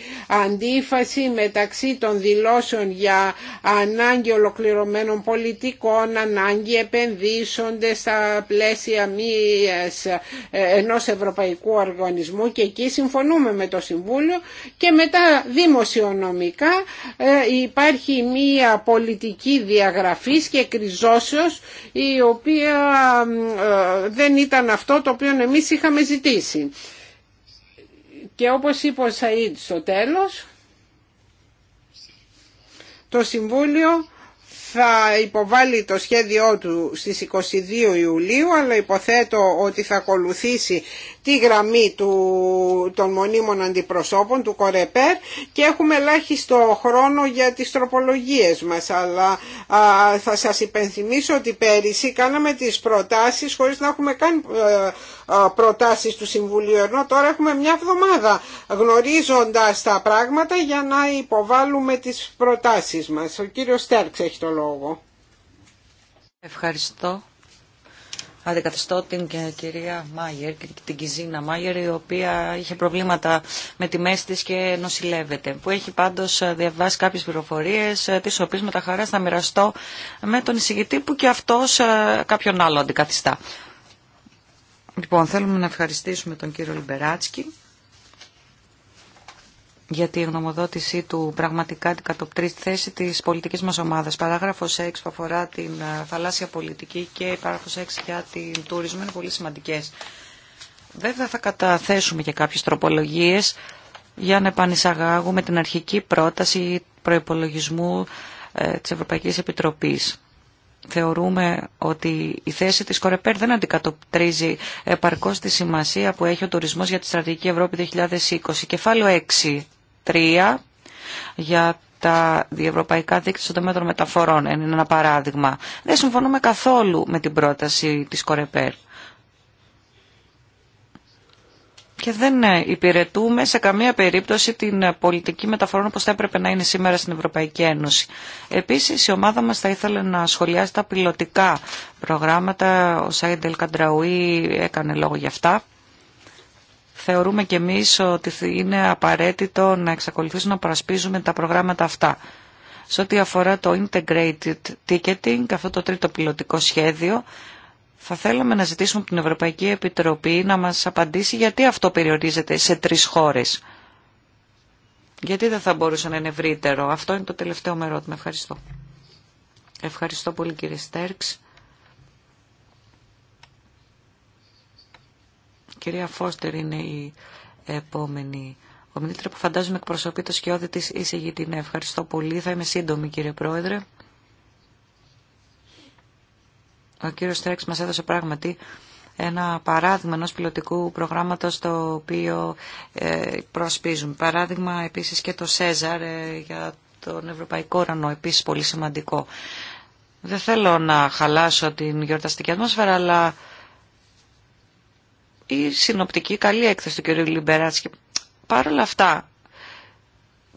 αντίφαση μεταξύ των δηλώσεων για ανάγκη ολοκληρωμένων πολιτικών, ανάγκη επενδύσεων, επενδύσονται στα πλαίσια μίας, ε, ενός ευρωπαϊκού οργανισμού και εκεί συμφωνούμε με το Συμβούλιο και μετά δημοσιονομικά ε, υπάρχει μία πολιτική διαγραφής και κριζώσεως η οποία ε, δεν ήταν αυτό το οποίο εμείς είχαμε ζητήσει. Και όπως είπε ο Σαΐντ στο τέλος, το Συμβούλιο θα υποβάλει το σχέδιό του στις 22 Ιουλίου αλλά υποθέτω ότι θα ακολουθήσει τη γραμμή του, των μονίμων αντιπροσώπων του Κορεπέρ και έχουμε ελάχιστο χρόνο για τις τροπολογίες μας αλλά θα σας υπενθυμίσω ότι πέρυσι κάναμε τις προτάσεις χωρίς να έχουμε καν ε, προτάσεις του Συμβουλίου ενώ τώρα έχουμε μια εβδομάδα γνωρίζοντας τα πράγματα για να υποβάλουμε τις προτάσεις μας. Ο κύριος Στέρξ έχει το λόγο. Ευχαριστώ. Αντικαθιστώ την κυρία Μάγερ, την Κιζίνα Μάγερ, η οποία είχε προβλήματα με τη μέση της και νοσηλεύεται. Που έχει πάντως διαβάσει κάποιες πληροφορίες, ε, τις οποίες με τα χαρά θα μοιραστώ με τον εισηγητή που και αυτός ε, κάποιον άλλο αντικαθιστά. Λοιπόν, θέλουμε να ευχαριστήσουμε τον κύριο Λιμπεράτσκι για τη γνωμοδότησή του πραγματικά την τη θέση της πολιτικής μας ομάδας. Παράγραφος 6 που αφορά την ε, θαλάσσια πολιτική και παράγραφο παράγραφος 6 για την τουρισμό είναι πολύ σημαντικές. Βέβαια θα καταθέσουμε και κάποιες τροπολογίες για να επανεισαγάγουμε την αρχική πρόταση προϋπολογισμού ε, της Ευρωπαϊκής Επιτροπής θεωρούμε ότι η θέση της Κορεπέρ δεν αντικατοπτρίζει επαρκώς τη σημασία που έχει ο τουρισμός για τη Στρατηγική Ευρώπη 2020. Κεφάλαιο 6.3 για τα διευρωπαϊκά δίκτυα των τομέα μεταφορών. Είναι ένα παράδειγμα. Δεν συμφωνούμε καθόλου με την πρόταση της Κορεπέρ. και δεν ε, υπηρετούμε σε καμία περίπτωση την ε, πολιτική μεταφορών όπως θα έπρεπε να είναι σήμερα στην Ευρωπαϊκή Ένωση. Επίσης η ομάδα μας θα ήθελε να σχολιάσει τα πιλωτικά προγράμματα. Ο Σάιντελ Καντραουή έκανε λόγο για αυτά. Θεωρούμε και εμείς ότι είναι απαραίτητο να εξακολουθήσουμε να παρασπίζουμε τα προγράμματα αυτά. Σε ό,τι αφορά το Integrated Ticketing, αυτό το τρίτο πιλωτικό σχέδιο, θα θέλαμε να ζητήσουμε από την Ευρωπαϊκή Επιτροπή να μας απαντήσει γιατί αυτό περιορίζεται σε τρεις χώρες. Γιατί δεν θα μπορούσε να είναι ευρύτερο. Αυτό είναι το τελευταίο με ερώτημα. Ευχαριστώ. Ευχαριστώ πολύ κύριε Στέρξ. Κυρία Φώστερ είναι η επόμενη ομιλήτρια που φαντάζομαι εκπροσωπεί το σκιώδη της εισηγητή. Ναι, ευχαριστώ πολύ. Θα είμαι σύντομη κύριε Πρόεδρε. Ο κύριος Στρέξ μας έδωσε πράγματι ένα παράδειγμα ενός πιλωτικού προγράμματος το οποίο ε, προσπίζουν. Παράδειγμα επίσης και το ΣΕΖΑΡ ε, για τον Ευρωπαϊκό Ρανο, επίσης πολύ σημαντικό. Δεν θέλω να χαλάσω την γιορταστική ατμόσφαιρα, αλλά η συνοπτική καλή έκθεση του κ. Λιμπεράτσκι. Παρ' όλα αυτά,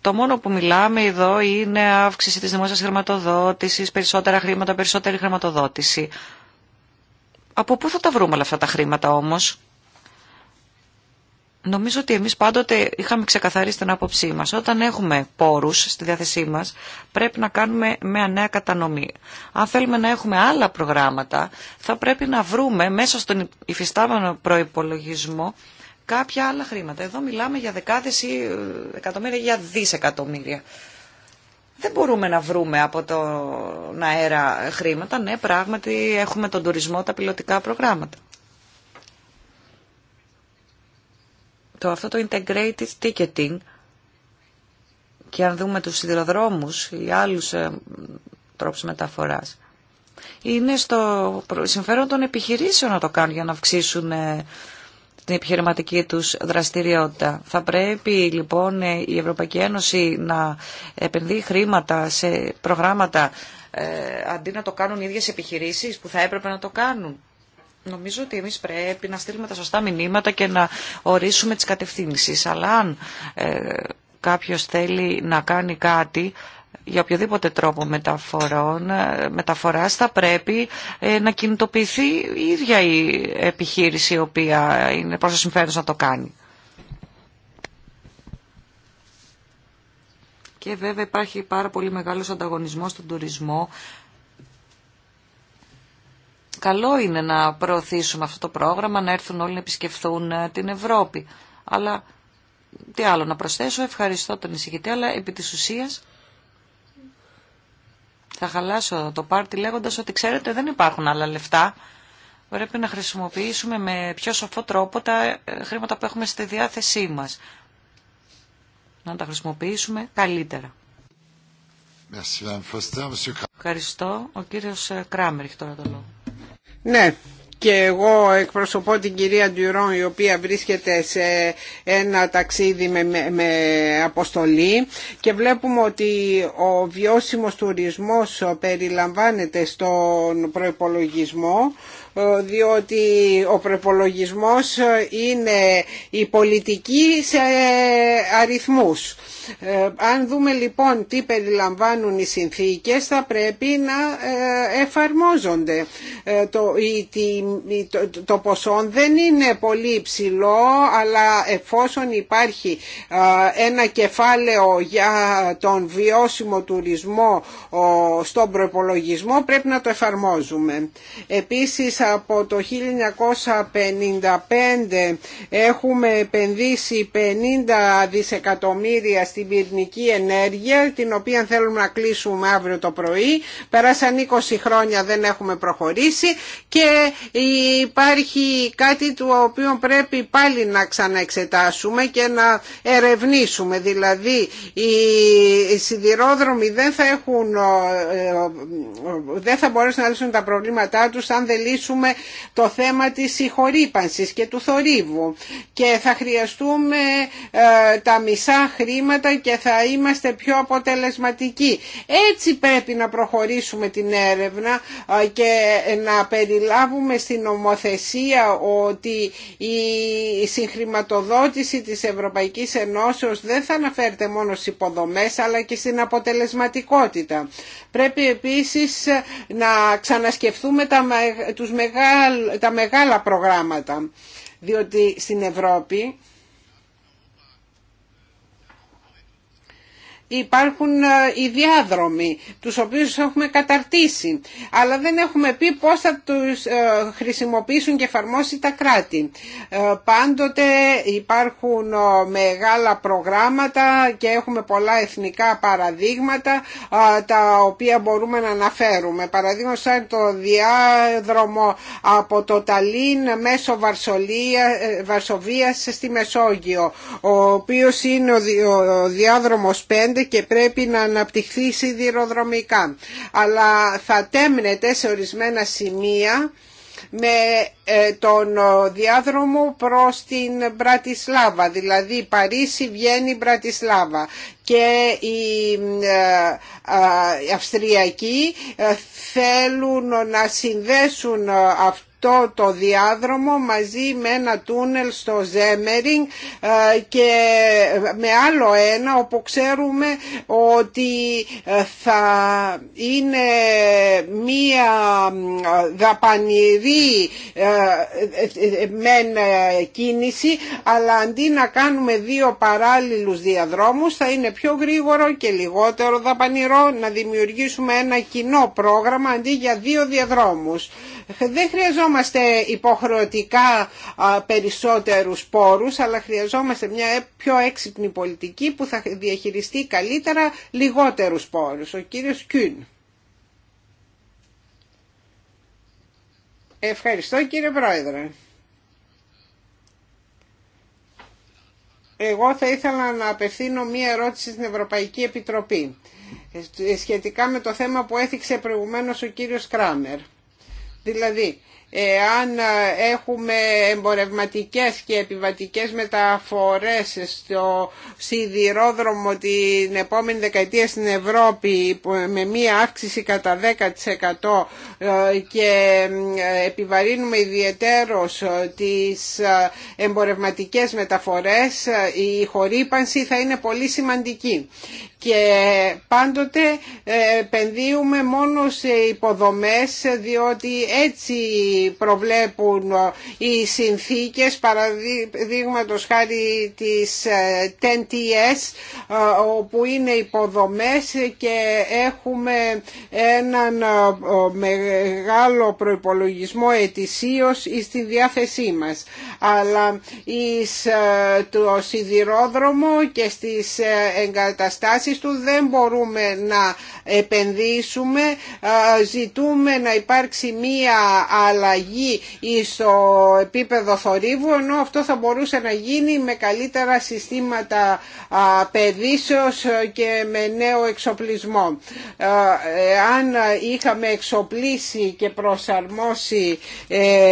το μόνο που μιλάμε εδώ είναι αύξηση της δημόσιας χρηματοδότησης, περισσότερα χρήματα, περισσότερη χρηματοδότηση. Από πού θα τα βρούμε όλα αυτά τα χρήματα όμως. Νομίζω ότι εμείς πάντοτε είχαμε ξεκαθαρίσει την άποψή μας. Όταν έχουμε πόρους στη διάθεσή μας, πρέπει να κάνουμε μια νέα κατανομή. Αν θέλουμε να έχουμε άλλα προγράμματα, θα πρέπει να βρούμε μέσα στον υφιστάμενο προϋπολογισμό κάποια άλλα χρήματα. Εδώ μιλάμε για δεκάδες ή ε, εκατομμύρια, για δισεκατομμύρια. Δεν μπορούμε να βρούμε από το αέρα χρήματα. Ναι, πράγματι έχουμε τον τουρισμό, τα πιλωτικά προγράμματα. Το, αυτό το integrated ticketing και αν δούμε τους σιδηροδρόμους ή άλλους ε, τρόπους μεταφοράς, είναι στο συμφέρον των επιχειρήσεων να το κάνουν για να αυξήσουν ε, την επιχειρηματική τους δραστηριότητα. Θα πρέπει λοιπόν η Ευρωπαϊκή Ένωση να επενδύει χρήματα σε προγράμματα ε, αντί να το κάνουν οι ίδιες επιχειρήσεις που θα έπρεπε να το κάνουν. Νομίζω ότι εμείς πρέπει να στείλουμε τα σωστά μηνύματα και να ορίσουμε τις κατευθύνσεις. Αλλά αν ε, κάποιος θέλει να κάνει κάτι για οποιοδήποτε τρόπο μεταφορών, ε, μεταφοράς θα πρέπει ε, να κινητοποιηθεί η ίδια η επιχείρηση η οποία είναι προς το συμφέρον να το κάνει. Και βέβαια υπάρχει πάρα πολύ μεγάλος ανταγωνισμός στον τουρισμό. Καλό είναι να προωθήσουμε αυτό το πρόγραμμα, να έρθουν όλοι να επισκεφθούν ε, την Ευρώπη. Αλλά τι άλλο να προσθέσω, ευχαριστώ τον εισηγητή, αλλά επί της ουσίας θα χαλάσω το πάρτι λέγοντας ότι ξέρετε δεν υπάρχουν άλλα λεφτά. Πρέπει να χρησιμοποιήσουμε με πιο σοφό τρόπο τα ε, χρήματα που έχουμε στη διάθεσή μας. Να τα χρησιμοποιήσουμε καλύτερα. Ευχαριστώ. Ο κύριος ε, Κράμερ έχει τώρα το λόγο. Ναι, και εγώ εκπροσωπώ την κυρία Ντουρόν η οποία βρίσκεται σε ένα ταξίδι με, με αποστολή και βλέπουμε ότι ο βιώσιμος τουρισμός περιλαμβάνεται στον προϋπολογισμό διότι ο προπολογισμός είναι η πολιτική σε αριθμούς. Ε, αν δούμε λοιπόν τι περιλαμβάνουν οι συνθήκες θα πρέπει να ε, εφαρμόζονται. Ε, το, το, ποσό δεν είναι πολύ υψηλό αλλά εφόσον υπάρχει ένα κεφάλαιο για τον βιώσιμο τουρισμό στον προπολογισμό πρέπει να το εφαρμόζουμε. Επίσης από το 1955 έχουμε επενδύσει 50 δισεκατομμύρια στην πυρνική ενέργεια την οποία θέλουμε να κλείσουμε αύριο το πρωί. Περάσαν 20 χρόνια δεν έχουμε προχωρήσει και υπάρχει κάτι το οποίο πρέπει πάλι να ξαναεξετάσουμε και να ερευνήσουμε. Δηλαδή οι σιδηρόδρομοι δεν θα, έχουν, ε, ε, ε, δεν θα μπορέσουν να λύσουν τα προβλήματά τους αν δεν λύσουν το θέμα της συγχωρήπανσης και του θορύβου και θα χρειαστούμε ε, τα μισά χρήματα και θα είμαστε πιο αποτελεσματικοί. Έτσι πρέπει να προχωρήσουμε την έρευνα ε, και να περιλάβουμε στην ομοθεσία ότι η συγχρηματοδότηση της Ευρωπαϊκής Ενώσεως δεν θα αναφέρεται μόνο στις υποδομές αλλά και στην αποτελεσματικότητα. Πρέπει επίσης να ξανασκεφτούμε τα, τους τα μεγάλα προγράμματα. Διότι στην Ευρώπη υπάρχουν ε, οι διάδρομοι, τους οποίους έχουμε καταρτήσει, αλλά δεν έχουμε πει πώς θα τους ε, χρησιμοποιήσουν και εφαρμόσει τα κράτη. Ε, πάντοτε υπάρχουν μεγάλα προγράμματα και έχουμε πολλά εθνικά παραδείγματα τα οποία μπορούμε να αναφέρουμε. Παραδείγματος σαν το διάδρομο από το Ταλίν μέσω Βαρσοβίας στη Μεσόγειο, ο οποίος είναι ο διάδρομος 5 και πρέπει να αναπτυχθεί σιδηροδρομικά. Αλλά θα τέμνεται σε ορισμένα σημεία με ε, τον διάδρομο προς την Μπρατισλάβα, δηλαδή Παρίσι, Βιέννη, Μπρατισλάβα και οι ε, Αυστριακοί ε, θέλουν να συνδέσουν αυτό αυτό το διάδρομο μαζί με ένα τούνελ στο Ζέμερινγκ ε, και με άλλο ένα όπου ξέρουμε ότι ε, θα είναι μία δαπανηρή ε, μεν κίνηση αλλά αντί να κάνουμε δύο παράλληλους διαδρόμους θα είναι πιο γρήγορο και λιγότερο δαπανηρό να δημιουργήσουμε ένα κοινό πρόγραμμα αντί για δύο διαδρόμους. Δεν χρειαζόμαστε υποχρεωτικά περισσότερους πόρους, αλλά χρειαζόμαστε μια ε, πιο έξυπνη πολιτική που θα διαχειριστεί καλύτερα λιγότερους πόρους. Ο κύριος Κιούν. Ευχαριστώ κύριε Πρόεδρε. Εγώ θα ήθελα να απευθύνω μία ερώτηση στην Ευρωπαϊκή Επιτροπή ε, σχετικά με το θέμα που έθιξε προηγουμένως ο κύριος Κράμερ. Δηλαδή, αν έχουμε εμπορευματικές και επιβατικές μεταφορές στο σιδηρόδρομο την επόμενη δεκαετία στην Ευρώπη με μία αύξηση κατά 10% ε, και ε, επιβαρύνουμε ιδιαιτέρως ε, τις εμπορευματικές μεταφορές η χορύπανση θα είναι πολύ σημαντική και πάντοτε ε, επενδύουμε μόνο σε υποδομές διότι έτσι προβλέπουν ε, οι συνθήκες παραδείγματος χάρη της ε, TNTS όπου είναι υποδομές και έχουμε έναν μεγάλο προϋπολογισμό ετησίως στη διάθεσή μας αλλά εις το σιδηρόδρομο και στις εγκαταστάσεις του, δεν μπορούμε να επενδύσουμε, ζητούμε να υπάρξει μία αλλαγή στο επίπεδο θορύβου, ενώ αυτό θα μπορούσε να γίνει με καλύτερα συστήματα παιδίσεως και με νέο εξοπλισμό. Αν είχαμε εξοπλίσει και προσαρμόσει ε,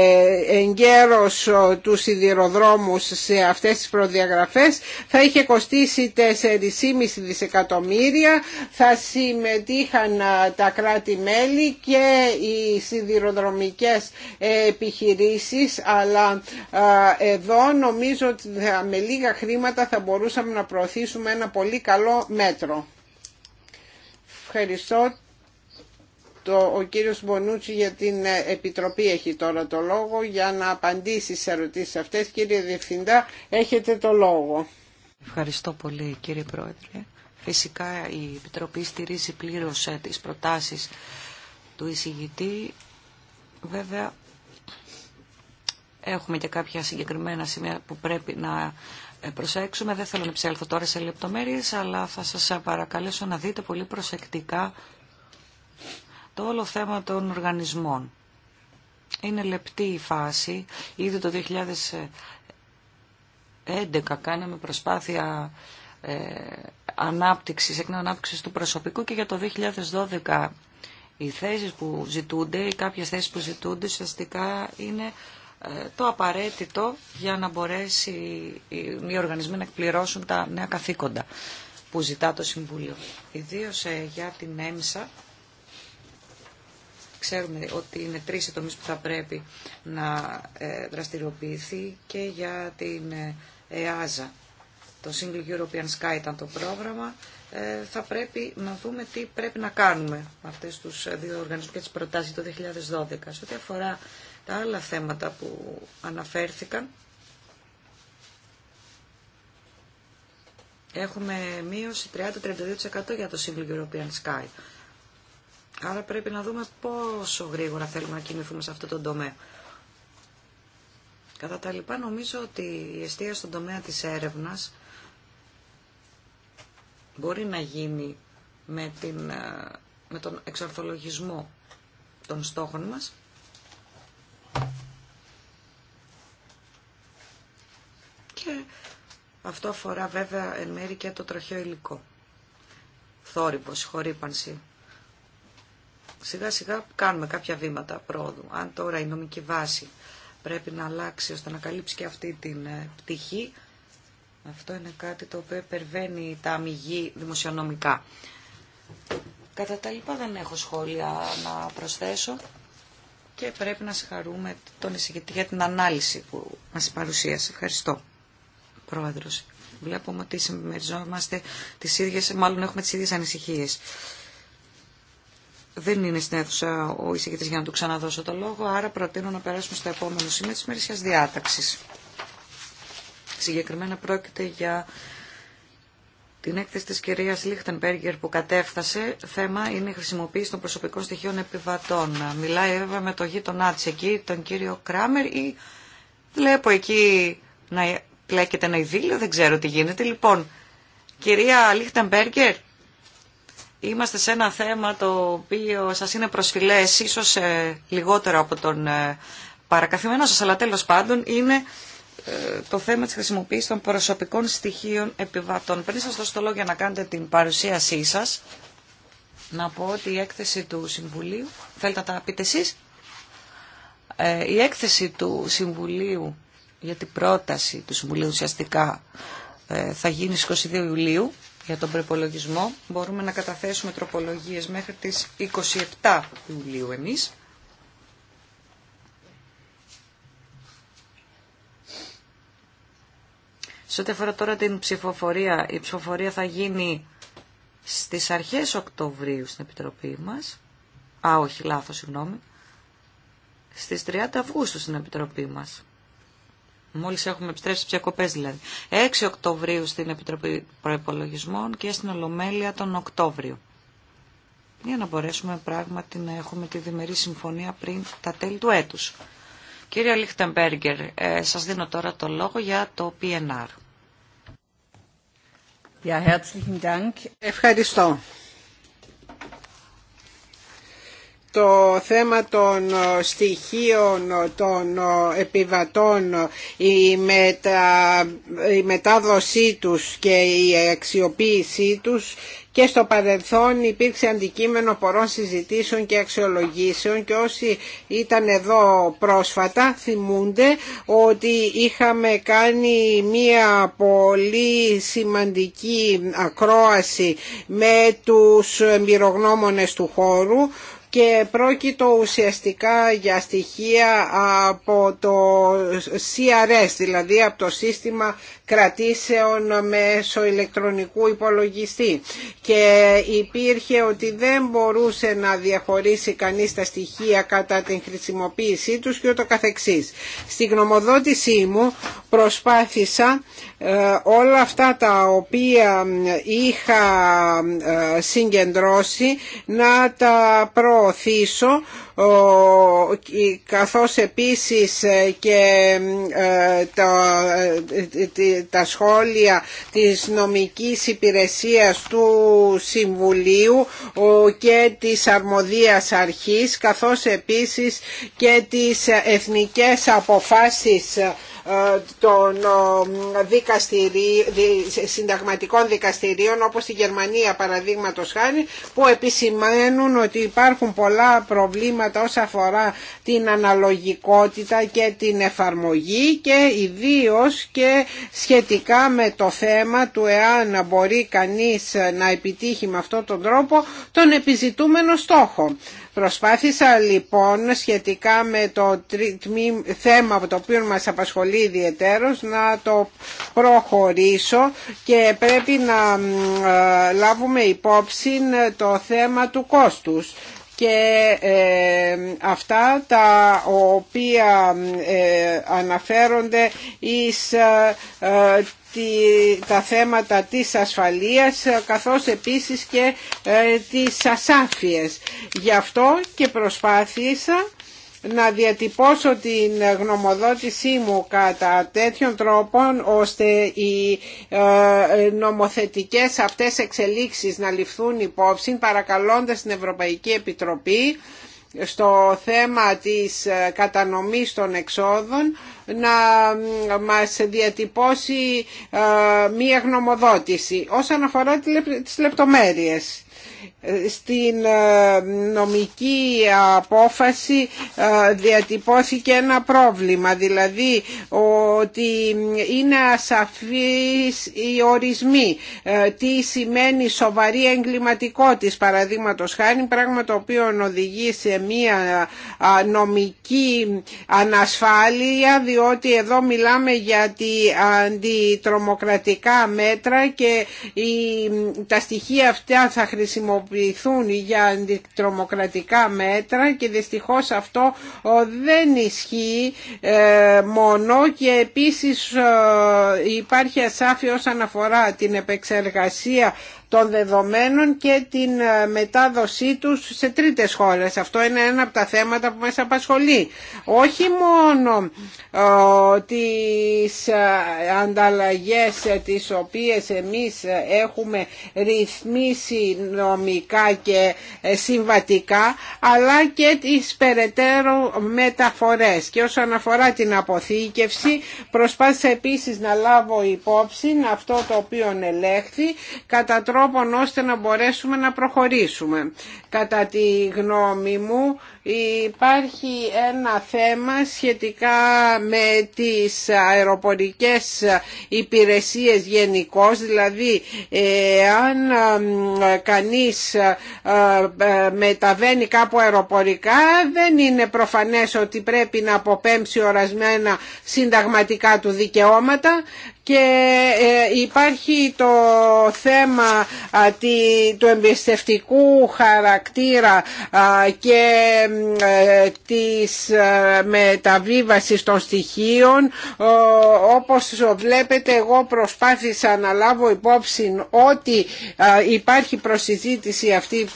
εγκαίρως του σιδηροδρόμους σε αυτές τις προδιαγραφές, θα είχε κοστίσει 4,5 δισεκατομμύρια εκατομμύρια θα συμμετείχαν τα κράτη-μέλη και οι σιδηροδρομικές ε, επιχειρήσεις αλλά εδώ νομίζω ότι με λίγα χρήματα θα μπορούσαμε να προωθήσουμε ένα πολύ καλό μέτρο. Ευχαριστώ. Το, ο κύριος Μπονούτσι για την ε, Επιτροπή έχει τώρα το λόγο για να απαντήσει σε ερωτήσεις αυτές. Κύριε Διευθυντά, έχετε το λόγο. Ευχαριστώ πολύ κύριε Πρόεδρε. Φυσικά η Επιτροπή στηρίζει πλήρως ε, τις προτάσεις του εισηγητή. Βέβαια έχουμε και κάποια συγκεκριμένα σημεία που πρέπει να ε, προσέξουμε. Δεν θέλω να ψέλθω τώρα σε λεπτομέρειες, αλλά θα σας ε, παρακαλέσω να δείτε πολύ προσεκτικά το όλο θέμα των οργανισμών. Είναι λεπτή η φάση. Ήδη το 2011 κάναμε προσπάθεια ε, ανάπτυξης, έκνα ανάπτυξης του προσωπικού και για το 2012 οι θέσεις που ζητούνται ή κάποιες θέσεις που ζητούνται ουσιαστικά είναι ε, το απαραίτητο για να μπορέσει οι οργανισμοί να εκπληρώσουν τα νέα καθήκοντα που ζητά το Συμβούλιο. Ιδίω ε, για την ΕΜΣΑ ξέρουμε ότι είναι τρεις οι που θα πρέπει να δραστηριοποιηθεί και για την ΕΑΖΑ. Το Single European Sky ήταν το πρόγραμμα. Ε, θα πρέπει να δούμε τι πρέπει να κάνουμε με αυτές τους ε, δύο οργανισμούς και τις προτάσεις το 2012. Σε ό,τι αφορά τα άλλα θέματα που αναφέρθηκαν, έχουμε μείωση 30-32% για το Single European Sky. Άρα πρέπει να δούμε πόσο γρήγορα θέλουμε να κινηθούμε σε αυτό το τομέα. Κατά τα λοιπά νομίζω ότι η αιστεία στον τομέα της έρευνας μπορεί να γίνει με, την, ε, με τον εξορθολογισμό των στόχων μας. Και αυτό αφορά βέβαια εν μέρη και το τροχαίο υλικό. Θόρυβος, χορύπανση. Σιγά σιγά κάνουμε κάποια βήματα πρόοδου. Αν τώρα η νομική βάση πρέπει να αλλάξει ώστε να καλύψει και αυτή την ε, πτυχή, αυτό είναι κάτι το οποίο υπερβαίνει τα αμυγή δημοσιονομικά. Κατά τα λοιπά δεν έχω σχόλια να προσθέσω και πρέπει να συγχαρούμε τον εισηγητή για την ανάλυση που μας παρουσίασε. Ευχαριστώ, Πρόεδρος. Βλέπουμε ότι συμμεριζόμαστε τις ίδιες, μάλλον έχουμε τις ίδιες ανησυχίες. Δεν είναι στην αίθουσα ο εισηγητής για να του ξαναδώσω το λόγο, άρα προτείνω να περάσουμε στο επόμενο σημείο της μερισιάς διάταξης. Συγκεκριμένα πρόκειται για την έκθεση της κυρίας Λίχτενμπέργκερ που κατέφθασε. θέμα είναι η χρησιμοποίηση των προσωπικών στοιχείων επιβατών. Μιλάει βέβαια με το γείτονά της εκεί, τον κύριο Κράμερ ή βλέπω εκεί να πλέκεται ένα ειδήλιο, δεν ξέρω τι γίνεται. Λοιπόν, κυρία Λίχτενμπέργκερ, είμαστε σε ένα θέμα το οποίο σας είναι προσφυλές, ίσως ε, λιγότερο από τον ε, παρακαθημένο σας, αλλά τέλος πάντων είναι το θέμα της χρησιμοποίησης των προσωπικών στοιχείων επιβατών. Πριν σας δώσω το λόγο για να κάνετε την παρουσίασή σας, να πω ότι η έκθεση του Συμβουλίου, θέλετε να τα πείτε εσείς, ε, η έκθεση του Συμβουλίου για την πρόταση του Συμβουλίου ουσιαστικά ε, θα γίνει στις 22 Ιουλίου για τον προπολογισμό. Μπορούμε να καταθέσουμε τροπολογίες μέχρι τις 27 Ιουλίου εμείς. Σε ό,τι αφορά τώρα την ψηφοφορία, η ψηφοφορία θα γίνει στις αρχές Οκτωβρίου στην Επιτροπή μας. Α, όχι, λάθος, συγγνώμη. Στις 30 Αυγούστου στην Επιτροπή μας. Μόλις έχουμε επιστρέψει ψηφιακοπές δηλαδή. 6 Οκτωβρίου στην Επιτροπή Προϋπολογισμών και στην Ολομέλεια τον Οκτώβριο. Για να μπορέσουμε πράγματι να έχουμε τη διμερή συμφωνία πριν τα τέλη του έτους. Κύριε Λίχτεμπέργκερ, ε, σας δίνω τώρα το λόγο για το PNR. Ευχαριστώ. Το θέμα των ε, στοιχείων ε, των ε, επιβατών, η, μετα... η μετάδοσή τους και η αξιοποίησή τους και στο παρελθόν υπήρξε αντικείμενο πορών συζητήσεων και αξιολογήσεων και όσοι ήταν εδώ πρόσφατα θυμούνται ότι είχαμε κάνει μία πολύ σημαντική ακρόαση με τους μυρογνώμονες του χώρου και πρόκειτο ουσιαστικά για στοιχεία από το CRS, δηλαδή από το σύστημα κρατήσεων μέσω ηλεκτρονικού υπολογιστή και υπήρχε ότι δεν μπορούσε να διαχωρίσει κανείς τα στοιχεία κατά την χρησιμοποίησή τους και ούτω καθεξής. Στη γνωμοδότησή μου προσπάθησα ε, όλα αυτά τα οποία είχα ε, συγκεντρώσει να τα προωθήσω καθώς επίσης ε, και ε, ε, τα σχόλια της νομικής υπηρεσίας του Συμβουλίου και της αρμοδίας αρχής καθώς επίσης και τις εθνικές αποφάσεις ε, των συνταγματικών δικαστηρίων όπως στη Γερμανία παραδείγματος χάρη που επισημαίνουν ότι υπάρχουν πολλά προβλήματα όσον αφορά την αναλογικότητα και την εφαρμογή και ιδίως και σχετικά με το θέμα του εάν μπορεί κανείς να επιτύχει με αυτόν τον τρόπο τον επιζητούμενο στόχο. Προσπάθησα λοιπόν σχετικά με το θέμα το οποίο μας απασχολεί ιδιαιτέρως να το προχωρήσω και πρέπει να ε, λάβουμε υπόψη το θέμα του κόστους και ε, αυτά τα οποία ε, αναφέρονται εις ε, τα θέματα της ασφαλείας καθώς επίσης και τις ασάφειες. Γι' αυτό και προσπάθησα να διατυπώσω την γνωμοδότησή μου κατά τέτοιων τρόπων ώστε οι ε, νομοθετικές αυτές εξελίξεις να ληφθούν υπόψη παρακαλώντας την Ευρωπαϊκή Επιτροπή στο θέμα της ε, κατανομής των εξόδων να μας διατυπώσει ε, μία γνωμοδότηση όσον αφορά τις λεπτομέρειες στην ε, νομική απόφαση ε, διατυπώθηκε ένα πρόβλημα δηλαδή ότι είναι ασαφείς οι ορισμοί ε, τι σημαίνει σοβαρή εγκληματικότητα παραδείγματος χάνει πράγμα το οποίο οδηγεί σε μία νομική ανασφάλεια διότι εδώ μιλάμε για τη αντιτρομοκρατικά μέτρα και τα στοιχεία αυτά θα χρησιμοποιηθούν χρησιμοποιηθούν για αντιτρομοκρατικά μέτρα και δυστυχώς αυτό ε, δεν ισχύει ε, μόνο και επίσης ε, υπάρχει ασάφεια όσον αφορά την επεξεργασία των δεδομένων και την ε, μετάδοσή τους σε τρίτες χώρες. Αυτό είναι ένα από τα θέματα που μας απασχολεί. Όχι μόνο ε, τις ε, ανταλλαγές τις οποίες εμείς έχουμε ρυθμίσει νομικά και συμβατικά αλλά και τις περαιτέρω μεταφορές και όσον αφορά την αποθήκευση προσπάθησα επίσης να λάβω υπόψη αυτό το οποίο ελέγχθη τρόπον ώστε να μπορέσουμε να προχωρήσουμε. Κατά τη γνώμη μου υπάρχει ένα θέμα σχετικά με τις αεροπορικές υπηρεσίες γενικώ, δηλαδή ε, αν ε, κανείς ε, μεταβαίνει κάπου αεροπορικά δεν είναι προφανές ότι πρέπει να αποπέμψει ορασμένα συνταγματικά του δικαιώματα και ε, υπάρχει το θέμα του εμπιστευτικού χαρακτήρα και ε, της ε, μεταβίβασης των στοιχείων όπως βλέπετε εγώ προσπάθησα να λάβω υπόψη ότι υπάρχει προσυζήτηση αυτή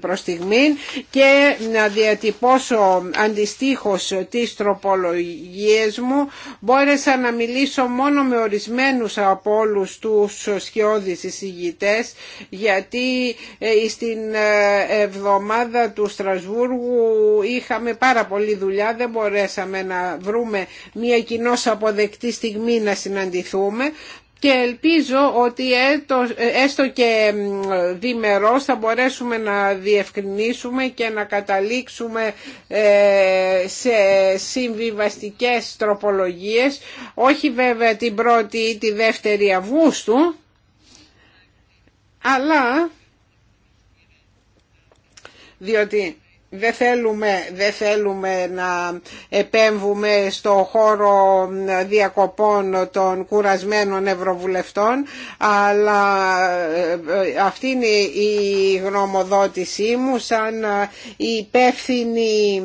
προς στιγμή και να διατυπώσω αντιστοίχως τις τροπολογίες μου μπόρεσα να μιλήσω μιλήσω μόνο με ορισμένους από όλους τους σκιώδεις εισηγητές γιατί ε, στην ε, εβδομάδα του Στρασβούργου είχαμε πάρα πολλή δουλειά δεν μπορέσαμε να βρούμε μια κοινώς αποδεκτή στιγμή να συναντηθούμε και ελπίζω ότι έστω και διμερός θα μπορέσουμε να διευκρινίσουμε και να καταλήξουμε ε, σε συμβιβαστικές τροπολογίες, όχι βέβαια την 1η ή τη 2η Αυγούστου, αλλά διότι δεν θέλουμε, να επέμβουμε στο χώρο διακοπών των κουρασμένων ευρωβουλευτών αλλά ε, αυτή είναι η γνωμοδότησή μου σαν υπεύθυνη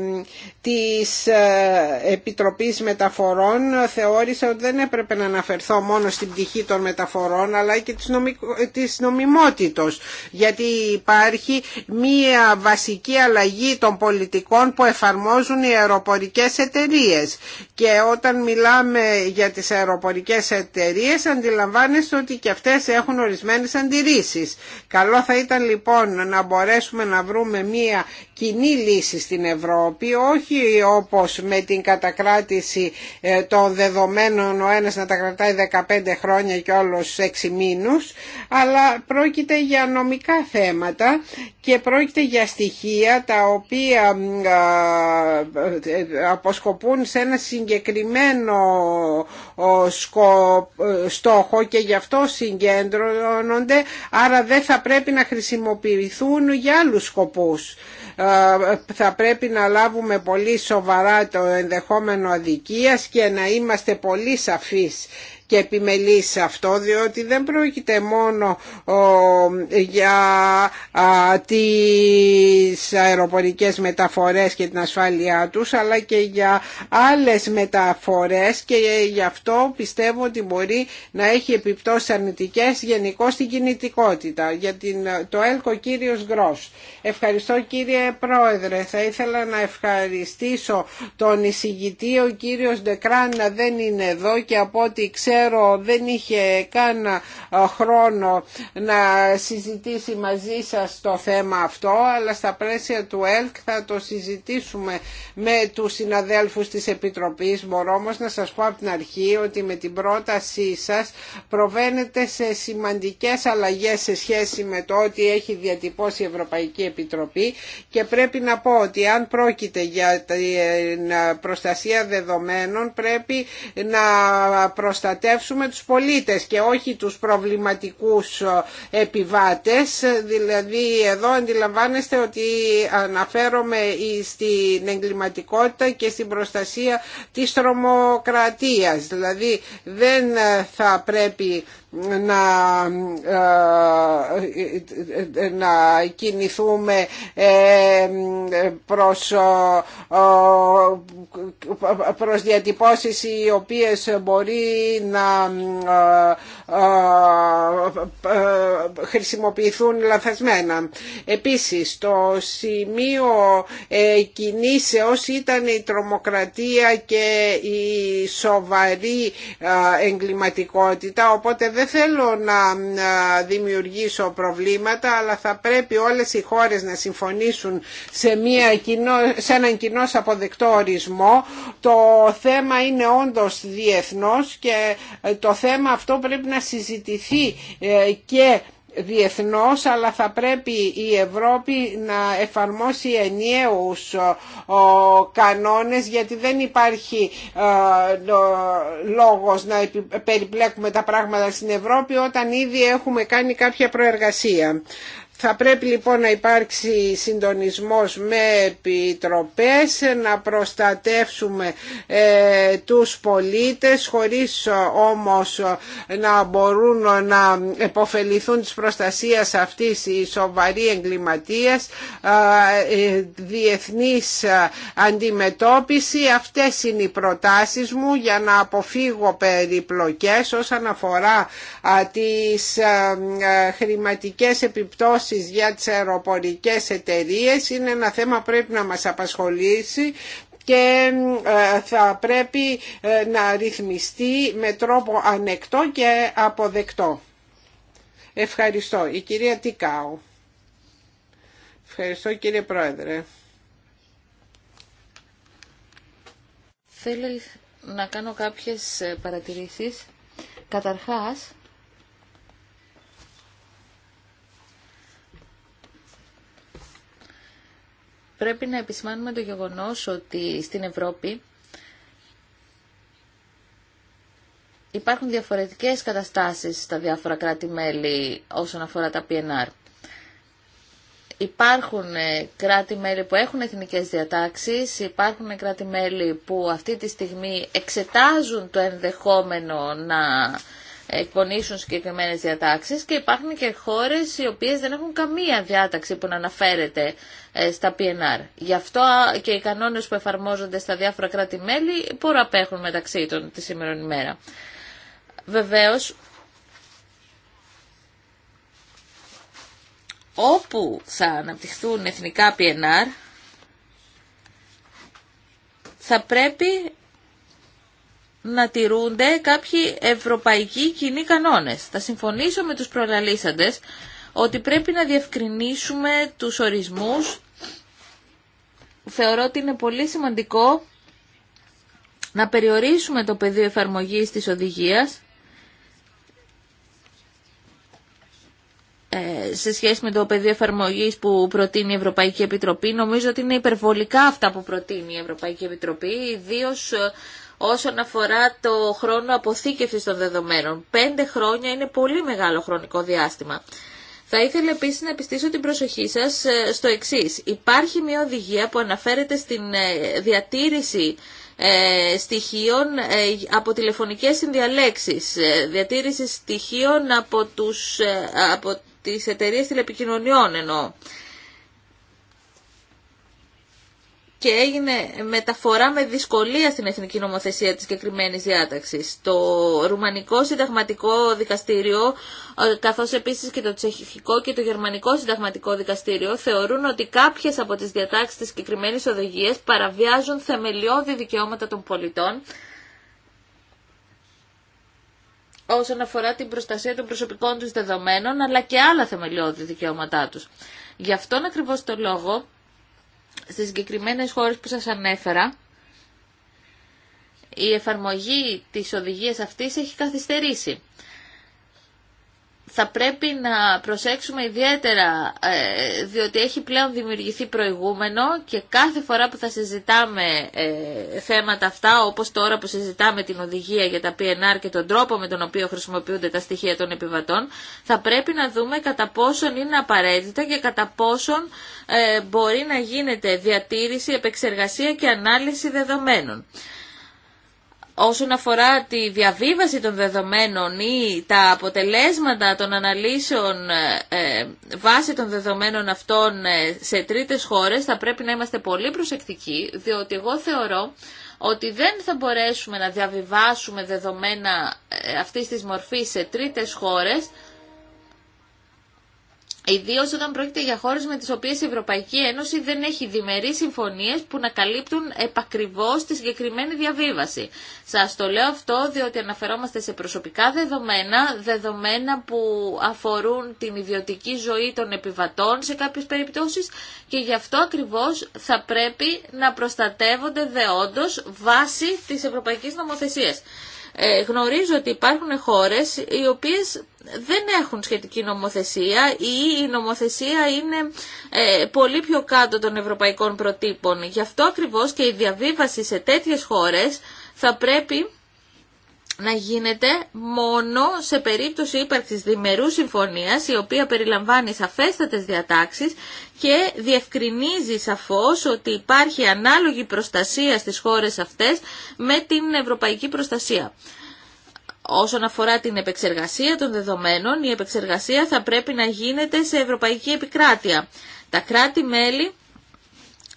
της ε, Επιτροπής Μεταφορών θεώρησε ότι δεν έπρεπε να αναφερθώ μόνο στην πτυχή των μεταφορών αλλά και της, νομικο... της νομιμότητος γιατί υπάρχει μία βασική αλλαγή των πολιτικών που εφαρμόζουν οι αεροπορικές εταιρείες και όταν μιλάμε για τις αεροπορικές εταιρείες αντιλαμβάνεστε ότι και αυτές έχουν ορισμένες αντιρρήσεις. Καλό θα ήταν λοιπόν να μπορέσουμε να βρούμε μία κοινή λύση στην Ευρώπη όχι όχι όπως με την κατακράτηση ε, των δεδομένων ο ένας να τα κρατάει 15 χρόνια και όλος 6 μήνους αλλά πρόκειται για νομικά θέματα και πρόκειται για στοιχεία τα οποία ε, αποσκοπούν σε ένα συγκεκριμένο ε, στόχο και γι' αυτό συγκέντρωνονται άρα δεν θα πρέπει να χρησιμοποιηθούν για άλλους σκοπούς. Ε, θα πρέπει να λάβουμε πολύ σοβαρά το ενδεχόμενο αδικίας και να είμαστε πολύ σαφείς και επιμελής σε αυτό διότι δεν πρόκειται μόνο για τις αεροπορικές μεταφορές και την ασφάλειά τους αλλά και για άλλες μεταφορές και γι' αυτό πιστεύω ότι μπορεί να έχει επιπτώσεις αρνητικές γενικώ στην κινητικότητα για την, το ΕΛΚΟ κύριος Γκρός. Ευχαριστώ κύριε Πρόεδρε. Θα ήθελα να ευχαριστήσω τον εισηγητή ο κύριος Ντεκράν να δεν είναι εδώ και από ό,τι ξέρω δεν είχε καν χρόνο να συζητήσει μαζί σας το θέμα αυτό αλλά στα πλαίσια του ΕΛΚ θα το συζητήσουμε με τους συναδέλφους της Επιτροπής μπορώ όμως να σας πω από την αρχή ότι με την πρότασή σας προβαίνετε σε σημαντικές αλλαγές σε σχέση με το ότι έχει διατυπώσει η Ευρωπαϊκή Επιτροπή και πρέπει να πω ότι αν πρόκειται για την ε, προστασία δεδομένων πρέπει να προστατεύσουμε προστατεύσουμε τους πολίτες και όχι τους προβληματικούς ε, επιβάτες. Δηλαδή εδώ αντιλαμβάνεστε ότι αναφέρομαι στην εγκληματικότητα και στην προστασία της τρομοκρατίας. Δηλαδή δεν θα πρέπει να, ε, ε, ε, να κινηθούμε προς, προς διατυπώσεις οι οποίες μπορεί να χρησιμοποιηθούν λαθασμένα. Επίσης το σημείο κινήσεως ήταν η τρομοκρατία και η σοβαρή εγκληματικότητα οπότε δεν θέλω να δημιουργήσω προβλήματα αλλά θα πρέπει όλες οι χώρες να συμφωνήσουν σε, μια έναν κοινό αποδεκτό ορισμό. Το θέμα είναι όντως διεθνός και το θέμα αυτό πρέπει να συζητηθεί ε, και διεθνώς αλλά θα πρέπει η Ευρώπη να εφαρμόσει ενιαίους κανόνες γιατί δεν υπάρχει ε, λόγος να περιπλέκουμε τα πράγματα στην Ευρώπη όταν ήδη έχουμε κάνει κάποια προεργασία. Θα πρέπει λοιπόν να υπάρξει συντονισμός με επιτροπές, να προστατεύσουμε ε, τους πολίτες χωρίς όμως να μπορούν να επωφεληθούν της προστασίας αυτής οι σοβαροί εγκληματίες, ε, ε, διεθνής αντιμετώπιση. Αυτές είναι οι προτάσεις μου για να αποφύγω περιπλοκές όσον αφορά ε, τις χρηματικές επιπτώσεις για τις αεροπορικές εταιρείες είναι ένα θέμα που πρέπει να μας απασχολήσει και ε, θα πρέπει ε, να ρυθμιστεί με τρόπο ανεκτό και αποδεκτό. Ευχαριστώ. Η κυρία Τικάου. Ευχαριστώ κύριε Πρόεδρε. Θέλω να κάνω κάποιες παρατηρήσεις. Καταρχάς, πρέπει να επισημάνουμε το γεγονός ότι στην Ευρώπη υπάρχουν διαφορετικές καταστάσεις στα διάφορα κράτη-μέλη όσον αφορά τα PNR. Υπάρχουν ε, κράτη-μέλη που έχουν εθνικές διατάξεις, υπάρχουν κράτη-μέλη που αυτή τη στιγμή εξετάζουν το ενδεχόμενο να εκπονήσουν συγκεκριμένε διατάξεις και υπάρχουν και χώρες οι οποίες δεν έχουν καμία διάταξη που να αναφέρεται ε, στα PNR. Γι' αυτό και οι κανόνες που εφαρμόζονται στα διάφορα κράτη-μέλη μπορούν να απέχουν μεταξύ των τη σήμερα ημέρα. Βεβαίως, όπου θα αναπτυχθούν εθνικά PNR, θα πρέπει να τηρούνται κάποιοι ευρωπαϊκοί κοινοί κανόνες. Θα συμφωνήσω με τους προλαλήσαντες ότι πρέπει να διευκρινίσουμε τους ορισμούς. Θεωρώ ότι είναι πολύ σημαντικό να περιορίσουμε το πεδίο εφαρμογής της οδηγίας ε, σε σχέση με το πεδίο εφαρμογής που προτείνει η Ευρωπαϊκή Επιτροπή. Νομίζω ότι είναι υπερβολικά αυτά που προτείνει η Ευρωπαϊκή Επιτροπή, ιδίως... Ε, όσον αφορά το χρόνο αποθήκευσης των δεδομένων. Πέντε χρόνια είναι πολύ μεγάλο χρονικό διάστημα. Θα ήθελα επίσης να επιστήσω την προσοχή σας ε, στο εξής. Υπάρχει μια οδηγία που αναφέρεται στην ε, διατήρηση ε, στοιχείων από τηλεφωνικές συνδιαλέξεις, διατήρηση στοιχείων από, τους, από τις εταιρείες τηλεπικοινωνιών εννοώ. και έγινε μεταφορά με δυσκολία στην εθνική νομοθεσία της συγκεκριμένη διάταξη. Το Ρουμανικό Συνταγματικό Δικαστήριο, ε, καθώς επίσης και το Τσεχικό και το Γερμανικό Συνταγματικό Δικαστήριο, θεωρούν ότι κάποιες από τις διατάξεις της συγκεκριμένη οδηγίας παραβιάζουν θεμελιώδη δικαιώματα των πολιτών, όσον αφορά την προστασία των προσωπικών τους δεδομένων, αλλά και άλλα θεμελιώδη δικαιώματά τους. Γι' αυτόν ακριβώς το λόγο στις συγκεκριμένες χώρες που σας ανέφερα, η εφαρμογή της οδηγίας αυτής έχει καθυστερήσει θα πρέπει να προσέξουμε ιδιαίτερα ε, διότι έχει πλέον δημιουργηθεί προηγούμενο και κάθε φορά που θα συζητάμε ε, θέματα αυτά όπως τώρα που συζητάμε την οδηγία για τα PNR και τον τρόπο με τον οποίο χρησιμοποιούνται τα στοιχεία των επιβατών θα πρέπει να δούμε κατά πόσον είναι απαραίτητα και κατά πόσον ε, μπορεί να γίνεται διατήρηση, επεξεργασία και ανάλυση δεδομένων όσον αφορά τη διαβίβαση των δεδομένων ή τα αποτελέσματα των αναλύσεων ε, ε, βάσει των δεδομένων αυτών ε, σε τρίτες χώρες θα πρέπει να είμαστε πολύ προσεκτικοί διότι εγώ θεωρώ ότι δεν θα μπορέσουμε να διαβιβάσουμε δεδομένα αυτής της μορφής σε τρίτες χώρες Ιδίω όταν πρόκειται για χώρε με τι οποίε η Ευρωπαϊκή Ένωση δεν έχει διμερεί συμφωνίε που να καλύπτουν επακριβώ τη συγκεκριμένη διαβίβαση. Σα το λέω αυτό διότι αναφερόμαστε σε προσωπικά δεδομένα, δεδομένα που αφορούν την ιδιωτική ζωή των επιβατών σε κάποιε περιπτώσει και γι' αυτό ακριβώ θα πρέπει να προστατεύονται δεόντω βάσει τη Ευρωπαϊκή Νομοθεσία. Ε, γνωρίζω ότι υπάρχουν χώρες οι οποίες δεν έχουν σχετική νομοθεσία ή η νομοθεσία είναι ε, πολύ πιο κάτω των ευρωπαϊκών προτύπων. Γι' αυτό ακριβώς και η διαβίβαση σε τέτοιες χώρες θα πρέπει να γίνεται μόνο σε περίπτωση ύπαρξης δημερού συμφωνίας η οποία περιλαμβάνει σαφέστατες διατάξεις και διευκρινίζει σαφώς ότι υπάρχει ανάλογη προστασία στις χώρες αυτές με την ευρωπαϊκή προστασία. Όσον αφορά την επεξεργασία των δεδομένων, η επεξεργασία θα πρέπει να γίνεται σε ευρωπαϊκή επικράτεια. Τα κράτη-μέλη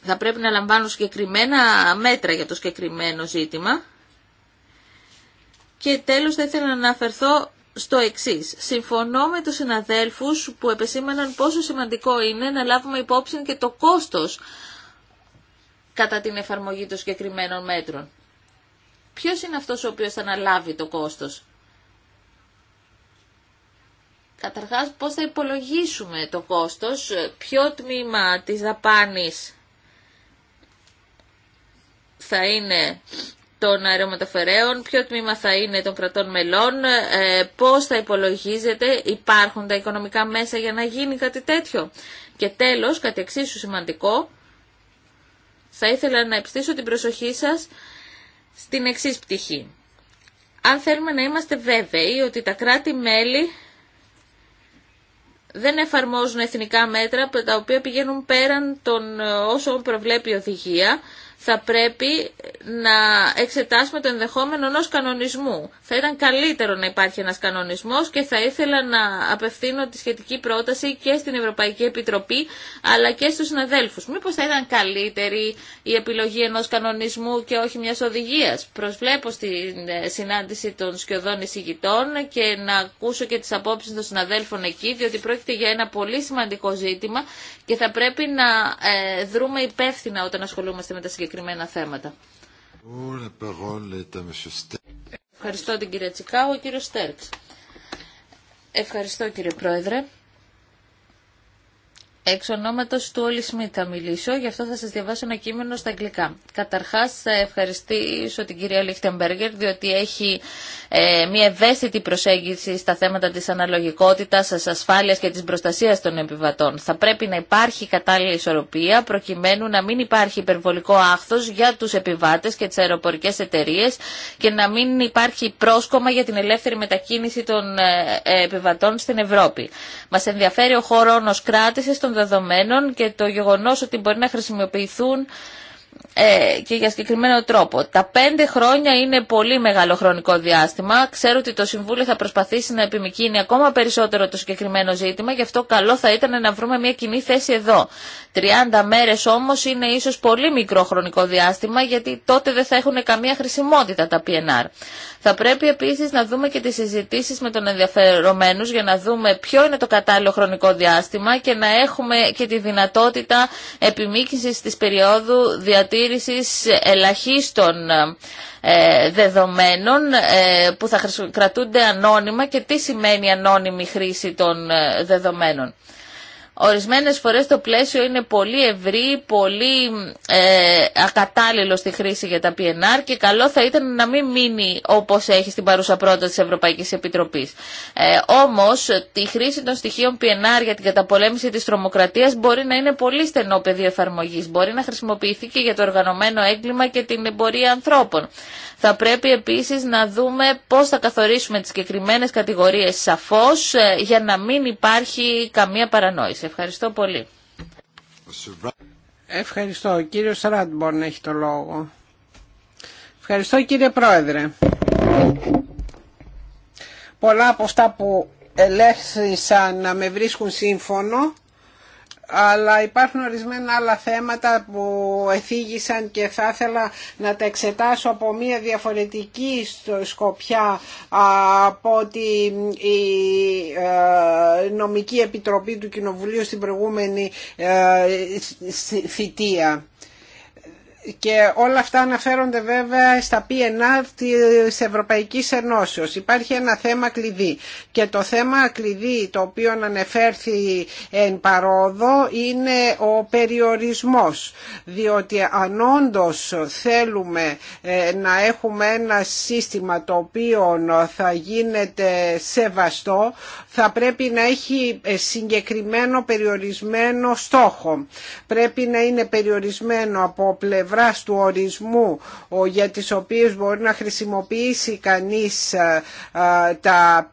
θα πρέπει να λαμβάνουν συγκεκριμένα μέτρα για το συγκεκριμένο ζήτημα και τέλος θα ήθελα να αναφερθώ στο εξή. Συμφωνώ με τους συναδέλφους που επεσήμαναν πόσο σημαντικό είναι να λάβουμε υπόψη και το κόστος κατά την εφαρμογή των συγκεκριμένων μέτρων. Ποιος είναι αυτός ο οποίος θα αναλάβει το κόστος. Καταρχάς, πώς θα υπολογίσουμε το κόστος, ποιο τμήμα της δαπάνης θα είναι των αερομεταφορέων, ποιο τμήμα θα είναι των κρατών μελών, ε, πώς θα υπολογίζεται, υπάρχουν τα οικονομικά μέσα για να γίνει κάτι τέτοιο. Και τέλος, κάτι εξίσου σημαντικό, θα ήθελα να επιστήσω την προσοχή σας στην εξής πτυχή. Αν θέλουμε να είμαστε βέβαιοι ότι τα κράτη-μέλη δεν εφαρμόζουν εθνικά μέτρα τα οποία πηγαίνουν πέραν των ε, όσων προβλέπει η οδηγία, θα πρέπει να εξετάσουμε το ενδεχόμενο ενός κανονισμού. Θα ήταν καλύτερο να υπάρχει ένας κανονισμός και θα ήθελα να απευθύνω τη σχετική πρόταση και στην Ευρωπαϊκή Επιτροπή αλλά και στους συναδέλφους. Μήπως θα ήταν καλύτερη η επιλογή ενός κανονισμού και όχι μιας οδηγίας. Προσβλέπω στην ε, συνάντηση των σκιωδών εισηγητών και να ακούσω και τις απόψεις των συναδέλφων εκεί διότι πρόκειται για ένα πολύ σημαντικό ζήτημα και θα πρέπει να ε, δρούμε υπεύθυνα όταν ασχολούμαστε με τα συγκεκριμένα συγκεκριμένα θέματα. Ευχαριστώ την κυρία Τσικάου, ο κύριος Στέρξ. Ευχαριστώ κύριε Πρόεδρε. Εξ ονόματο του Όλη Σμιτ θα μιλήσω, γι' αυτό θα σα διαβάσω ένα κείμενο στα αγγλικά. Καταρχά θα ευχαριστήσω την κυρία Λίχτεμπεργκερ, διότι έχει ε, μια ευαίσθητη προσέγγιση στα θέματα τη αναλογικότητα, της ασφάλειας και τη προστασία των επιβατών. Θα πρέπει να υπάρχει κατάλληλη ισορροπία, προκειμένου να μην υπάρχει υπερβολικό άχθο για του επιβάτε και τι αεροπορικέ εταιρείε και να μην υπάρχει πρόσκομα για την ελεύθερη μετακίνηση των ε, ε, επιβατών στην Ευρώπη. Μα ενδιαφέρει ο χρόνος κράτησης των δεδομένων και το γεγονός ότι μπορεί να χρησιμοποιηθούν ε, και για συγκεκριμένο τρόπο. Τα πέντε χρόνια είναι πολύ μεγάλο χρονικό διάστημα. Ξέρω ότι το Συμβούλιο θα προσπαθήσει να επιμηκύνει ακόμα περισσότερο το συγκεκριμένο ζήτημα, γι' αυτό καλό θα ήταν να βρούμε μια κοινή θέση εδώ. 30 μέρες όμως είναι ίσως πολύ μικρό χρονικό διάστημα γιατί τότε δεν θα έχουν καμία χρησιμότητα τα PNR. Θα πρέπει επίσης να δούμε και τις συζητήσεις με τον ενδιαφερομένους για να δούμε ποιο είναι το κατάλληλο χρονικό διάστημα και να έχουμε και τη δυνατότητα επιμήκυσης της περίοδου διατήρησης ελαχίστων ε, δεδομένων ε, που θα κρατούνται ανώνυμα και τι σημαίνει ανώνυμη χρήση των ε, δεδομένων. Ορισμένες φορές το πλαίσιο είναι πολύ ευρύ, πολύ ε, ακατάλληλο στη χρήση για τα PNR και καλό θα ήταν να μην μείνει όπως έχει στην παρούσα πρόταση της Ευρωπαϊκής Επιτροπής. Ε, όμως, τη χρήση των στοιχείων PNR για την καταπολέμηση της τρομοκρατίας μπορεί να είναι πολύ στενό πεδίο εφαρμογής. Μπορεί να χρησιμοποιηθεί και για το οργανωμένο έγκλημα και την εμπορία ανθρώπων. Θα πρέπει επίσης να δούμε πώς θα καθορίσουμε τις συγκεκριμένε κατηγορίες σαφώς ε, για να μην υπάρχει καμία παρανόηση. Ευχαριστώ πολύ. Ευχαριστώ. Ο κύριος Ράντμπορν έχει το λόγο. Ευχαριστώ κύριε Πρόεδρε. Πολλά από αυτά που ελέγχθησαν να με βρίσκουν σύμφωνο αλλά υπάρχουν ορισμένα άλλα θέματα που εθίγησαν και θα ήθελα να τα εξετάσω από μια διαφορετική σκοπιά από ότι η ε, νομική επιτροπή του Κοινοβουλίου στην προηγούμενη ε, θητεία και όλα αυτά αναφέρονται βέβαια στα PNR της Ευρωπαϊκής Ενώσεως. Υπάρχει ένα θέμα κλειδί και το θέμα κλειδί το οποίο αναφέρθη εν παρόδο είναι ο περιορισμός διότι αν όντω θέλουμε ε, να έχουμε ένα σύστημα το οποίο θα γίνεται σεβαστό θα πρέπει να έχει ε, συγκεκριμένο περιορισμένο στόχο. Πρέπει να είναι περιορισμένο από πλευράς του ορισμού για τις οποίες μπορεί να χρησιμοποιήσει κανείς ε, ε, τα,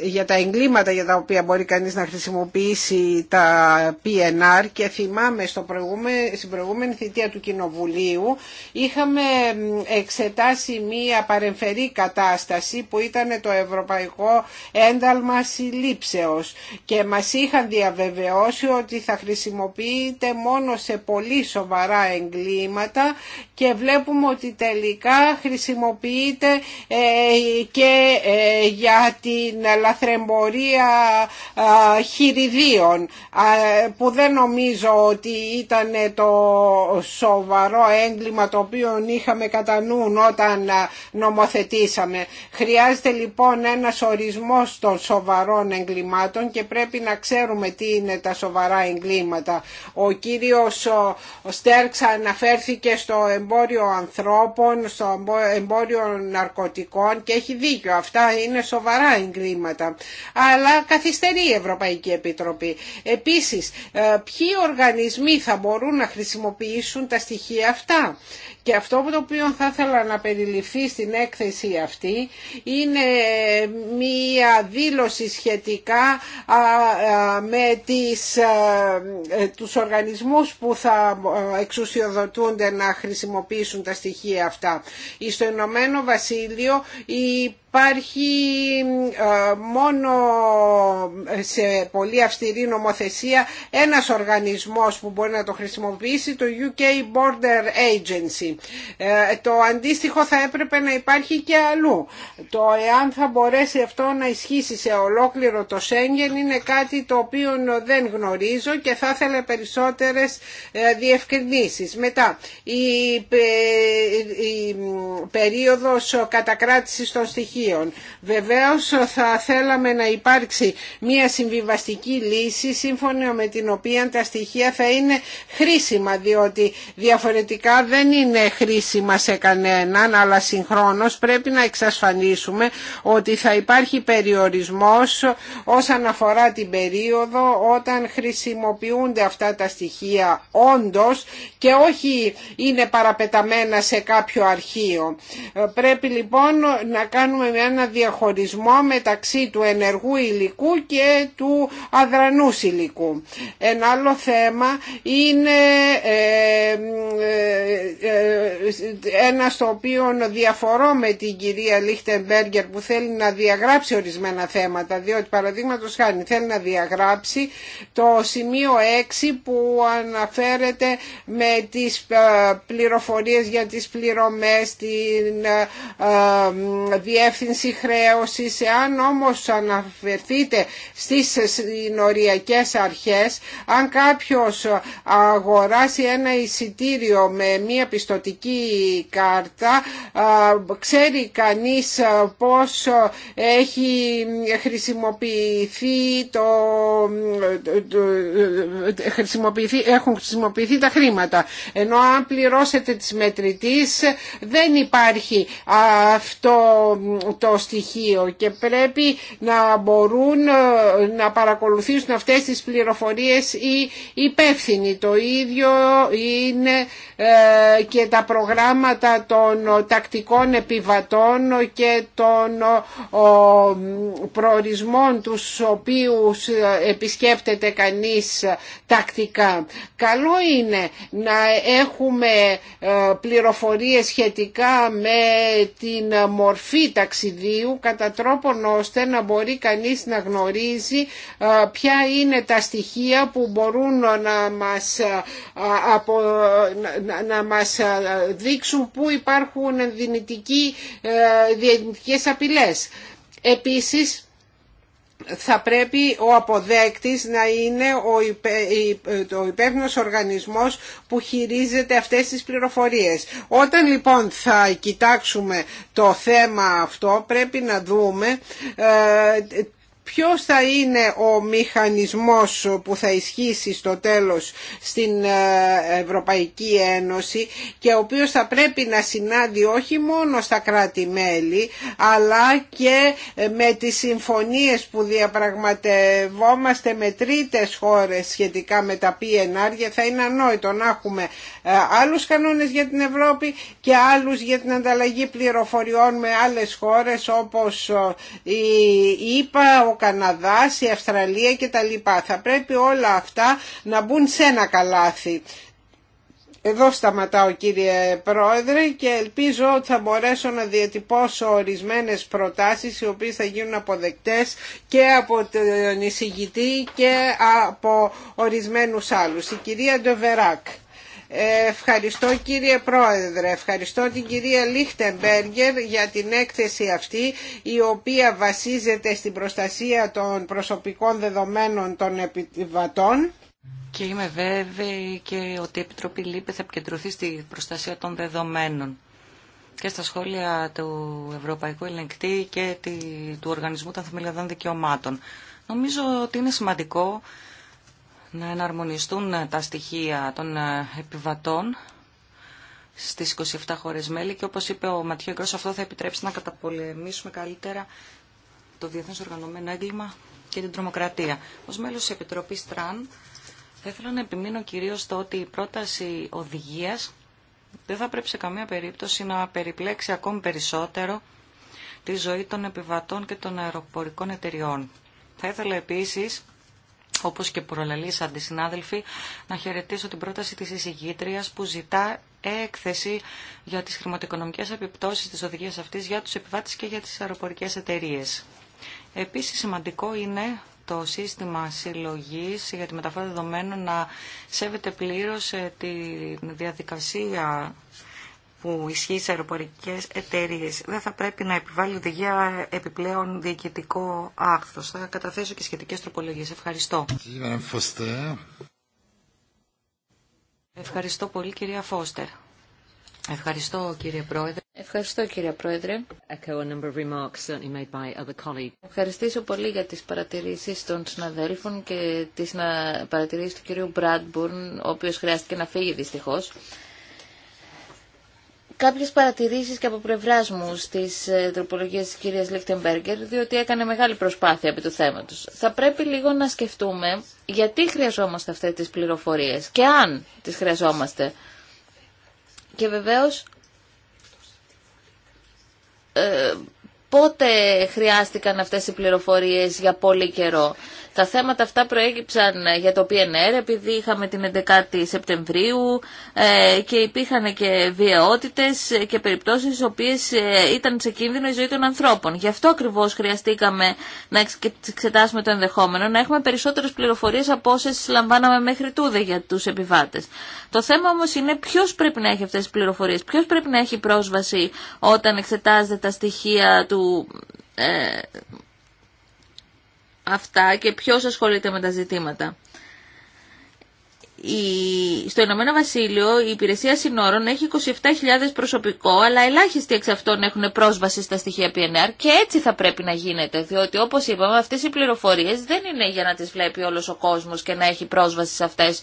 για τα εγκλήματα για τα οποία μπορεί κανείς να χρησιμοποιήσει τα PNR και θυμάμαι στο προηγούμε, στην προηγούμενη θητεία του Κοινοβουλίου είχαμε εξετάσει μία παρεμφερή κατάσταση που ήταν το Ευρωπαϊκό Ένταλμα λήψεως και μας είχαν διαβεβαιώσει ότι θα χρησιμοποιείται μόνο σε πολύ σοβαρά εγκλήματα και βλέπουμε ότι τελικά χρησιμοποιείται ε, και ε, για την λαθρεμπορία χειριδίων που δεν νομίζω ότι ήταν το σοβαρό έγκλημα το οποίο είχαμε κατά νου όταν νομοθετήσαμε. Χρειάζεται λοιπόν ένας ορισμός των σοβαρών σοβαρών εγκλημάτων και πρέπει να ξέρουμε τι είναι τα σοβαρά εγκλήματα. Ο κύριος Στέρξ αναφέρθηκε στο εμπόριο ανθρώπων, στο εμπόριο ναρκωτικών και έχει δίκιο. Αυτά είναι σοβαρά εγκλήματα. Αλλά καθυστερεί η Ευρωπαϊκή Επιτροπή. Επίσης, ε, ποιοι οργανισμοί θα μπορούν να χρησιμοποιήσουν τα στοιχεία αυτά. Και αυτό που το θα ήθελα να περιληφθεί στην έκθεση αυτή είναι ε, μία δήλωση σχετικά με τις, ε, τους οργανισμούς που θα ε, εξουσιοδοτούνται να χρησιμοποιήσουν τα στοιχεία αυτά. Στο Ηνωμένο Βασίλειο η υπάρχει μόνο σε πολύ αυστηρή νομοθεσία ένας οργανισμός που μπορεί να το χρησιμοποιήσει, το UK Border Agency. Το αντίστοιχο θα έπρεπε να υπάρχει και αλλού. Το εάν θα μπορέσει αυτό να ισχύσει σε ολόκληρο το Σέγγεν είναι κάτι το οποίο δεν γνωρίζω και θα ήθελα περισσότερες διευκρινήσεις. Μετά, η περίοδος κατακράτησης των στοιχείων Βεβαίω Βεβαίως θα θέλαμε να υπάρξει μια συμβιβαστική λύση σύμφωνα με την οποία τα στοιχεία θα είναι χρήσιμα διότι διαφορετικά δεν είναι χρήσιμα σε κανέναν αλλά συγχρόνως πρέπει να εξασφανίσουμε ότι θα υπάρχει περιορισμός όσον αφορά την περίοδο όταν χρησιμοποιούνται αυτά τα στοιχεία όντως και όχι είναι παραπεταμένα σε κάποιο αρχείο. Πρέπει λοιπόν να κάνουμε ένα διαχωρισμό μεταξύ του ενεργού υλικού και του αδρανούς υλικού. Ένα άλλο θέμα είναι ε, ε, ε, ένα στο οποίο διαφορώ με την κυρία Λίχτεμπέργκερ που θέλει να διαγράψει ορισμένα θέματα διότι παραδείγματο χάρη θέλει να διαγράψει το σημείο 6 που αναφέρεται με τις πληροφορίες για τις πληρωμές, την διεύθυνση διεύθυνση χρέωσης. Εάν όμως αναφερθείτε στις συνοριακές αρχές, αν κάποιος αγοράσει ένα εισιτήριο με μία πιστοτική κάρτα, ξέρει κανείς πώς έχει χρησιμοποιηθεί το, χρησιμοποιηθεί, έχουν χρησιμοποιηθεί τα χρήματα. Ενώ αν πληρώσετε τις μετρητής δεν υπάρχει αυτό το στοιχείο και πρέπει να μπορούν ε, να παρακολουθήσουν αυτές τις πληροφορίες οι υπεύθυνοι. Το ίδιο είναι ε, και τα προγράμματα των τακτικών επιβατών και των προορισμών τους οποίους ε, επισκέπτεται κανείς τακτικά. Καλό είναι να έχουμε πληροφορίες σχετικά με την μορφή ταξιδιού κατά τρόπον ώστε να μπορεί κανείς να γνωρίζει ποια είναι τα στοιχεία που μπορούν να μας, να μας δείξουν που υπάρχουν δυνητικοί, ε, δυνητικές απειλές. Επίσης, θα πρέπει ο αποδέκτης να είναι ο, υπε, οργανισμός που χειρίζεται αυτές τις πληροφορίες. Όταν λοιπόν θα κοιτάξουμε το θέμα αυτό πρέπει να δούμε ε, ποιος θα είναι ο μηχανισμός που θα ισχύσει στο τέλος στην ε, Ευρωπαϊκή Ένωση και ο οποίος θα πρέπει να συνάδει όχι μόνο στα κράτη-μέλη αλλά και ε, με τις συμφωνίες που διαπραγματευόμαστε με τρίτες χώρες σχετικά με τα PNR γιατί θα είναι ανόητο να έχουμε ε, άλλους κανόνες για την Ευρώπη και άλλους για την ανταλλαγή πληροφοριών με άλλες χώρες όπως η Καναδάς, η Αυστραλία και τα λοιπά. Θα πρέπει όλα αυτά να μπουν σε ένα καλάθι. Εδώ σταματάω κύριε Πρόεδρε και ελπίζω ότι θα μπορέσω να διατυπώσω ορισμένες προτάσεις οι οποίες θα γίνουν αποδεκτές και από τον εισηγητή και από ορισμένους άλλους. Η κυρία Ντεβεράκ. Ευχαριστώ κύριε Πρόεδρε, ευχαριστώ την κυρία Λίχτεμπέργκερ για την έκθεση αυτή η οποία βασίζεται στην προστασία των προσωπικών δεδομένων των επιβατών. Και είμαι βέβαιη και ότι η Επιτροπή Λύπε θα επικεντρωθεί στη προστασία των δεδομένων και στα σχόλια του Ευρωπαϊκού Ελεγκτή και του Οργανισμού των Θεμελιωδών Δικαιωμάτων. Νομίζω ότι είναι σημαντικό να εναρμονιστούν τα στοιχεία των ε, επιβατών στις 27 χώρες μέλη και όπως είπε ο Ματιό Γκρό, αυτό θα επιτρέψει να καταπολεμήσουμε καλύτερα το διεθνές οργανωμένο έγκλημα και την τρομοκρατία. Ως μέλος της Επιτροπής Τραν θα ήθελα να επιμείνω κυρίως στο ότι η πρόταση οδηγίας δεν θα πρέπει σε καμία περίπτωση να περιπλέξει ακόμη περισσότερο τη ζωή των επιβατών και των αεροπορικών εταιριών. Θα ήθελα επίσης όπως και προλαλήσαντε συνάδελφοι, να χαιρετήσω την πρόταση της εισηγήτριας που ζητά έκθεση για τις χρηματοοικονομικές επιπτώσεις της οδηγίας αυτής για τους επιβάτες και για τις αεροπορικές εταιρείες. Επίσης σημαντικό είναι το σύστημα συλλογής για τη μεταφορά δεδομένων να σέβεται πλήρως ε, τη διαδικασία που ισχύει σε αεροπορικέ εταιρείε. Δεν θα πρέπει να επιβάλλει οδηγία επιπλέον διοικητικό άκθο. Θα καταθέσω και σχετικέ τροπολογίες. Ευχαριστώ. Ευχαριστώ πολύ κυρία Φώστερ. Ευχαριστώ κύριε Πρόεδρε. Ευχαριστώ κύριε Πρόεδρε. Ευχαριστήσω πολύ για τις παρατηρήσεις των συναδέλφων και τις παρατηρήσεις του κυρίου Μπράντμπουρν, ο οποίος χρειάστηκε να φύγει δυστυχώς. Κάποιε παρατηρήσεις και από πλευρά μου στις ε, τροπολογίε τη κυρίας Λίχτεμπέργκερ, διότι έκανε μεγάλη προσπάθεια επί του τους. Θα πρέπει λίγο να σκεφτούμε γιατί χρειαζόμαστε αυτές τις πληροφορίες και αν τις χρειαζόμαστε. Και βεβαίως ε, πότε χρειάστηκαν αυτές οι πληροφορίες για πολύ καιρό. Τα θέματα αυτά προέκυψαν ε, για το PNR επειδή είχαμε την 11η Σεπτεμβρίου ε, και υπήρχαν και βιαιότητες και περιπτώσεις στις οποίες ε, ήταν σε κίνδυνο η σεπτεμβριου και υπηρχαν και βιαιοτητες και περιπτωσεις οι οποιες ηταν σε κινδυνο η ζωη των ανθρώπων. Γι' αυτό ακριβώς χρειαστήκαμε να εξετάσουμε το ενδεχόμενο, να έχουμε περισσότερες πληροφορίες από όσες λαμβάναμε μέχρι τούδε για τους επιβάτες. Το θέμα όμως είναι ποιος πρέπει να έχει αυτές τις πληροφορίες, ποιος πρέπει να έχει πρόσβαση όταν εξετάζεται τα στοιχεία του ε, αυτά και ποιος ασχολείται με τα ζητήματα. Η... Στο Ηνωμένο Βασίλειο η υπηρεσία συνόρων έχει 27.000 προσωπικό, αλλά ελάχιστοι εξ αυτών έχουν πρόσβαση στα στοιχεία PNR και έτσι θα πρέπει να γίνεται, διότι όπως είπαμε αυτές οι πληροφορίες δεν είναι για να τις βλέπει όλος ο κόσμος και να έχει πρόσβαση σε αυτές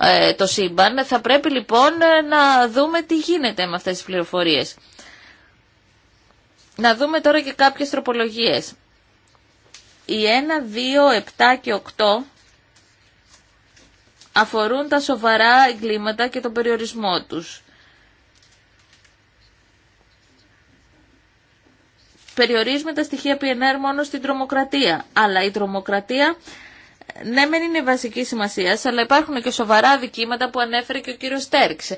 ε, το σύμπαν. Θα πρέπει λοιπόν ε, να δούμε τι γίνεται με αυτές τις πληροφορίες. Να δούμε τώρα και κάποιες τροπολογίες. Οι 1, 2, 7 και 8 αφορούν τα σοβαρά εγκλήματα και τον περιορισμό τους. Περιορίζουμε τα στοιχεία PNR μόνο στην τρομοκρατία. Αλλά η τρομοκρατία, ναι μεν είναι βασική σημασία, αλλά υπάρχουν και σοβαρά δικήματα που ανέφερε και ο κύριος Στέρξ.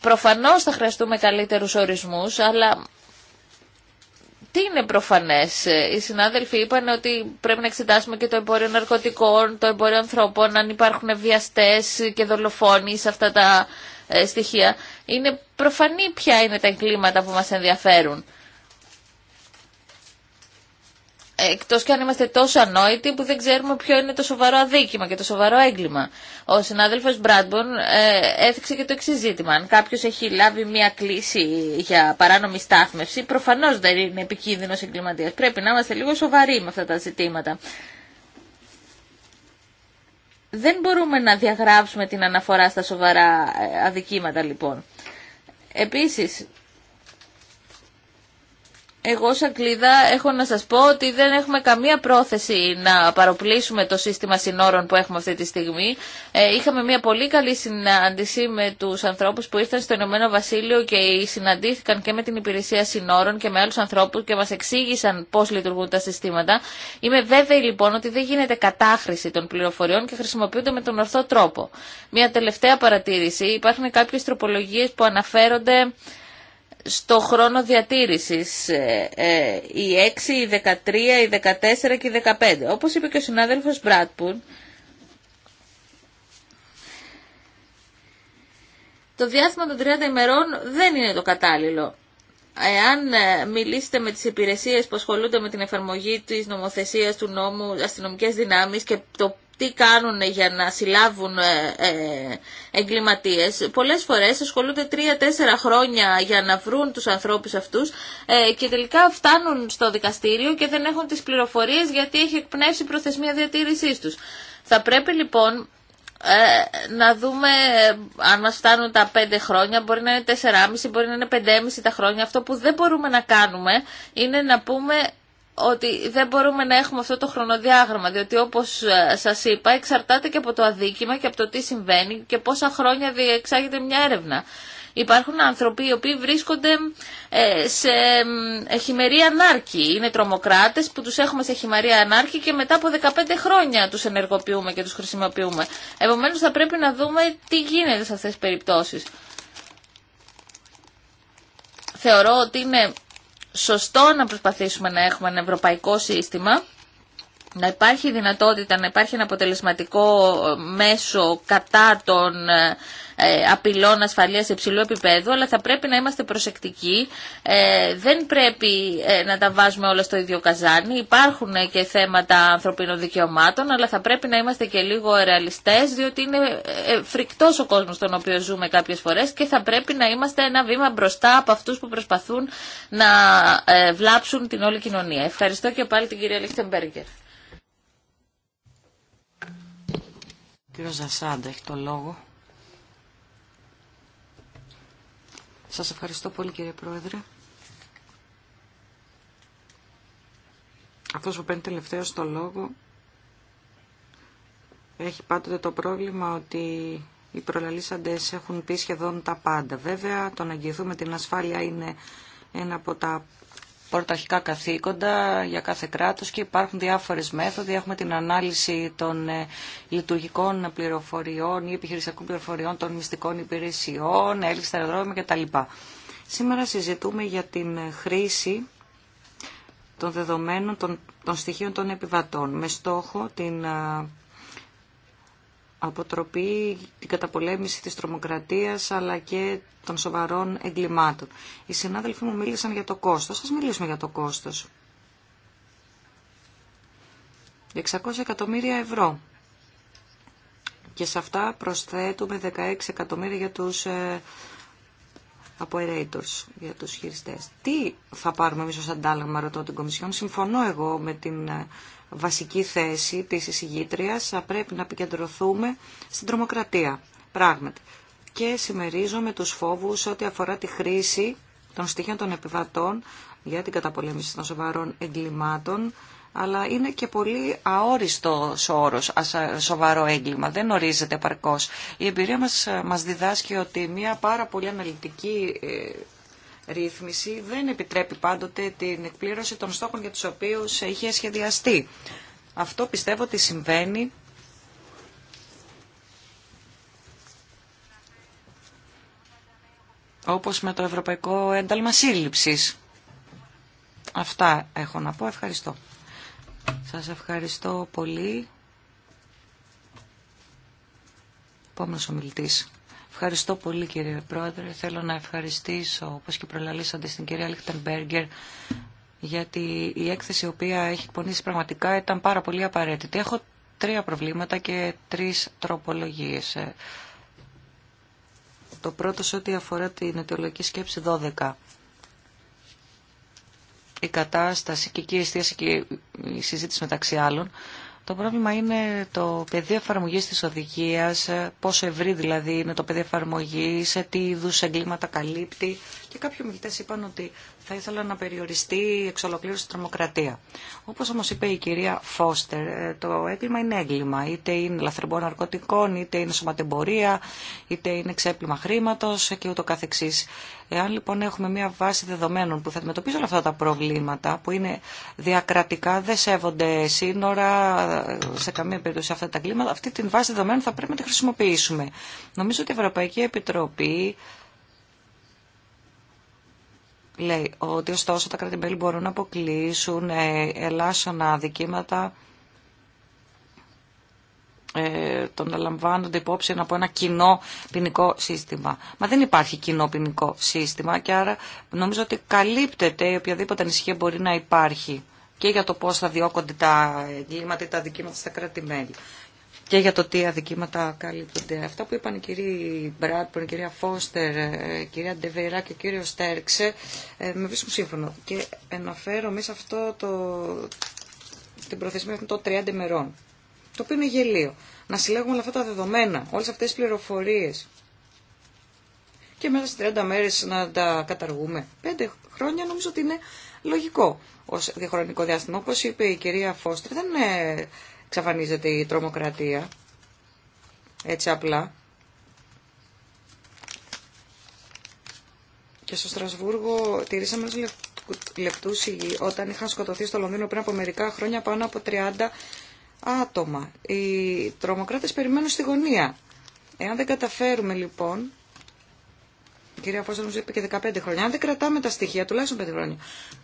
Προφανώς θα χρειαστούμε καλύτερους ορισμούς, αλλά τι είναι προφανές. Ε, οι συνάδελφοι είπαν ότι πρέπει να εξετάσουμε και το εμπόριο ναρκωτικών, το εμπόριο ανθρώπων, αν υπάρχουν βιαστέ και δολοφόνοι σε αυτά τα ε, στοιχεία. Είναι προφανή ποια είναι τα εγκλήματα που μας ενδιαφέρουν εκτός και αν είμαστε τόσο ανόητοι που δεν ξέρουμε ποιο είναι το σοβαρό αδίκημα και το σοβαρό έγκλημα. Ο συνάδελφος Μπράντμπον ε, έθιξε και το εξή ζήτημα. Αν κάποιος έχει λάβει μία κλίση για παράνομη στάθμευση, προφανώς δεν είναι επικίνδυνο εγκληματίας. Πρέπει να είμαστε λίγο σοβαροί με αυτά τα ζητήματα. Δεν μπορούμε να διαγράψουμε την αναφορά στα σοβαρά ε, αδικήματα λοιπόν. Επίσης, εγώ ως κλίδα έχω να σας πω ότι δεν έχουμε καμία πρόθεση να παροπλήσουμε το σύστημα συνόρων που έχουμε αυτή τη στιγμή. Ε, είχαμε μια πολύ καλή συνάντηση με τους ανθρώπους που ήρθαν στο Ηνωμένο Βασίλειο και συναντήθηκαν και με την υπηρεσία συνόρων και με άλλους ανθρώπους και μας εξήγησαν πώς λειτουργούν τα συστήματα. Είμαι βέβαιη λοιπόν ότι δεν γίνεται κατάχρηση των πληροφοριών και χρησιμοποιούνται με τον ορθό τρόπο. Μια τελευταία παρατήρηση. Υπάρχουν κάποιες τροπολογίες που αναφέρονται στο χρόνο διατήρησης ε, ε, οι 6, οι 13, οι 14 και οι 15. Όπως είπε και ο συνάδελφος Μπράτπουν, το διάστημα των 30 ημερών δεν είναι το κατάλληλο. Εάν ε, μιλήσετε με τις υπηρεσίες που ασχολούνται με την εφαρμογή της νομοθεσίας του νόμου αστυνομικές δυνάμεις και το τι κάνουν για να συλλάβουν ε, ε, εγκληματίες. Πολλές φορές ασχολούνται τρία-τέσσερα χρόνια για να βρουν τους ανθρώπους αυτούς ε, και τελικά φτάνουν στο δικαστήριο και δεν έχουν τις πληροφορίες γιατί έχει εκπνεύσει προθεσμία διατήρησής τους. Θα πρέπει λοιπόν να δούμε αν μας φτάνουν τα πέντε χρόνια, μπορεί να είναι 4,5, μπορεί να είναι 5,5 τα χρόνια. Αυτό που δεν μπορούμε να κάνουμε είναι να πούμε ότι δεν μπορούμε να έχουμε αυτό το χρονοδιάγραμμα, διότι όπως ε, σας είπα εξαρτάται και από το αδίκημα και από το τι συμβαίνει και πόσα χρόνια διεξάγεται μια έρευνα. Υπάρχουν άνθρωποι οι οποίοι βρίσκονται ε, σε ε, χειμερή ανάρκη. Είναι τρομοκράτες που τους έχουμε σε χειμερή ανάρκη και μετά από 15 χρόνια τους ενεργοποιούμε και τους χρησιμοποιούμε. Επομένως θα πρέπει να δούμε τι γίνεται σε αυτές τις περιπτώσεις. Θεωρώ ότι είναι σωστό να προσπαθήσουμε να έχουμε ένα ευρωπαϊκό σύστημα να υπάρχει δυνατότητα, να υπάρχει ένα αποτελεσματικό ε, μέσο κατά των ε, ε, απειλών ασφαλείας σε υψηλό επίπεδο, αλλά θα πρέπει να είμαστε προσεκτικοί. Δεν πρέπει να τα βάζουμε όλα στο ίδιο καζάνι. Υπάρχουν και θέματα ανθρωπίνων δικαιωμάτων, αλλά θα πρέπει να είμαστε και λίγο ρεαλιστές, διότι είναι φρικτός ο κόσμος στον οποίο ζούμε κάποιες φορές και θα πρέπει να είμαστε ένα βήμα μπροστά από αυτούς που προσπαθούν να βλάψουν την όλη κοινωνία. Ευχαριστώ και πάλι την κυρία Λίχτεμπέργκερ. Κύριος Ζασάντα έχει το λόγο. Σας ευχαριστώ πολύ κύριε Πρόεδρε. Αυτός που παίρνει τελευταίο το λόγο έχει πάντοτε το πρόβλημα ότι οι προλαλήσαντες έχουν πει σχεδόν τα πάντα. Βέβαια, το να αγγιθούμε την ασφάλεια είναι ένα από τα πρωταρχικά καθήκοντα για κάθε κράτος και υπάρχουν διάφορες μέθοδοι. Έχουμε την ανάλυση των ε, λειτουργικών πληροφοριών ή επιχειρησιακών πληροφοριών των μυστικών υπηρεσιών, έλλειψη στα αεροδρόμια κτλ. Σήμερα συζητούμε για την χρήση των δεδομένων των στοιχείων των επιβατών με στόχο την αποτροπή, την καταπολέμηση της τρομοκρατίας αλλά και των σοβαρών εγκλημάτων. Οι συνάδελφοί μου μίλησαν για το κόστος. Σας μιλήσουμε για το κόστος. 600 εκατομμύρια ευρώ. Και σε αυτά προσθέτουμε 16 εκατομμύρια για τους ε, operators, για τους χειριστές. Τι θα πάρουμε εμείς ως αντάλλαγμα, ρωτώ την Κομισιόν. Συμφωνώ εγώ με την ε, βασική θέση της εισηγήτριας θα πρέπει να επικεντρωθούμε στην τρομοκρατία. Πράγματι. Και συμμερίζομαι τους φόβους ό,τι αφορά τη χρήση των στοιχείων των επιβατών για την καταπολέμηση των σοβαρών εγκλημάτων, αλλά είναι και πολύ αόριστο όρος σοβαρό έγκλημα. Δεν ορίζεται παρκώς. Η εμπειρία μα ε, μας διδάσκει ότι μια πάρα πολύ αναλυτική ε, ρύθμιση δεν επιτρέπει πάντοτε την εκπλήρωση των στόχων για τους οποίους είχε σχεδιαστεί. Αυτό πιστεύω ότι συμβαίνει όπως με το Ευρωπαϊκό Ένταλμα Σύλληψης. Αυτά έχω να πω. Ευχαριστώ. Σας ευχαριστώ πολύ. Επόμενος ομιλητής. Ευχαριστώ πολύ κύριε Πρόεδρε. Θέλω να ευχαριστήσω, όπως και προλαλήσατε στην κυρία Λιχτενμπέργκερ, γιατί η έκθεση η οποία έχει εκπονήσει πραγματικά ήταν πάρα πολύ απαραίτητη. Έχω τρία προβλήματα και τρεις τροπολογίες. Ε, το πρώτο σε ό,τι αφορά την αιτιολογική σκέψη 12. Η κατάσταση και εκεί και η συζήτηση μεταξύ άλλων το πρόβλημα είναι το πεδίο εφαρμογή τη οδηγία, πόσο ευρύ δηλαδή είναι το πεδίο εφαρμογή, σε τι είδου εγκλήματα καλύπτει. Και κάποιοι ομιλητέ είπαν ότι θα ήθελαν να περιοριστεί η εξολοκλήρωση τρομοκρατία. Όπω όμω είπε η κυρία Φώστερ, ε, το έγκλημα είναι έγκλημα. Είτε είναι λαθρεμπό ναρκωτικών, είτε είναι σωματεμπορία, είτε είναι ξέπλυμα χρήματο και ούτω καθεξής. Εάν λοιπόν έχουμε μια βάση δεδομένων που θα αντιμετωπίζει όλα αυτά τα προβλήματα που είναι διακρατικά, δεν σέβονται σύνορα ε, σε καμία περίπτωση αυτά τα κλίματα, αυτή την βάση δεδομένων θα πρέπει να τη χρησιμοποιήσουμε. Νομίζω ότι η Ευρωπαϊκή Επιτροπή λέει ότι ωστόσο τα κράτη-μέλη μπορούν να αποκλείσουν ε, ελάσσονα αδικήματα ε, των να λαμβάνονται υπόψη από ένα κοινό ποινικό σύστημα. Μα δεν υπάρχει κοινό ποινικό σύστημα και άρα νομίζω ότι καλύπτεται η οποιαδήποτε ανησυχία μπορεί να υπάρχει και για το πώς θα διώκονται τα εγκλήματα ή τα δικήματα στα κράτη-μέλη και για το τι αδικήματα καλύπτονται. Αυτά που είπαν οι κύριοι Μπράτπορν, η κυρία Φώστερ, ε, η κυρία Ντεβεϊρά και ο κύριο Στέρξε, με βρίσκουν σύμφωνο. Και αναφέρομαι σε αυτό το, την προθεσμία των 30 ημερών. Το οποίο είναι γελίο. Να συλλέγουμε όλα αυτά τα δεδομένα, όλε αυτέ τι πληροφορίε. Και μέσα στι 30 μέρε να τα καταργούμε. Πέντε χρόνια νομίζω ότι είναι λογικό ω διαχρονικό διάστημα. Όπω είπε η κυρία Φώστερ, δεν είναι Ξαφανίζεται η τρομοκρατία. Έτσι απλά. Και στο Στρασβούργο τηρήσαμε τους λεπτούς υγιή όταν είχαν σκοτωθεί στο Λονδίνο πριν από μερικά χρόνια πάνω από 30 άτομα. Οι τρομοκράτες περιμένουν στη γωνία. Εάν δεν καταφέρουμε λοιπόν, η κυρία Φώστα μου είπε και 15 χρόνια, αν δεν κρατάμε τα στοιχεία, τουλάχιστον 5 χρόνια,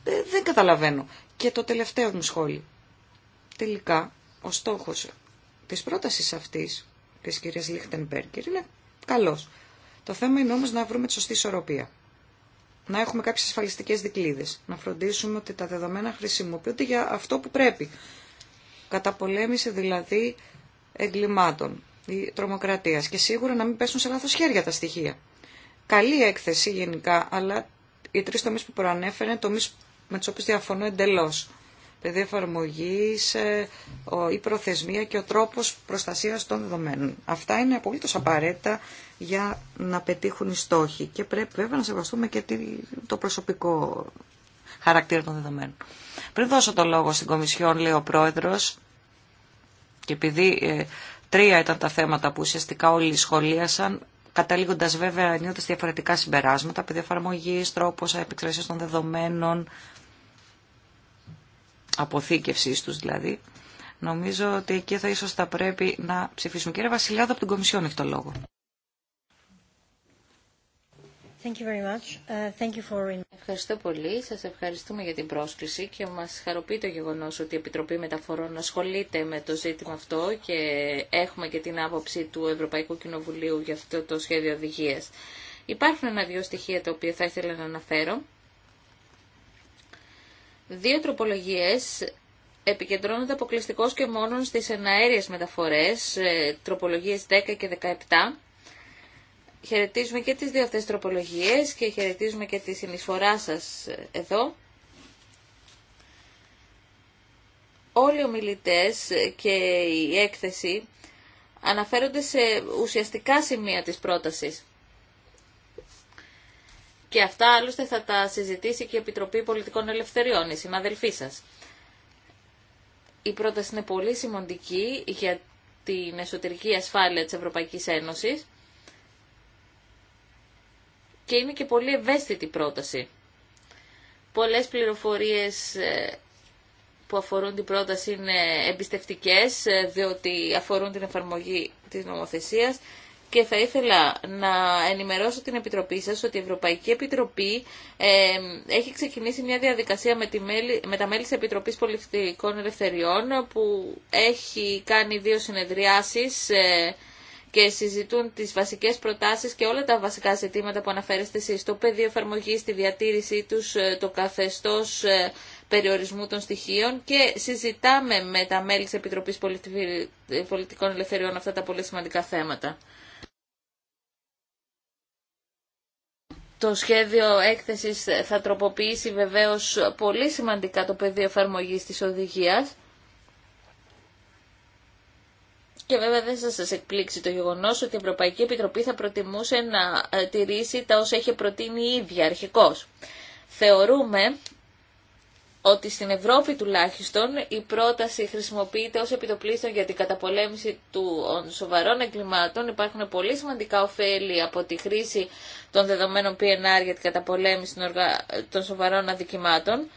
δεν, δεν καταλαβαίνω. Και το τελευταίο μου σχόλιο. Τελικά, ο στόχος της πρότασης αυτής της κυρίας Λίχτενμπέργκερ είναι καλός. Το θέμα είναι όμως να βρούμε τη σωστή ισορροπία. Να έχουμε κάποιες ασφαλιστικές δικλείδες. Να φροντίσουμε ότι τα δεδομένα χρησιμοποιούνται για αυτό που πρέπει. πολέμηση δηλαδή εγκλημάτων ή τρομοκρατίας. Και σίγουρα να μην πέσουν σε λάθος χέρια τα στοιχεία. Καλή έκθεση γενικά, αλλά οι τρεις τομείς που προανέφερε είναι τομείς με τους οποίους διαφωνώ εντελώς πεδίο εφαρμογή, ε, η προθεσμία και ο τρόπος προστασίας των δεδομένων. Αυτά είναι απολύτως απαραίτητα για να πετύχουν οι στόχοι και πρέπει βέβαια να σεβαστούμε και το προσωπικό χαρακτήρα των δεδομένων. Πριν δώσω το λόγο στην Κομισιόν, λέει ο Πρόεδρος, και επειδή ε, τρία ήταν τα θέματα που ουσιαστικά όλοι σχολίασαν, καταλήγοντα, βέβαια ενίοτε διαφορετικά συμπεράσματα, επειδή τρόπο επεξεργασία των δεδομένων, αποθήκευσής τους δηλαδή. Νομίζω ότι εκεί θα ίσως θα πρέπει να ψηφίσουμε. Κύριε Βασιλιάδο από την Κομισιόν έχει το λόγο. Thank you very much. Uh, thank you for... Ευχαριστώ πολύ. Σα ευχαριστούμε για την πρόσκληση και μα χαροποιεί το γεγονό ότι η Επιτροπή Μεταφορών ασχολείται με το ζήτημα αυτό και έχουμε και την άποψη του Ευρωπαϊκού Κοινοβουλίου για αυτό το σχεδιο οδηγία. οδηγίας. Υπάρχουν ένα-δυο στοιχεία τα οποία θα ήθελα να αναφέρω. Δύο τροπολογίες επικεντρώνονται αποκλειστικώς και μόνο στις εναέριες μεταφορές, ε, τροπολογίες 10 και 17. Χαιρετίζουμε και τις δύο αυτές τροπολογίες και χαιρετίζουμε και τη συνεισφορά σας ε, εδώ. Όλοι οι ομιλητές ε, και η έκθεση αναφέρονται σε ουσιαστικά σημεία της πρότασης. Και αυτά άλλωστε θα τα συζητήσει και η Επιτροπή Πολιτικών Ελευθεριών, η συναδελφοί σας. Η πρόταση είναι πολύ σημαντική για την εσωτερική ασφάλεια της Ευρωπαϊκής Ένωσης και είναι και πολύ ευαίσθητη πρόταση. Πολλές πληροφορίες ε, που αφορούν την πρόταση είναι εμπιστευτικές, ε, διότι αφορούν την εφαρμογή της νομοθεσίας και θα ήθελα να ενημερώσω την Επιτροπή σας ότι η Ευρωπαϊκή Επιτροπή ε, έχει ξεκινήσει μια διαδικασία με, τη μέλη, τα μέλη της Επιτροπής Πολιτικών Ελευθεριών που έχει κάνει δύο συνεδριάσεις ε, και συζητούν τις βασικές προτάσεις και όλα τα βασικά ζητήματα που αναφέρεστε εσείς, το πεδίο εφαρμογή, τη διατήρησή τους, ε, το καθεστώς ε, περιορισμού των στοιχείων και συζητάμε με τα μέλη της Επιτροπής Πολιτικών Ελευθεριών αυτά τα πολύ σημαντικά θέματα. Το σχέδιο έκθεσης θα τροποποιήσει βεβαίως πολύ σημαντικά το πεδίο εφαρμογής της οδηγίας. Και βέβαια δεν θα σας εκπλήξει το γεγονός ότι η Ευρωπαϊκή Επιτροπή θα προτιμούσε να ε, τηρήσει τα όσα είχε προτείνει η ίδια αρχικώς. Θεωρούμε ότι στην Ευρώπη τουλάχιστον η πρόταση χρησιμοποιείται ως επιτοπλίστων για την καταπολέμηση των σοβαρών εγκλημάτων. Υπάρχουν πολύ σημαντικά ωφέλη από τη χρήση των δεδομένων PNR για την καταπολέμηση των σοβαρών αδικημάτων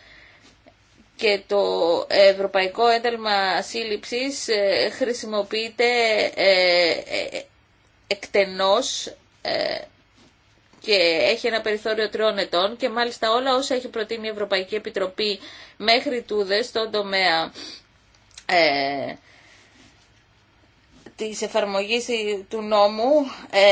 και το Ευρωπαϊκό Ένταλμα Σύλληψης ε, χρησιμοποιείται ε, ε, εκτενώς και έχει ένα περιθώριο τριών ετών και μάλιστα όλα όσα έχει προτείνει η Ευρωπαϊκή Επιτροπή μέχρι τούδε στον τομέα ε, της εφαρμογής του νόμου ε,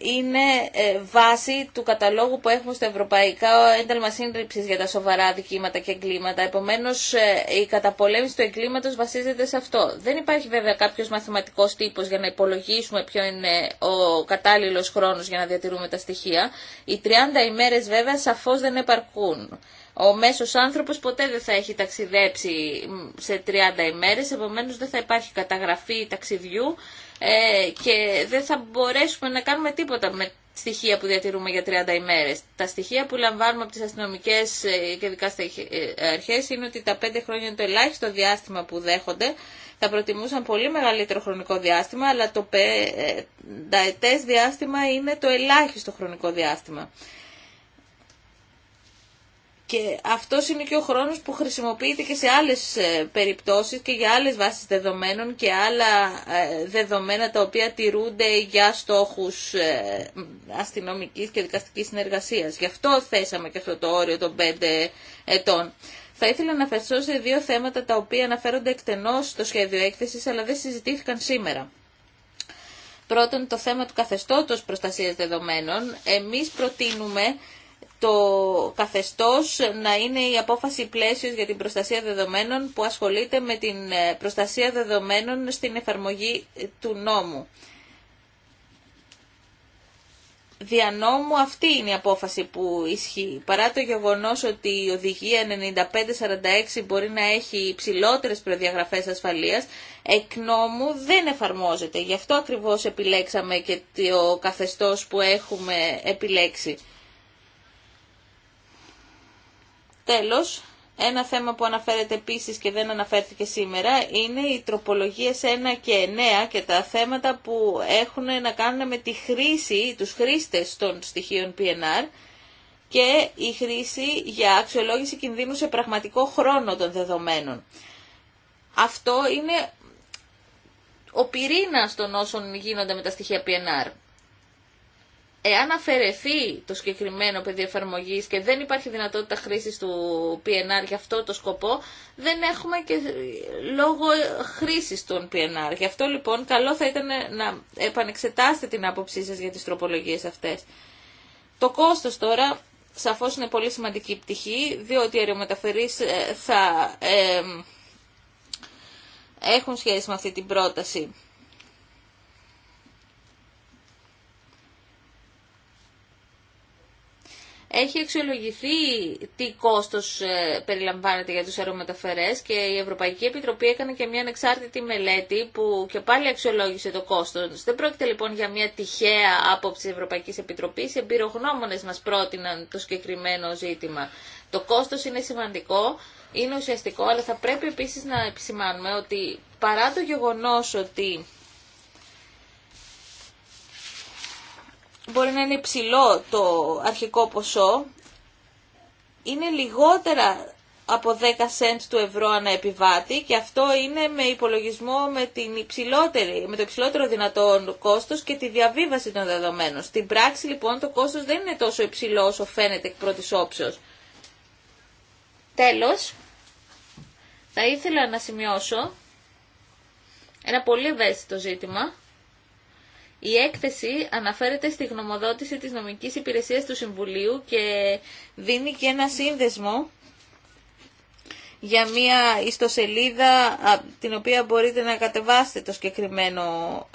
είναι ε, βάση του καταλόγου που έχουμε στο Ευρωπαϊκό Ένταλμα Σύντριψης για τα σοβαρά δικήματα και εγκλήματα. Επομένως, ε, η καταπολέμηση του εγκλήματος βασίζεται σε αυτό. Δεν υπάρχει βέβαια κάποιος μαθηματικός τύπος για να υπολογίσουμε ποιο είναι ο κατάλληλος χρόνος για να διατηρούμε τα στοιχεία. Οι 30 ημέρες βέβαια σαφώς δεν επαρκούν. Ο μέσος άνθρωπος ποτέ δεν θα έχει ταξιδέψει σε 30 ημέρες, επομένως δεν θα υπάρχει καταγραφή ταξιδιού ε, και δεν θα μπορέσουμε να κάνουμε τίποτα με στοιχεία που διατηρούμε για 30 ημέρες. Τα στοιχεία που λαμβάνουμε από τις αστυνομικές ε, και δικά ε, αρχές είναι ότι τα 5 χρόνια είναι το ελάχιστο διάστημα που δέχονται. Θα προτιμούσαν πολύ μεγαλύτερο χρονικό διάστημα, αλλά το πενταετές διάστημα είναι το ελάχιστο χρονικό διάστημα. Και αυτό είναι και ο χρόνος που χρησιμοποιείται και σε άλλες ε, περιπτώσεις και για άλλε βάσεις δεδομένων και άλλα ε, δεδομένα τα οποία τηρούνται για στόχους ε, αστυνομική και δικαστική συνεργασίας. Γι' αυτό θέσαμε και αυτό το όριο των 5 ετών. Θα ήθελα να αφαιρθώ σε δύο θέματα τα οποία αναφέρονται εκτενώς στο σχέδιο έκθεση, αλλά δεν συζητήθηκαν σήμερα. Πρώτον, το θέμα του καθεστώτος προστασίας δεδομένων. Εμείς προτείνουμε το καθεστώς να είναι η απόφαση πλαίσιος για την προστασία δεδομένων που ασχολείται με την ε, προστασία δεδομένων στην εφαρμογή ε, του νόμου. Δια νόμου αυτή είναι η απόφαση που ισχύει. Παρά το γεγονός ότι η οδηγία 9546 μπορεί να έχει υψηλότερε προδιαγραφές ασφαλείας, εκ νόμου δεν εφαρμόζεται. Γι' αυτό ακριβώς επιλέξαμε και το καθεστώς που έχουμε επιλέξει. Τέλος, ένα θέμα που αναφέρεται επίσης και δεν αναφέρθηκε σήμερα είναι οι τροπολογίες 1 και 9 και τα θέματα που έχουν να κάνουν με τη χρήση, τους χρήστες των στοιχείων PNR και η χρήση για αξιολόγηση κινδύνου σε πραγματικό χρόνο των δεδομένων. Αυτό είναι ο πυρήνας των όσων γίνονται με τα στοιχεία PNR. Εάν αφαιρεθεί το συγκεκριμένο πεδίο εφαρμογή και δεν υπάρχει δυνατότητα χρήσης του PNR για αυτό το σκοπό, δεν έχουμε και λόγο χρήσης των PNR. Γι' αυτό λοιπόν καλό θα ήταν να επανεξετάσετε την άποψή σα για τις τροπολογίες αυτές. Το κόστος τώρα σαφώ είναι πολύ σημαντική πτυχή, διότι οι αερομεταφερεί ε, θα ε, έχουν σχέση με αυτή την πρόταση. έχει αξιολογηθεί τι κόστος ε, περιλαμβάνεται για τους αερομεταφερές και η Ευρωπαϊκή Επιτροπή έκανε και μια ανεξάρτητη μελέτη που και πάλι αξιολόγησε το κόστος. Δεν πρόκειται λοιπόν για μια τυχαία άποψη της Ευρωπαϊκής Επιτροπής. Οι εμπειρογνώμονες μας πρότειναν το συγκεκριμένο ζήτημα. Το κόστος είναι σημαντικό, είναι ουσιαστικό, αλλά θα πρέπει επίσης να επισημάνουμε ότι παρά το γεγονός ότι μπορεί να είναι υψηλό το αρχικό ποσό, είναι λιγότερα από 10 cents του ευρώ ανά επιβάτη και αυτό είναι με υπολογισμό με, την με το υψηλότερο δυνατό κόστος και τη διαβίβαση των δεδομένων. Στην πράξη λοιπόν το κόστος δεν είναι τόσο υψηλό όσο φαίνεται εκ πρώτης όψεως. Τέλος, θα ήθελα να σημειώσω ένα πολύ ευαίσθητο ζήτημα η έκθεση αναφέρεται στη γνωμοδότηση της νομικής υπηρεσίας του Συμβουλίου και δίνει και ένα σύνδεσμο για μια ιστοσελίδα την οποία μπορείτε να κατεβάσετε το συγκεκριμένο,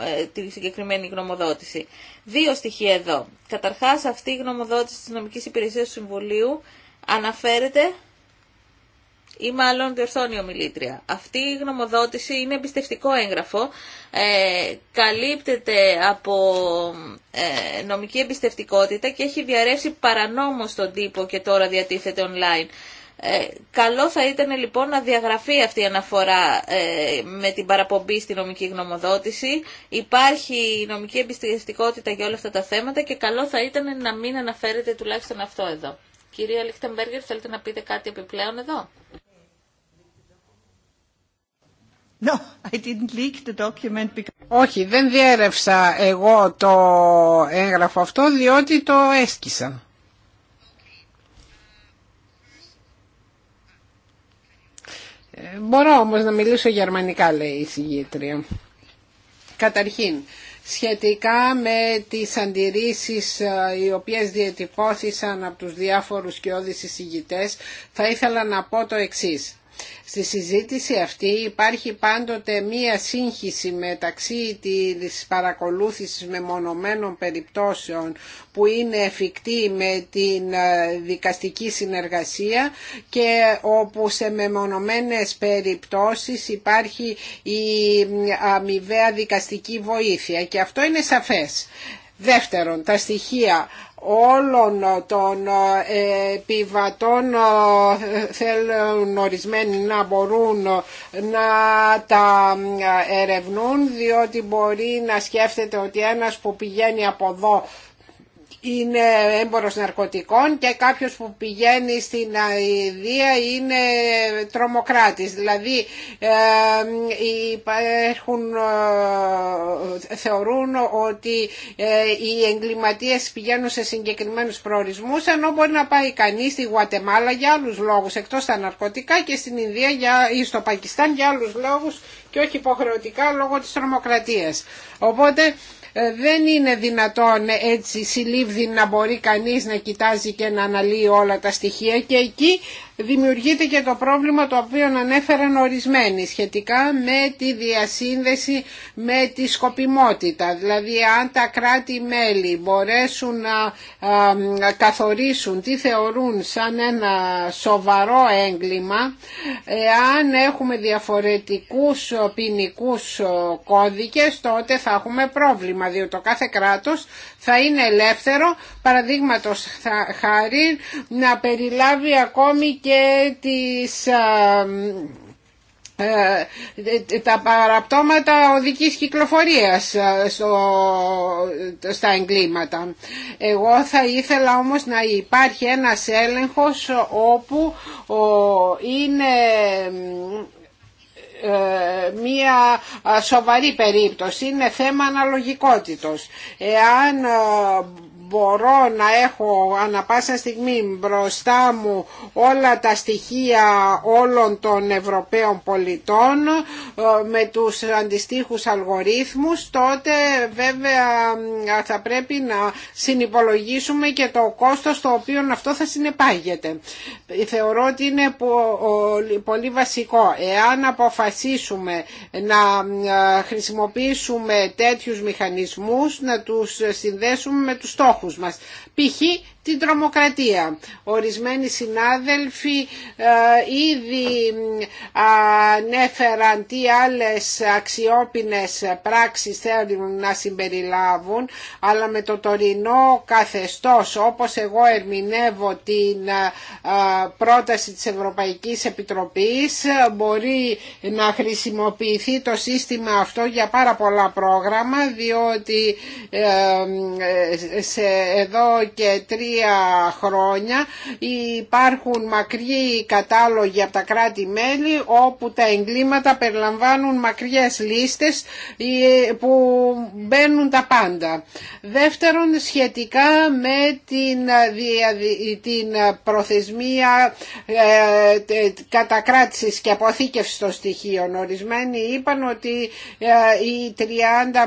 ε, τη συγκεκριμένη γνωμοδότηση. Δύο στοιχεία εδώ. Καταρχάς αυτή η γνωμοδότηση της νομικής υπηρεσίας του Συμβουλίου αναφέρεται ή μάλλον διορθώνει ομιλήτρια. Αυτή η γνωμοδότηση είναι εμπιστευτικό έγγραφο, ε, καλύπτεται από ε, νομική εμπιστευτικότητα και έχει διαρρεύσει παρανομω στον τύπο και τώρα διατίθεται online. Ε, καλό θα ήταν λοιπόν να διαγραφεί αυτή η αναφορά ε, με την παραπομπή στη νομική γνωμοδότηση. Υπάρχει νομική εμπιστευτικότητα για όλα αυτά τα θέματα και καλό θα ήταν να μην αναφέρεται τουλάχιστον αυτό εδώ. Κυρία Λίχτεμπεργκερ, θέλετε να πείτε κάτι επιπλέον εδώ. Όχι, δεν διέρευσα εγώ το έγγραφο αυτό διότι το έσκησα. Ε, μπορώ όμως να μιλήσω γερμανικά, λέει η συγγήτρια. Καταρχήν, σχετικά με τις αντιρρήσεις ε, οι οποίες διατυπώθησαν από τους διάφορους και όδης θα ήθελα να πω το εξής. Στη συζήτηση αυτή υπάρχει πάντοτε μία σύγχυση μεταξύ της παρακολούθησης μεμονωμένων περιπτώσεων που είναι εφικτή με την ε, δικαστική συνεργασία και όπου σε μεμονωμένες περιπτώσεις υπάρχει η αμοιβαία δικαστική βοήθεια και αυτό είναι σαφές. Δεύτερον, τα στοιχεία όλων των ε, επιβατών ε, θέλουν ορισμένοι να μπορούν να τα ερευνούν διότι μπορεί να σκέφτεται ότι ένας που πηγαίνει από εδώ είναι έμπορος ναρκωτικών και κάποιος που πηγαίνει στην Αιδία είναι τρομοκράτης. Δηλαδή ε, υπάρχουν, ε, θεωρούν ότι ε, οι εγκληματίες πηγαίνουν σε συγκεκριμένους προορισμούς ενώ μπορεί να πάει κανείς στη Γουατεμάλα για άλλους λόγους εκτός τα ναρκωτικά και στην Ινδία ή στο Πακιστάν για άλλους λόγους και όχι υποχρεωτικά λόγω της τρομοκρατίας. Οπότε ε, δεν είναι δυνατόν έτσι συλλήβδη να μπορεί κανείς να κοιτάζει και να αναλύει όλα τα στοιχεία και εκεί δημιουργείται και το πρόβλημα το οποίο ανέφεραν ορισμένοι σχετικά με τη διασύνδεση με τη σκοπιμότητα. Δηλαδή αν τα κράτη-μέλη μπορέσουν να καθορίσουν τι θεωρούν σαν ένα σοβαρό έγκλημα, αν έχουμε διαφορετικούς ποινικού κώδικες τότε θα έχουμε πρόβλημα διότι το κάθε κράτος θα είναι ελεύθερο, παραδείγματος χάρη, να περιλάβει ακόμη και τις ε, ε, τα παραπτώματα οδικής κυκλοφορίας ε, στο, στα εγκλήματα. Εγώ θα ήθελα όμως να υπάρχει ένας έλεγχος όπου είναι ε, μία σοβαρή περίπτωση, είναι θέμα αναλογικότητος. Εάν μπορώ να έχω ανα πάσα στιγμή μπροστά μου όλα τα στοιχεία όλων των Ευρωπαίων πολιτών ε, με τους αντιστοίχους αλγορίθμους τότε βέβαια ε, θα πρέπει να συνυπολογίσουμε και το κόστος το οποίο αυτό θα συνεπάγεται. Θεωρώ ότι είναι πολύ βασικό. Εάν αποφασίσουμε να ε, χρησιμοποιήσουμε τέτοιους μηχανισμούς να τους συνδέσουμε με τους στόχους στόχους μας. Π.χ την τρομοκρατία. Ορισμένοι συνάδελφοι ε, ήδη ανέφεραν τι άλλες αξιόπινες πράξεις θέλουν να συμπεριλάβουν, αλλά με το τωρινό καθεστώς, όπως εγώ ερμηνεύω την ε, πρόταση της Ευρωπαϊκής Επιτροπής, μπορεί να χρησιμοποιηθεί το σύστημα αυτό για πάρα πολλά πρόγραμμα, διότι ε, σε εδώ και τρία χρόνια υπάρχουν μακροί κατάλογοι από τα κράτη-μέλη όπου τα εγκλήματα περιλαμβάνουν μακριές λίστες ε, που μπαίνουν τα πάντα. Δεύτερον, σχετικά με την, ε, προθεσμία ε, κατακράτησης και αποθήκευσης των στοιχείων. Ορισμένοι είπαν ότι οι 30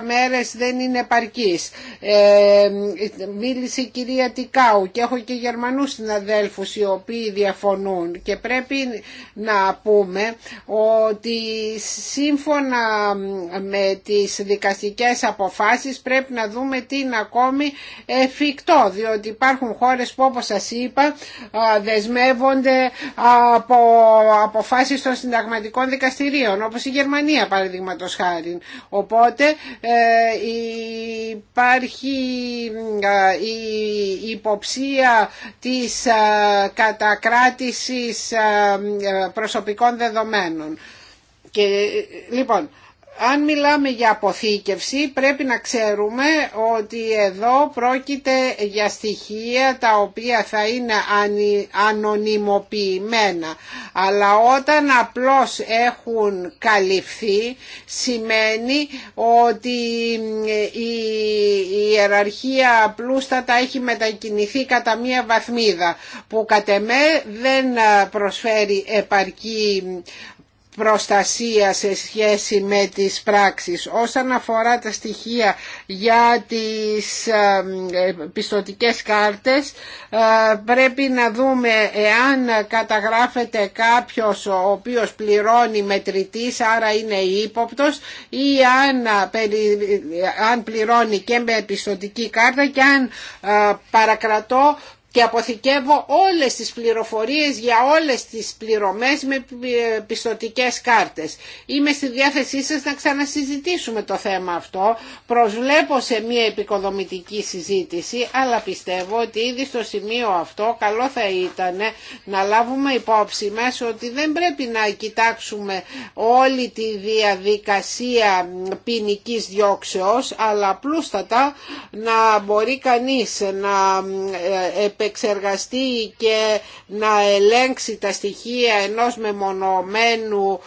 μέρες δεν είναι επαρκής. μίλησε η κυρία και έχω και Γερμανούς συναδέλφους οι οποίοι διαφωνούν και πρέπει να πούμε ότι σύμφωνα με τις δικαστικές αποφάσεις πρέπει να δούμε τι είναι ακόμη εφικτό διότι υπάρχουν χώρες που όπως σας είπα δεσμεύονται από αποφάσεις των συνταγματικών δικαστηρίων όπως η Γερμανία παραδείγματο χάρη. Οπότε ε, υπάρχει η υποψία της ε, κατακράτησης ε, ε, προσωπικών δεδομένων. Και, λοιπόν, αν μιλάμε για αποθήκευση πρέπει να ξέρουμε ότι εδώ πρόκειται για στοιχεία τα οποία θα είναι ανωνυμοποιημένα. Αλλά όταν απλώς έχουν καλυφθεί σημαίνει ότι η ιεραρχία τα έχει μετακινηθεί κατά μία βαθμίδα που κατ' εμέ δεν προσφέρει επαρκή προστασία σε σχέση με τις πράξεις. Όσον αφορά τα στοιχεία για τις ε, πιστοτικές κάρτες ε, πρέπει να δούμε εάν καταγράφεται κάποιος ο οποίος πληρώνει μετρητής άρα είναι ύποπτος ή αν ε, πληρώνει και με πιστοτική κάρτα και αν παρακρατώ και αποθηκεύω όλες τις πληροφορίες για όλες τις πληρωμές με ε, πιστοτικές κάρτες. Είμαι στη διάθεσή σας να ξανασυζητήσουμε το θέμα αυτό. Προσβλέπω σε μια επικοδομητική συζήτηση, αλλά πιστεύω ότι ήδη στο σημείο αυτό καλό θα ήταν να λάβουμε υπόψη μας ότι δεν πρέπει να κοιτάξουμε όλη τη διαδικασία ποινική διώξεως, αλλά να μπορεί κανείς να ε, επεξεργαστεί και να ελέγξει τα στοιχεία ενός μεμονωμένου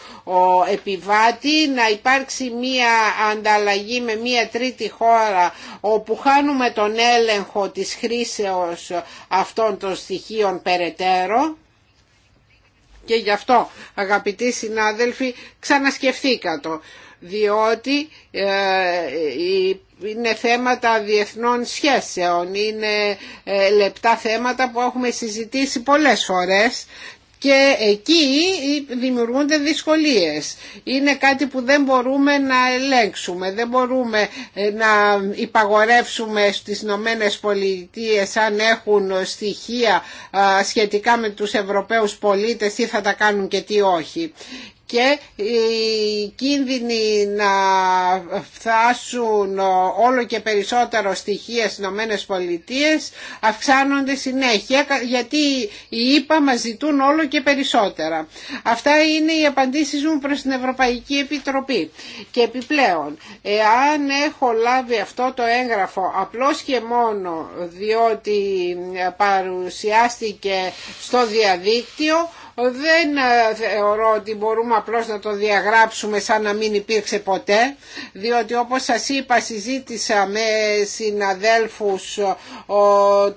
επιβάτη, να υπάρξει μία ανταλλαγή με μία τρίτη χώρα όπου χάνουμε τον έλεγχο της χρήσεως αυτών των στοιχείων περαιτέρω. Και γι' αυτό αγαπητοί συνάδελφοι ξανασκεφτήκα το διότι ε, είναι θέματα διεθνών σχέσεων, είναι ε, λεπτά θέματα που έχουμε συζητήσει πολλές φορές και εκεί δημιουργούνται δυσκολίες. Είναι κάτι που δεν μπορούμε να ελέγξουμε, δεν μπορούμε ε, να υπαγορεύσουμε στις νομένες Πολιτείε αν έχουν στοιχεία σχετικά με τους Ευρωπαίους πολίτες τι θα τα κάνουν και τι όχι και οι κίνδυνοι να φτάσουν όλο και περισσότερο στοιχεία στις Ηνωμένες Πολιτείες αυξάνονται συνέχεια γιατί οι ΗΠΑ μας ζητούν όλο και περισσότερα. Αυτά είναι οι απαντήσεις μου προς την Ευρωπαϊκή Επιτροπή. Και επιπλέον, εάν έχω λάβει αυτό το έγγραφο απλώς και μόνο διότι παρουσιάστηκε στο διαδίκτυο, δεν ε, θεωρώ ότι μπορούμε απλώς να το διαγράψουμε σαν να μην υπήρξε ποτέ διότι όπως σας είπα συζήτησα με συναδέλφους ε,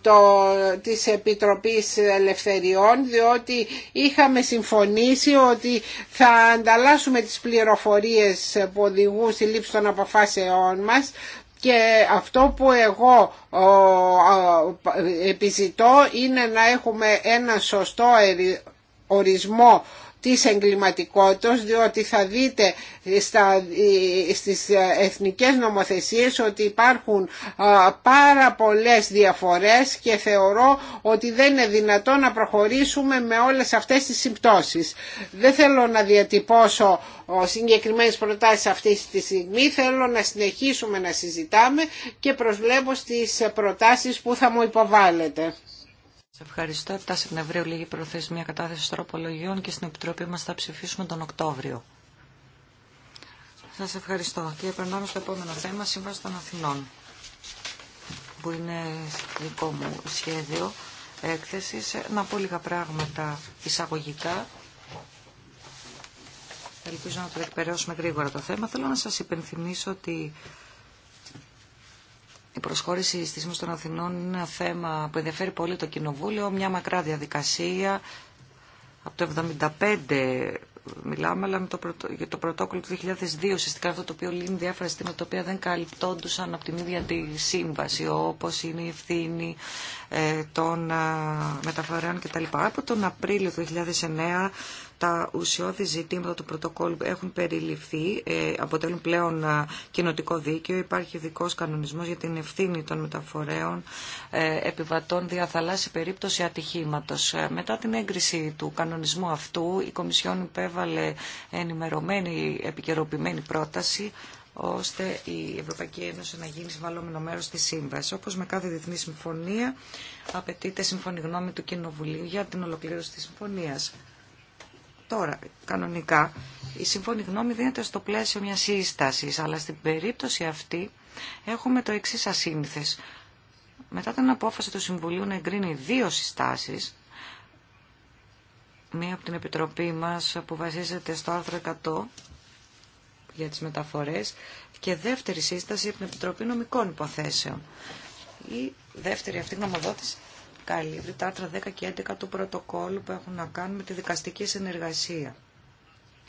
το, της Επιτροπής Ελευθεριών διότι είχαμε συμφωνήσει ότι θα ανταλλάσσουμε τις πληροφορίες που οδηγούν στη λήψη των αποφάσεών μας και αυτό που εγώ επιζητώ είναι να έχουμε ένα σωστό ορισμό της εγκληματικότητας διότι θα δείτε στα, ε, στις εθνικές νομοθεσίες ότι υπάρχουν πάρα πολλές διαφορές και θεωρώ ότι δεν είναι δυνατό να προχωρήσουμε με όλες αυτές τις συμπτώσεις. Δεν θέλω να διατυπώσω συγκεκριμένες προτάσεις αυτή τη στιγμή, θέλω να συνεχίσουμε να συζητάμε και προσβλέπω στις προτάσεις που θα μου υποβάλλετε. Σε ευχαριστώ. 7 Σεπτεμβρίου λίγη προθεσμία κατάθεση τροπολογιών και στην Επιτροπή μας θα ψηφίσουμε τον Οκτώβριο. Σας ευχαριστώ. Και περνάμε στο επόμενο θέμα, Σύμβαση των Αθηνών, που είναι δικό μου σχέδιο έκθεση. Να πω λίγα πράγματα εισαγωγικά. Ελπίζω να το εκπαιρεώσουμε γρήγορα το θέμα. Θέλω να σας υπενθυμίσω ότι η προσχώρηση στη Σύμβαση των Αθηνών είναι ένα θέμα που ενδιαφέρει πολύ το Κοινοβούλιο, μια μακρά διαδικασία. Από το 1975 μιλάμε, αλλά το πρωτο... για το πρωτόκολλο του 2002, ουσιαστικά αυτό το οποίο λύνει διάφορα στήματα τα οποία δεν καλυπτόντουσαν από την ίδια τη σύμβαση, όπως είναι η ευθύνη ε, των ε, μεταφορέων κτλ. Από τον Απρίλιο του 2009 τα ουσιώδη ζητήματα του πρωτοκόλλου έχουν περιληφθεί, ε, αποτελούν πλέον ε, κοινοτικό δίκαιο. Υπάρχει ειδικό κανονισμό για την ευθύνη των μεταφορέων ε, επιβατών δια σε περίπτωση ατυχήματο. Μετά την έγκριση του κανονισμού αυτού, η Κομισιόν υπέβαλε ενημερωμένη, επικαιροποιημένη πρόταση ώστε η Ευρωπαϊκή Ένωση να γίνει συμβαλόμενο μέρο τη σύμβαση. Όπω με κάθε διεθνή συμφωνία, απαιτείται σύμφωνη γνώμη του Κοινοβουλίου για την ολοκλήρωση τη συμφωνία. Τώρα, κανονικά, η σύμφωνη γνώμη δίνεται στο πλαίσιο μιας σύσταση, αλλά στην περίπτωση αυτή έχουμε το εξή ασύνηθες. Μετά την απόφαση του Συμβουλίου να εγκρίνει δύο συστάσει. μία από την Επιτροπή μας που βασίζεται στο άρθρο 100 για τις μεταφορές και δεύτερη σύσταση από την Επιτροπή Νομικών Υποθέσεων. Η δεύτερη αυτή γνωμοδότηση καλύπτει τα άρθρα 10 και 11 του πρωτοκόλου που έχουν να κάνουν με τη δικαστική συνεργασία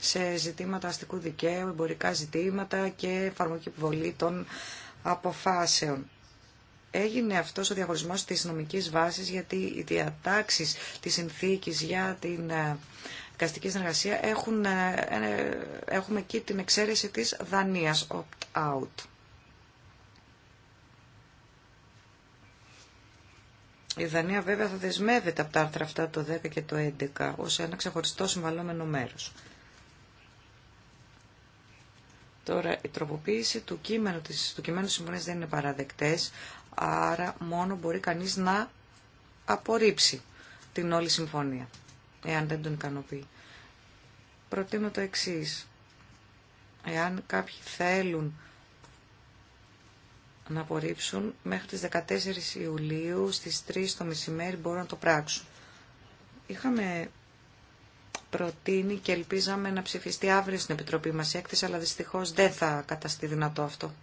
σε ζητήματα αστικού δικαίου, εμπορικά ζητήματα και εφαρμογή επιβολή των αποφάσεων. Έγινε αυτό ο διαχωρισμό τη νομική βάση γιατί οι διατάξει τη συνθήκη για την ε, δικαστική συνεργασία έχουν, ε, ε, έχουμε εκεί την εξαίρεση της δανεια opt opt-out. Η Δανία βέβαια θα δεσμεύεται από τα άρθρα αυτά το 10 και το 11 ως ένα ξεχωριστό συμβαλόμενο μέρος. Τώρα η τροποποίηση του κείμενου της, του κειμένου συμφωνίας δεν είναι παραδεκτές, άρα μόνο μπορεί κανείς να απορρίψει την όλη συμφωνία, εάν δεν τον ικανοποιεί. Προτείνω το εξής. Εάν κάποιοι θέλουν να απορρίψουν μέχρι τις 14 Ιουλίου στις 3 το μεσημέρι μπορούν να το πράξουν. Είχαμε προτείνει και ελπίζαμε να ψηφιστεί αύριο στην Επιτροπή μας η αλλά δυστυχώς δεν θα καταστεί δυνατό αυτό.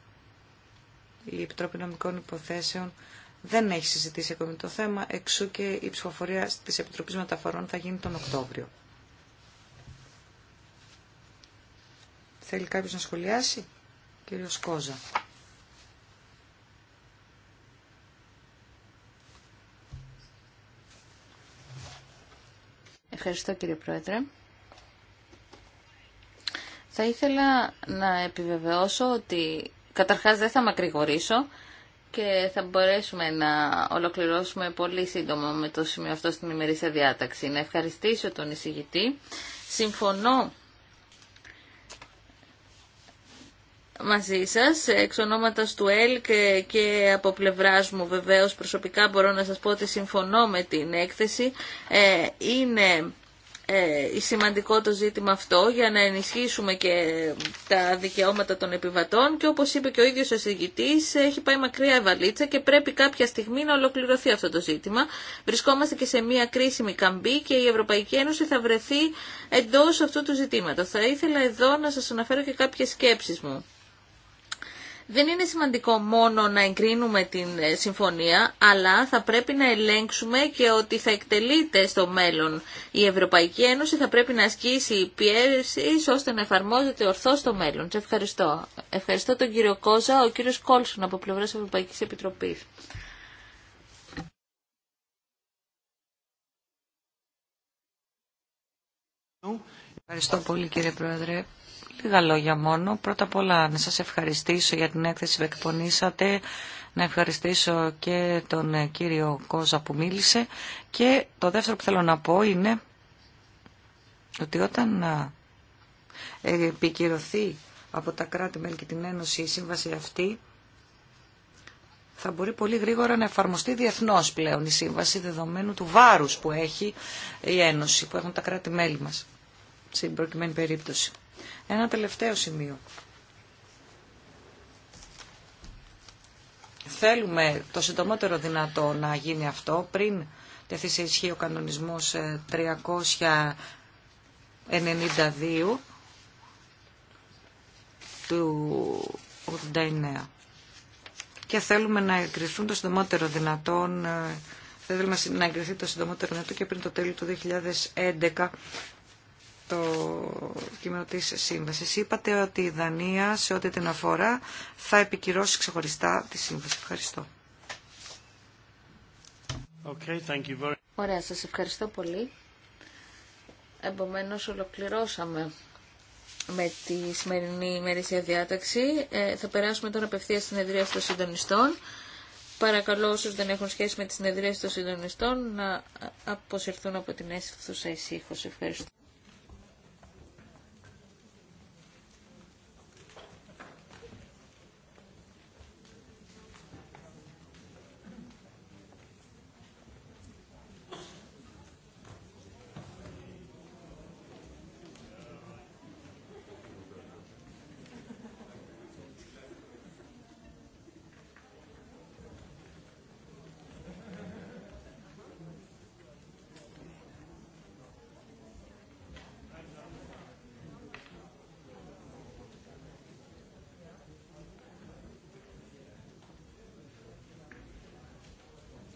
Η Επιτροπή Νομικών Υποθέσεων δεν έχει συζητήσει ακόμη το θέμα, εξού και η ψηφοφορία τη επιτροπή Μεταφορών θα γίνει τον Οκτώβριο. Θέλει κάποιος να σχολιάσει, κύριος Κόζα. Ευχαριστώ κύριε Πρόεδρε. Θα ήθελα να επιβεβαιώσω ότι καταρχάς δεν θα μακρηγορήσω και θα μπορέσουμε να ολοκληρώσουμε πολύ σύντομα με το σημείο αυτό στην ημερήσια διάταξη. Να ευχαριστήσω τον εισηγητή. Συμφωνώ μαζί σας, εξ ονόματος του ΕΛΚ και από πλευράς μου βεβαίως προσωπικά μπορώ να σας πω ότι συμφωνώ με την έκθεση. Ε, είναι ε, σημαντικό το ζήτημα αυτό για να ενισχύσουμε και τα δικαιώματα των επιβατών και όπως είπε και ο ίδιος ο συζητητής έχει πάει μακριά η βαλίτσα και πρέπει κάποια στιγμή να ολοκληρωθεί αυτό το ζήτημα. Βρισκόμαστε και σε μια κρίσιμη καμπή και η Ευρωπαϊκή Ένωση θα βρεθεί εντός αυτού του ζητήματος. Θα ήθελα εδώ να σας αναφέρω και κάποιες σκέψεις μου δεν είναι σημαντικό μόνο να εγκρίνουμε την ε, συμφωνία, αλλά θα πρέπει να ελέγξουμε και ότι θα εκτελείται στο μέλλον. Η Ευρωπαϊκή Ένωση θα πρέπει να ασκήσει πιέσει ώστε να εφαρμόζεται ορθώ στο μέλλον. Σε ευχαριστώ. Ευχαριστώ τον κύριο Κόζα, ο κύριος Κόλσον από πλευρά Ευρωπαϊκή Επιτροπή. Ευχαριστώ πολύ κύριε Πρόεδρε. Λίγα λόγια μόνο. Πρώτα απ' όλα να σας ευχαριστήσω για την έκθεση που εκπονήσατε, να ευχαριστήσω και τον ε, κύριο Κόζα που μίλησε και το δεύτερο που θέλω να πω είναι ότι όταν ε, επικυρωθεί από τα κράτη-μέλη και την Ένωση η σύμβαση αυτή, θα μπορεί πολύ γρήγορα να εφαρμοστεί διεθνώ πλέον η σύμβαση δεδομένου του βάρους που έχει η Ένωση, που έχουν τα κράτη-μέλη μα στην προκειμένη περίπτωση. Ένα τελευταίο σημείο. Θέλουμε το συντομότερο δυνατό να γίνει αυτό πριν τεθεί σε ισχύ ο κανονισμός 392 ε, του 89. Και θέλουμε να εγκριθούν το συντομότερο δυνατόν, ε, θέλουμε να εγκριθεί το συντομότερο δυνατό και πριν το τέλειο του 2011 το κείμενο της σύμβασης. Είπατε ότι η Δανία σε ό,τι την αφορά θα επικυρώσει ξεχωριστά τη σύμβαση. Ευχαριστώ. Okay, thank you very... Ωραία, σας ευχαριστώ πολύ. Επομένως ολοκληρώσαμε με τη σημερινή ημερήσια διάταξη. Ε, θα περάσουμε τώρα απευθεία στην εδρία των συντονιστών. Παρακαλώ όσου δεν έχουν σχέση με τις συνεδρίες των συντονιστών να αποσυρθούν από την αίθουσα ησύχως. Ευχαριστώ.